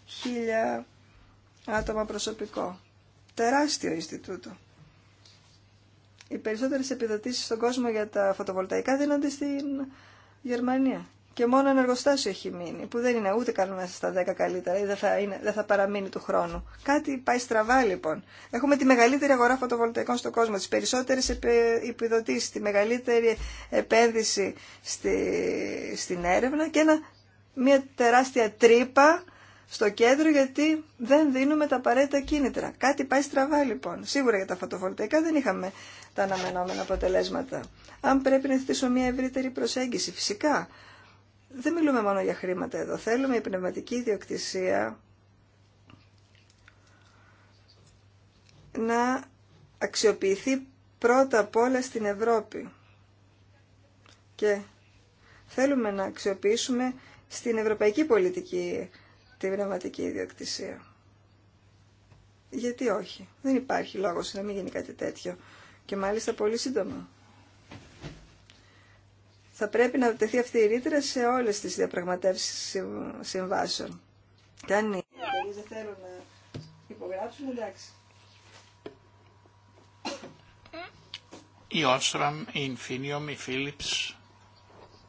Χίλια άτομα προσωπικό. Τεράστιο Ινστιτούτο. Οι περισσότερες επιδοτήσεις στον κόσμο για τα φωτοβολταϊκά δίνονται στην Γερμανία. Και μόνο ένα εργοστάσιο έχει μείνει, που δεν είναι ούτε καν μέσα στα 10 καλύτερα ή δεν θα, είναι, δεν θα παραμείνει του χρόνου. Κάτι πάει στραβά λοιπόν. Έχουμε τη μεγαλύτερη αγορά φωτοβολταϊκών στον κόσμο, τι περισσότερε επιδοτήσει, τη μεγαλύτερη επένδυση στη, στην έρευνα και ένα, μια τεράστια τρύπα στο κέντρο γιατί δεν δίνουμε τα απαραίτητα κίνητρα. Κάτι πάει στραβά λοιπόν. Σίγουρα για τα φωτοβολταϊκά δεν είχαμε τα αναμενόμενα αποτελέσματα. Αν πρέπει να θέσω μια ευρύτερη προσέγγιση, φυσικά δεν μιλούμε μόνο για χρήματα εδώ. Θέλουμε η πνευματική ιδιοκτησία να αξιοποιηθεί πρώτα απ' όλα στην Ευρώπη. Και θέλουμε να αξιοποιήσουμε στην ευρωπαϊκή πολιτική την πνευματική ιδιοκτησία. Γιατί όχι. Δεν υπάρχει λόγος να μην γίνει κάτι τέτοιο. Και μάλιστα πολύ σύντομα θα πρέπει να τεθεί αυτή η ρήτρα σε όλες τις διαπραγματεύσεις συμβάσεων. Κάνει; δεν θέλουν να υπογράψουν, εντάξει. Η Ωστραμ, η Infineum, η Philips,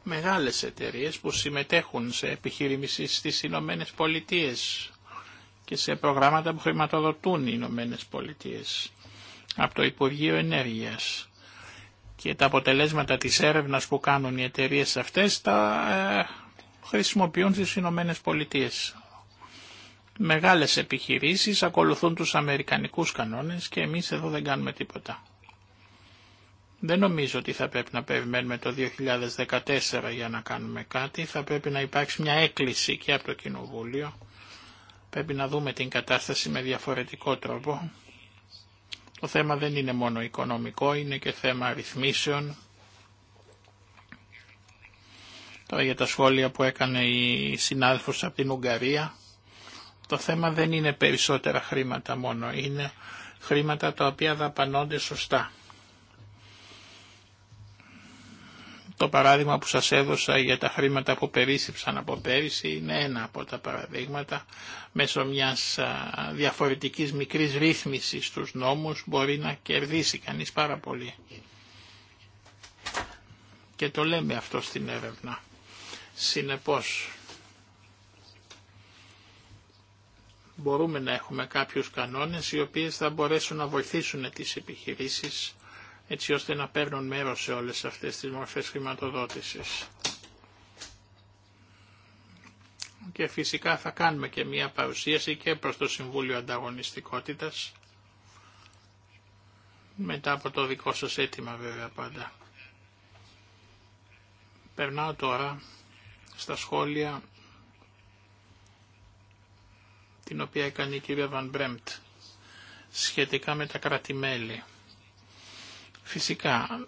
μεγάλες εταιρείες που συμμετέχουν σε επιχείρημιση στις Ηνωμένε Πολιτείες και σε προγράμματα που χρηματοδοτούν οι Ηνωμένε Πολιτείες από το Υπουργείο Ενέργειας και τα αποτελέσματα της έρευνας που κάνουν οι εταιρείες αυτές τα ε, χρησιμοποιούν στις Ηνωμένε Πολιτείες. Μεγάλες επιχειρήσεις ακολουθούν τους αμερικανικούς κανόνες και εμείς εδώ δεν κάνουμε τίποτα. Δεν νομίζω ότι θα πρέπει να περιμένουμε το 2014 για να κάνουμε κάτι. Θα πρέπει να υπάρξει μια έκκληση και από το Κοινοβούλιο. Πρέπει να δούμε την κατάσταση με διαφορετικό τρόπο το θέμα δεν είναι μόνο οικονομικό, είναι και θέμα αριθμίσεων. Τώρα για τα σχόλια που έκανε η συνάδελφος από την Ουγγαρία. Το θέμα δεν είναι περισσότερα χρήματα μόνο, είναι χρήματα τα οποία δαπανώνται σωστά. Το παράδειγμα που σας έδωσα για τα χρήματα που περίσσεψαν από πέρυσι είναι ένα από τα παραδείγματα. Μέσω μιας διαφορετικής μικρής ρύθμισης στους νόμους μπορεί να κερδίσει κανείς πάρα πολύ. Και το λέμε αυτό στην έρευνα. Συνεπώς, μπορούμε να έχουμε κάποιους κανόνες οι οποίες θα μπορέσουν να βοηθήσουν τις επιχειρήσεις έτσι ώστε να παίρνουν μέρος σε όλες αυτές τις μορφές χρηματοδότησης. Και φυσικά θα κάνουμε και μία παρουσίαση και προς το Συμβούλιο Ανταγωνιστικότητας, μετά από το δικό σας αίτημα βέβαια πάντα. Περνάω τώρα στα σχόλια την οποία έκανε η κυρία Βαν σχετικά με τα κρατημέλη. Φυσικά,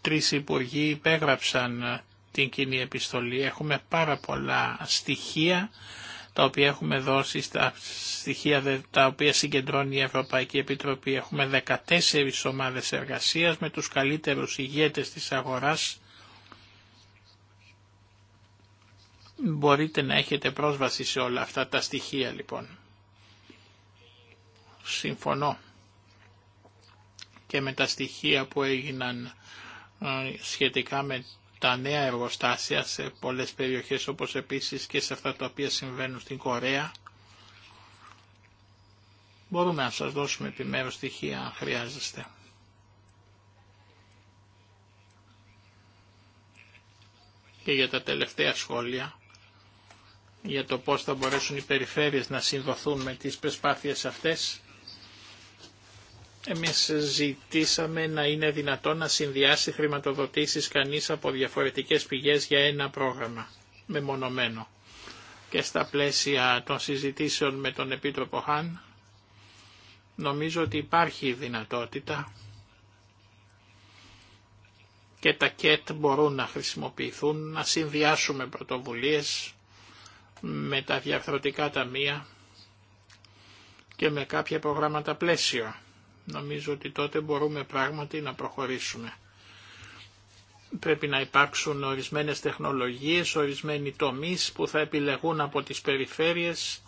τρεις υπουργοί υπέγραψαν ε, την κοινή επιστολή. Έχουμε πάρα πολλά στοιχεία τα οποία έχουμε δώσει, στα στοιχεία τα οποία συγκεντρώνει η Ευρωπαϊκή Επιτροπή. Έχουμε 14 ομάδες εργασίας με τους καλύτερους ηγέτες της αγοράς. Μπορείτε να έχετε πρόσβαση σε όλα αυτά τα στοιχεία λοιπόν. Συμφωνώ και με τα στοιχεία που έγιναν ε, σχετικά με τα νέα εργοστάσια σε πολλές περιοχές όπως επίσης και σε αυτά τα οποία συμβαίνουν στην Κορέα. Μπορούμε να σας δώσουμε επιμέρους στοιχεία αν χρειάζεστε. Και για τα τελευταία σχόλια, για το πώς θα μπορέσουν οι περιφέρειες να συνδοθούν με τις προσπάθειες αυτές, εμείς ζητήσαμε να είναι δυνατό να συνδυάσει χρηματοδοτήσεις κανείς από διαφορετικές πηγές για ένα πρόγραμμα μεμονωμένο. Και στα πλαίσια των συζητήσεων με τον Επίτροπο Χάν, νομίζω ότι υπάρχει δυνατότητα και τα ΚΕΤ μπορούν να χρησιμοποιηθούν, να συνδυάσουμε πρωτοβουλίες με τα διαρθρωτικά ταμεία και με κάποια προγράμματα πλαίσιο. Νομίζω ότι τότε μπορούμε πράγματι να προχωρήσουμε. Πρέπει να υπάρξουν ορισμένες τεχνολογίες, ορισμένοι τομείς που θα επιλεγούν από τις περιφέρειες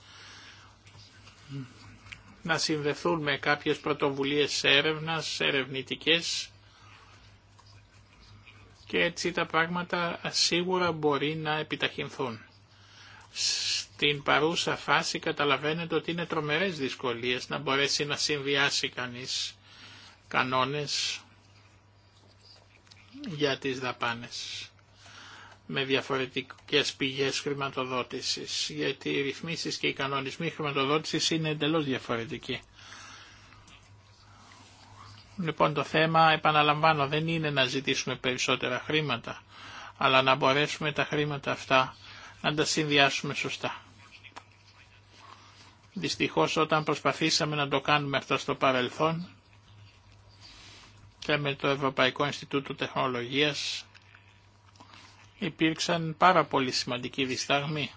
να συνδεθούν με κάποιες πρωτοβουλίες έρευνας, ερευνητικές και έτσι τα πράγματα σίγουρα μπορεί να επιταχυνθούν. Στην παρούσα φάση καταλαβαίνετε ότι είναι τρομερές δυσκολίες να μπορέσει να συνδυάσει κανείς κανόνες για τις δαπάνες με διαφορετικές πηγές χρηματοδότησης, γιατί οι ρυθμίσεις και οι κανονισμοί χρηματοδότησης είναι εντελώς διαφορετικοί. Λοιπόν το θέμα, επαναλαμβάνω, δεν είναι να ζητήσουμε περισσότερα χρήματα, αλλά να μπορέσουμε τα χρήματα αυτά να τα συνδυάσουμε σωστά. Δυστυχώς όταν προσπαθήσαμε να το κάνουμε αυτό στο παρελθόν και με το Ευρωπαϊκό Ινστιτούτο Τεχνολογίας υπήρξαν πάρα πολύ σημαντικοί δισταγμοί.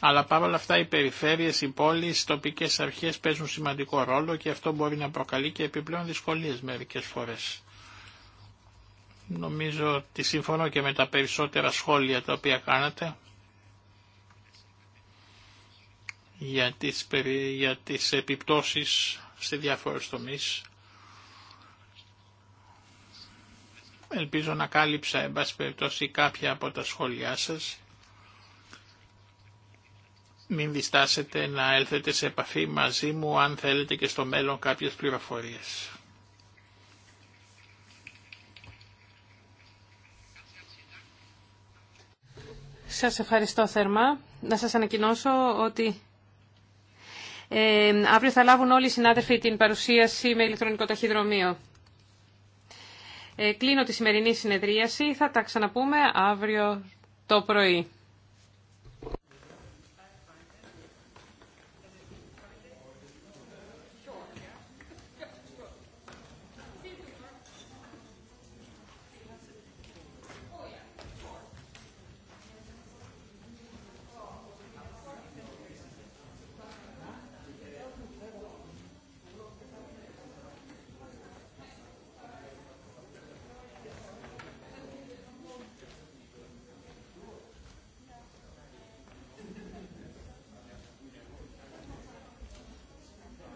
Αλλά παρόλα αυτά οι περιφέρειες, οι πόλεις, οι τοπικές αρχές παίζουν σημαντικό ρόλο και αυτό μπορεί να προκαλεί και επιπλέον δυσκολίες μερικές φορές. Νομίζω ότι συμφωνώ και με τα περισσότερα σχόλια τα οποία κάνατε για τις, για τις επιπτώσεις σε διάφορες τομείς. Ελπίζω να κάλυψα, εν πάση περιπτώσει, κάποια από τα σχόλιά σας. Μην διστάσετε να έλθετε σε επαφή μαζί μου αν θέλετε και στο μέλλον κάποιες πληροφορίες. Σας ευχαριστώ θερμά. Να σας ανακοινώσω ότι ε, αύριο θα λάβουν όλοι οι συνάδελφοι την παρουσίαση με ηλεκτρονικό ταχυδρομείο. Ε, κλείνω τη σημερινή συνεδρίαση. Θα τα ξαναπούμε αύριο το πρωί.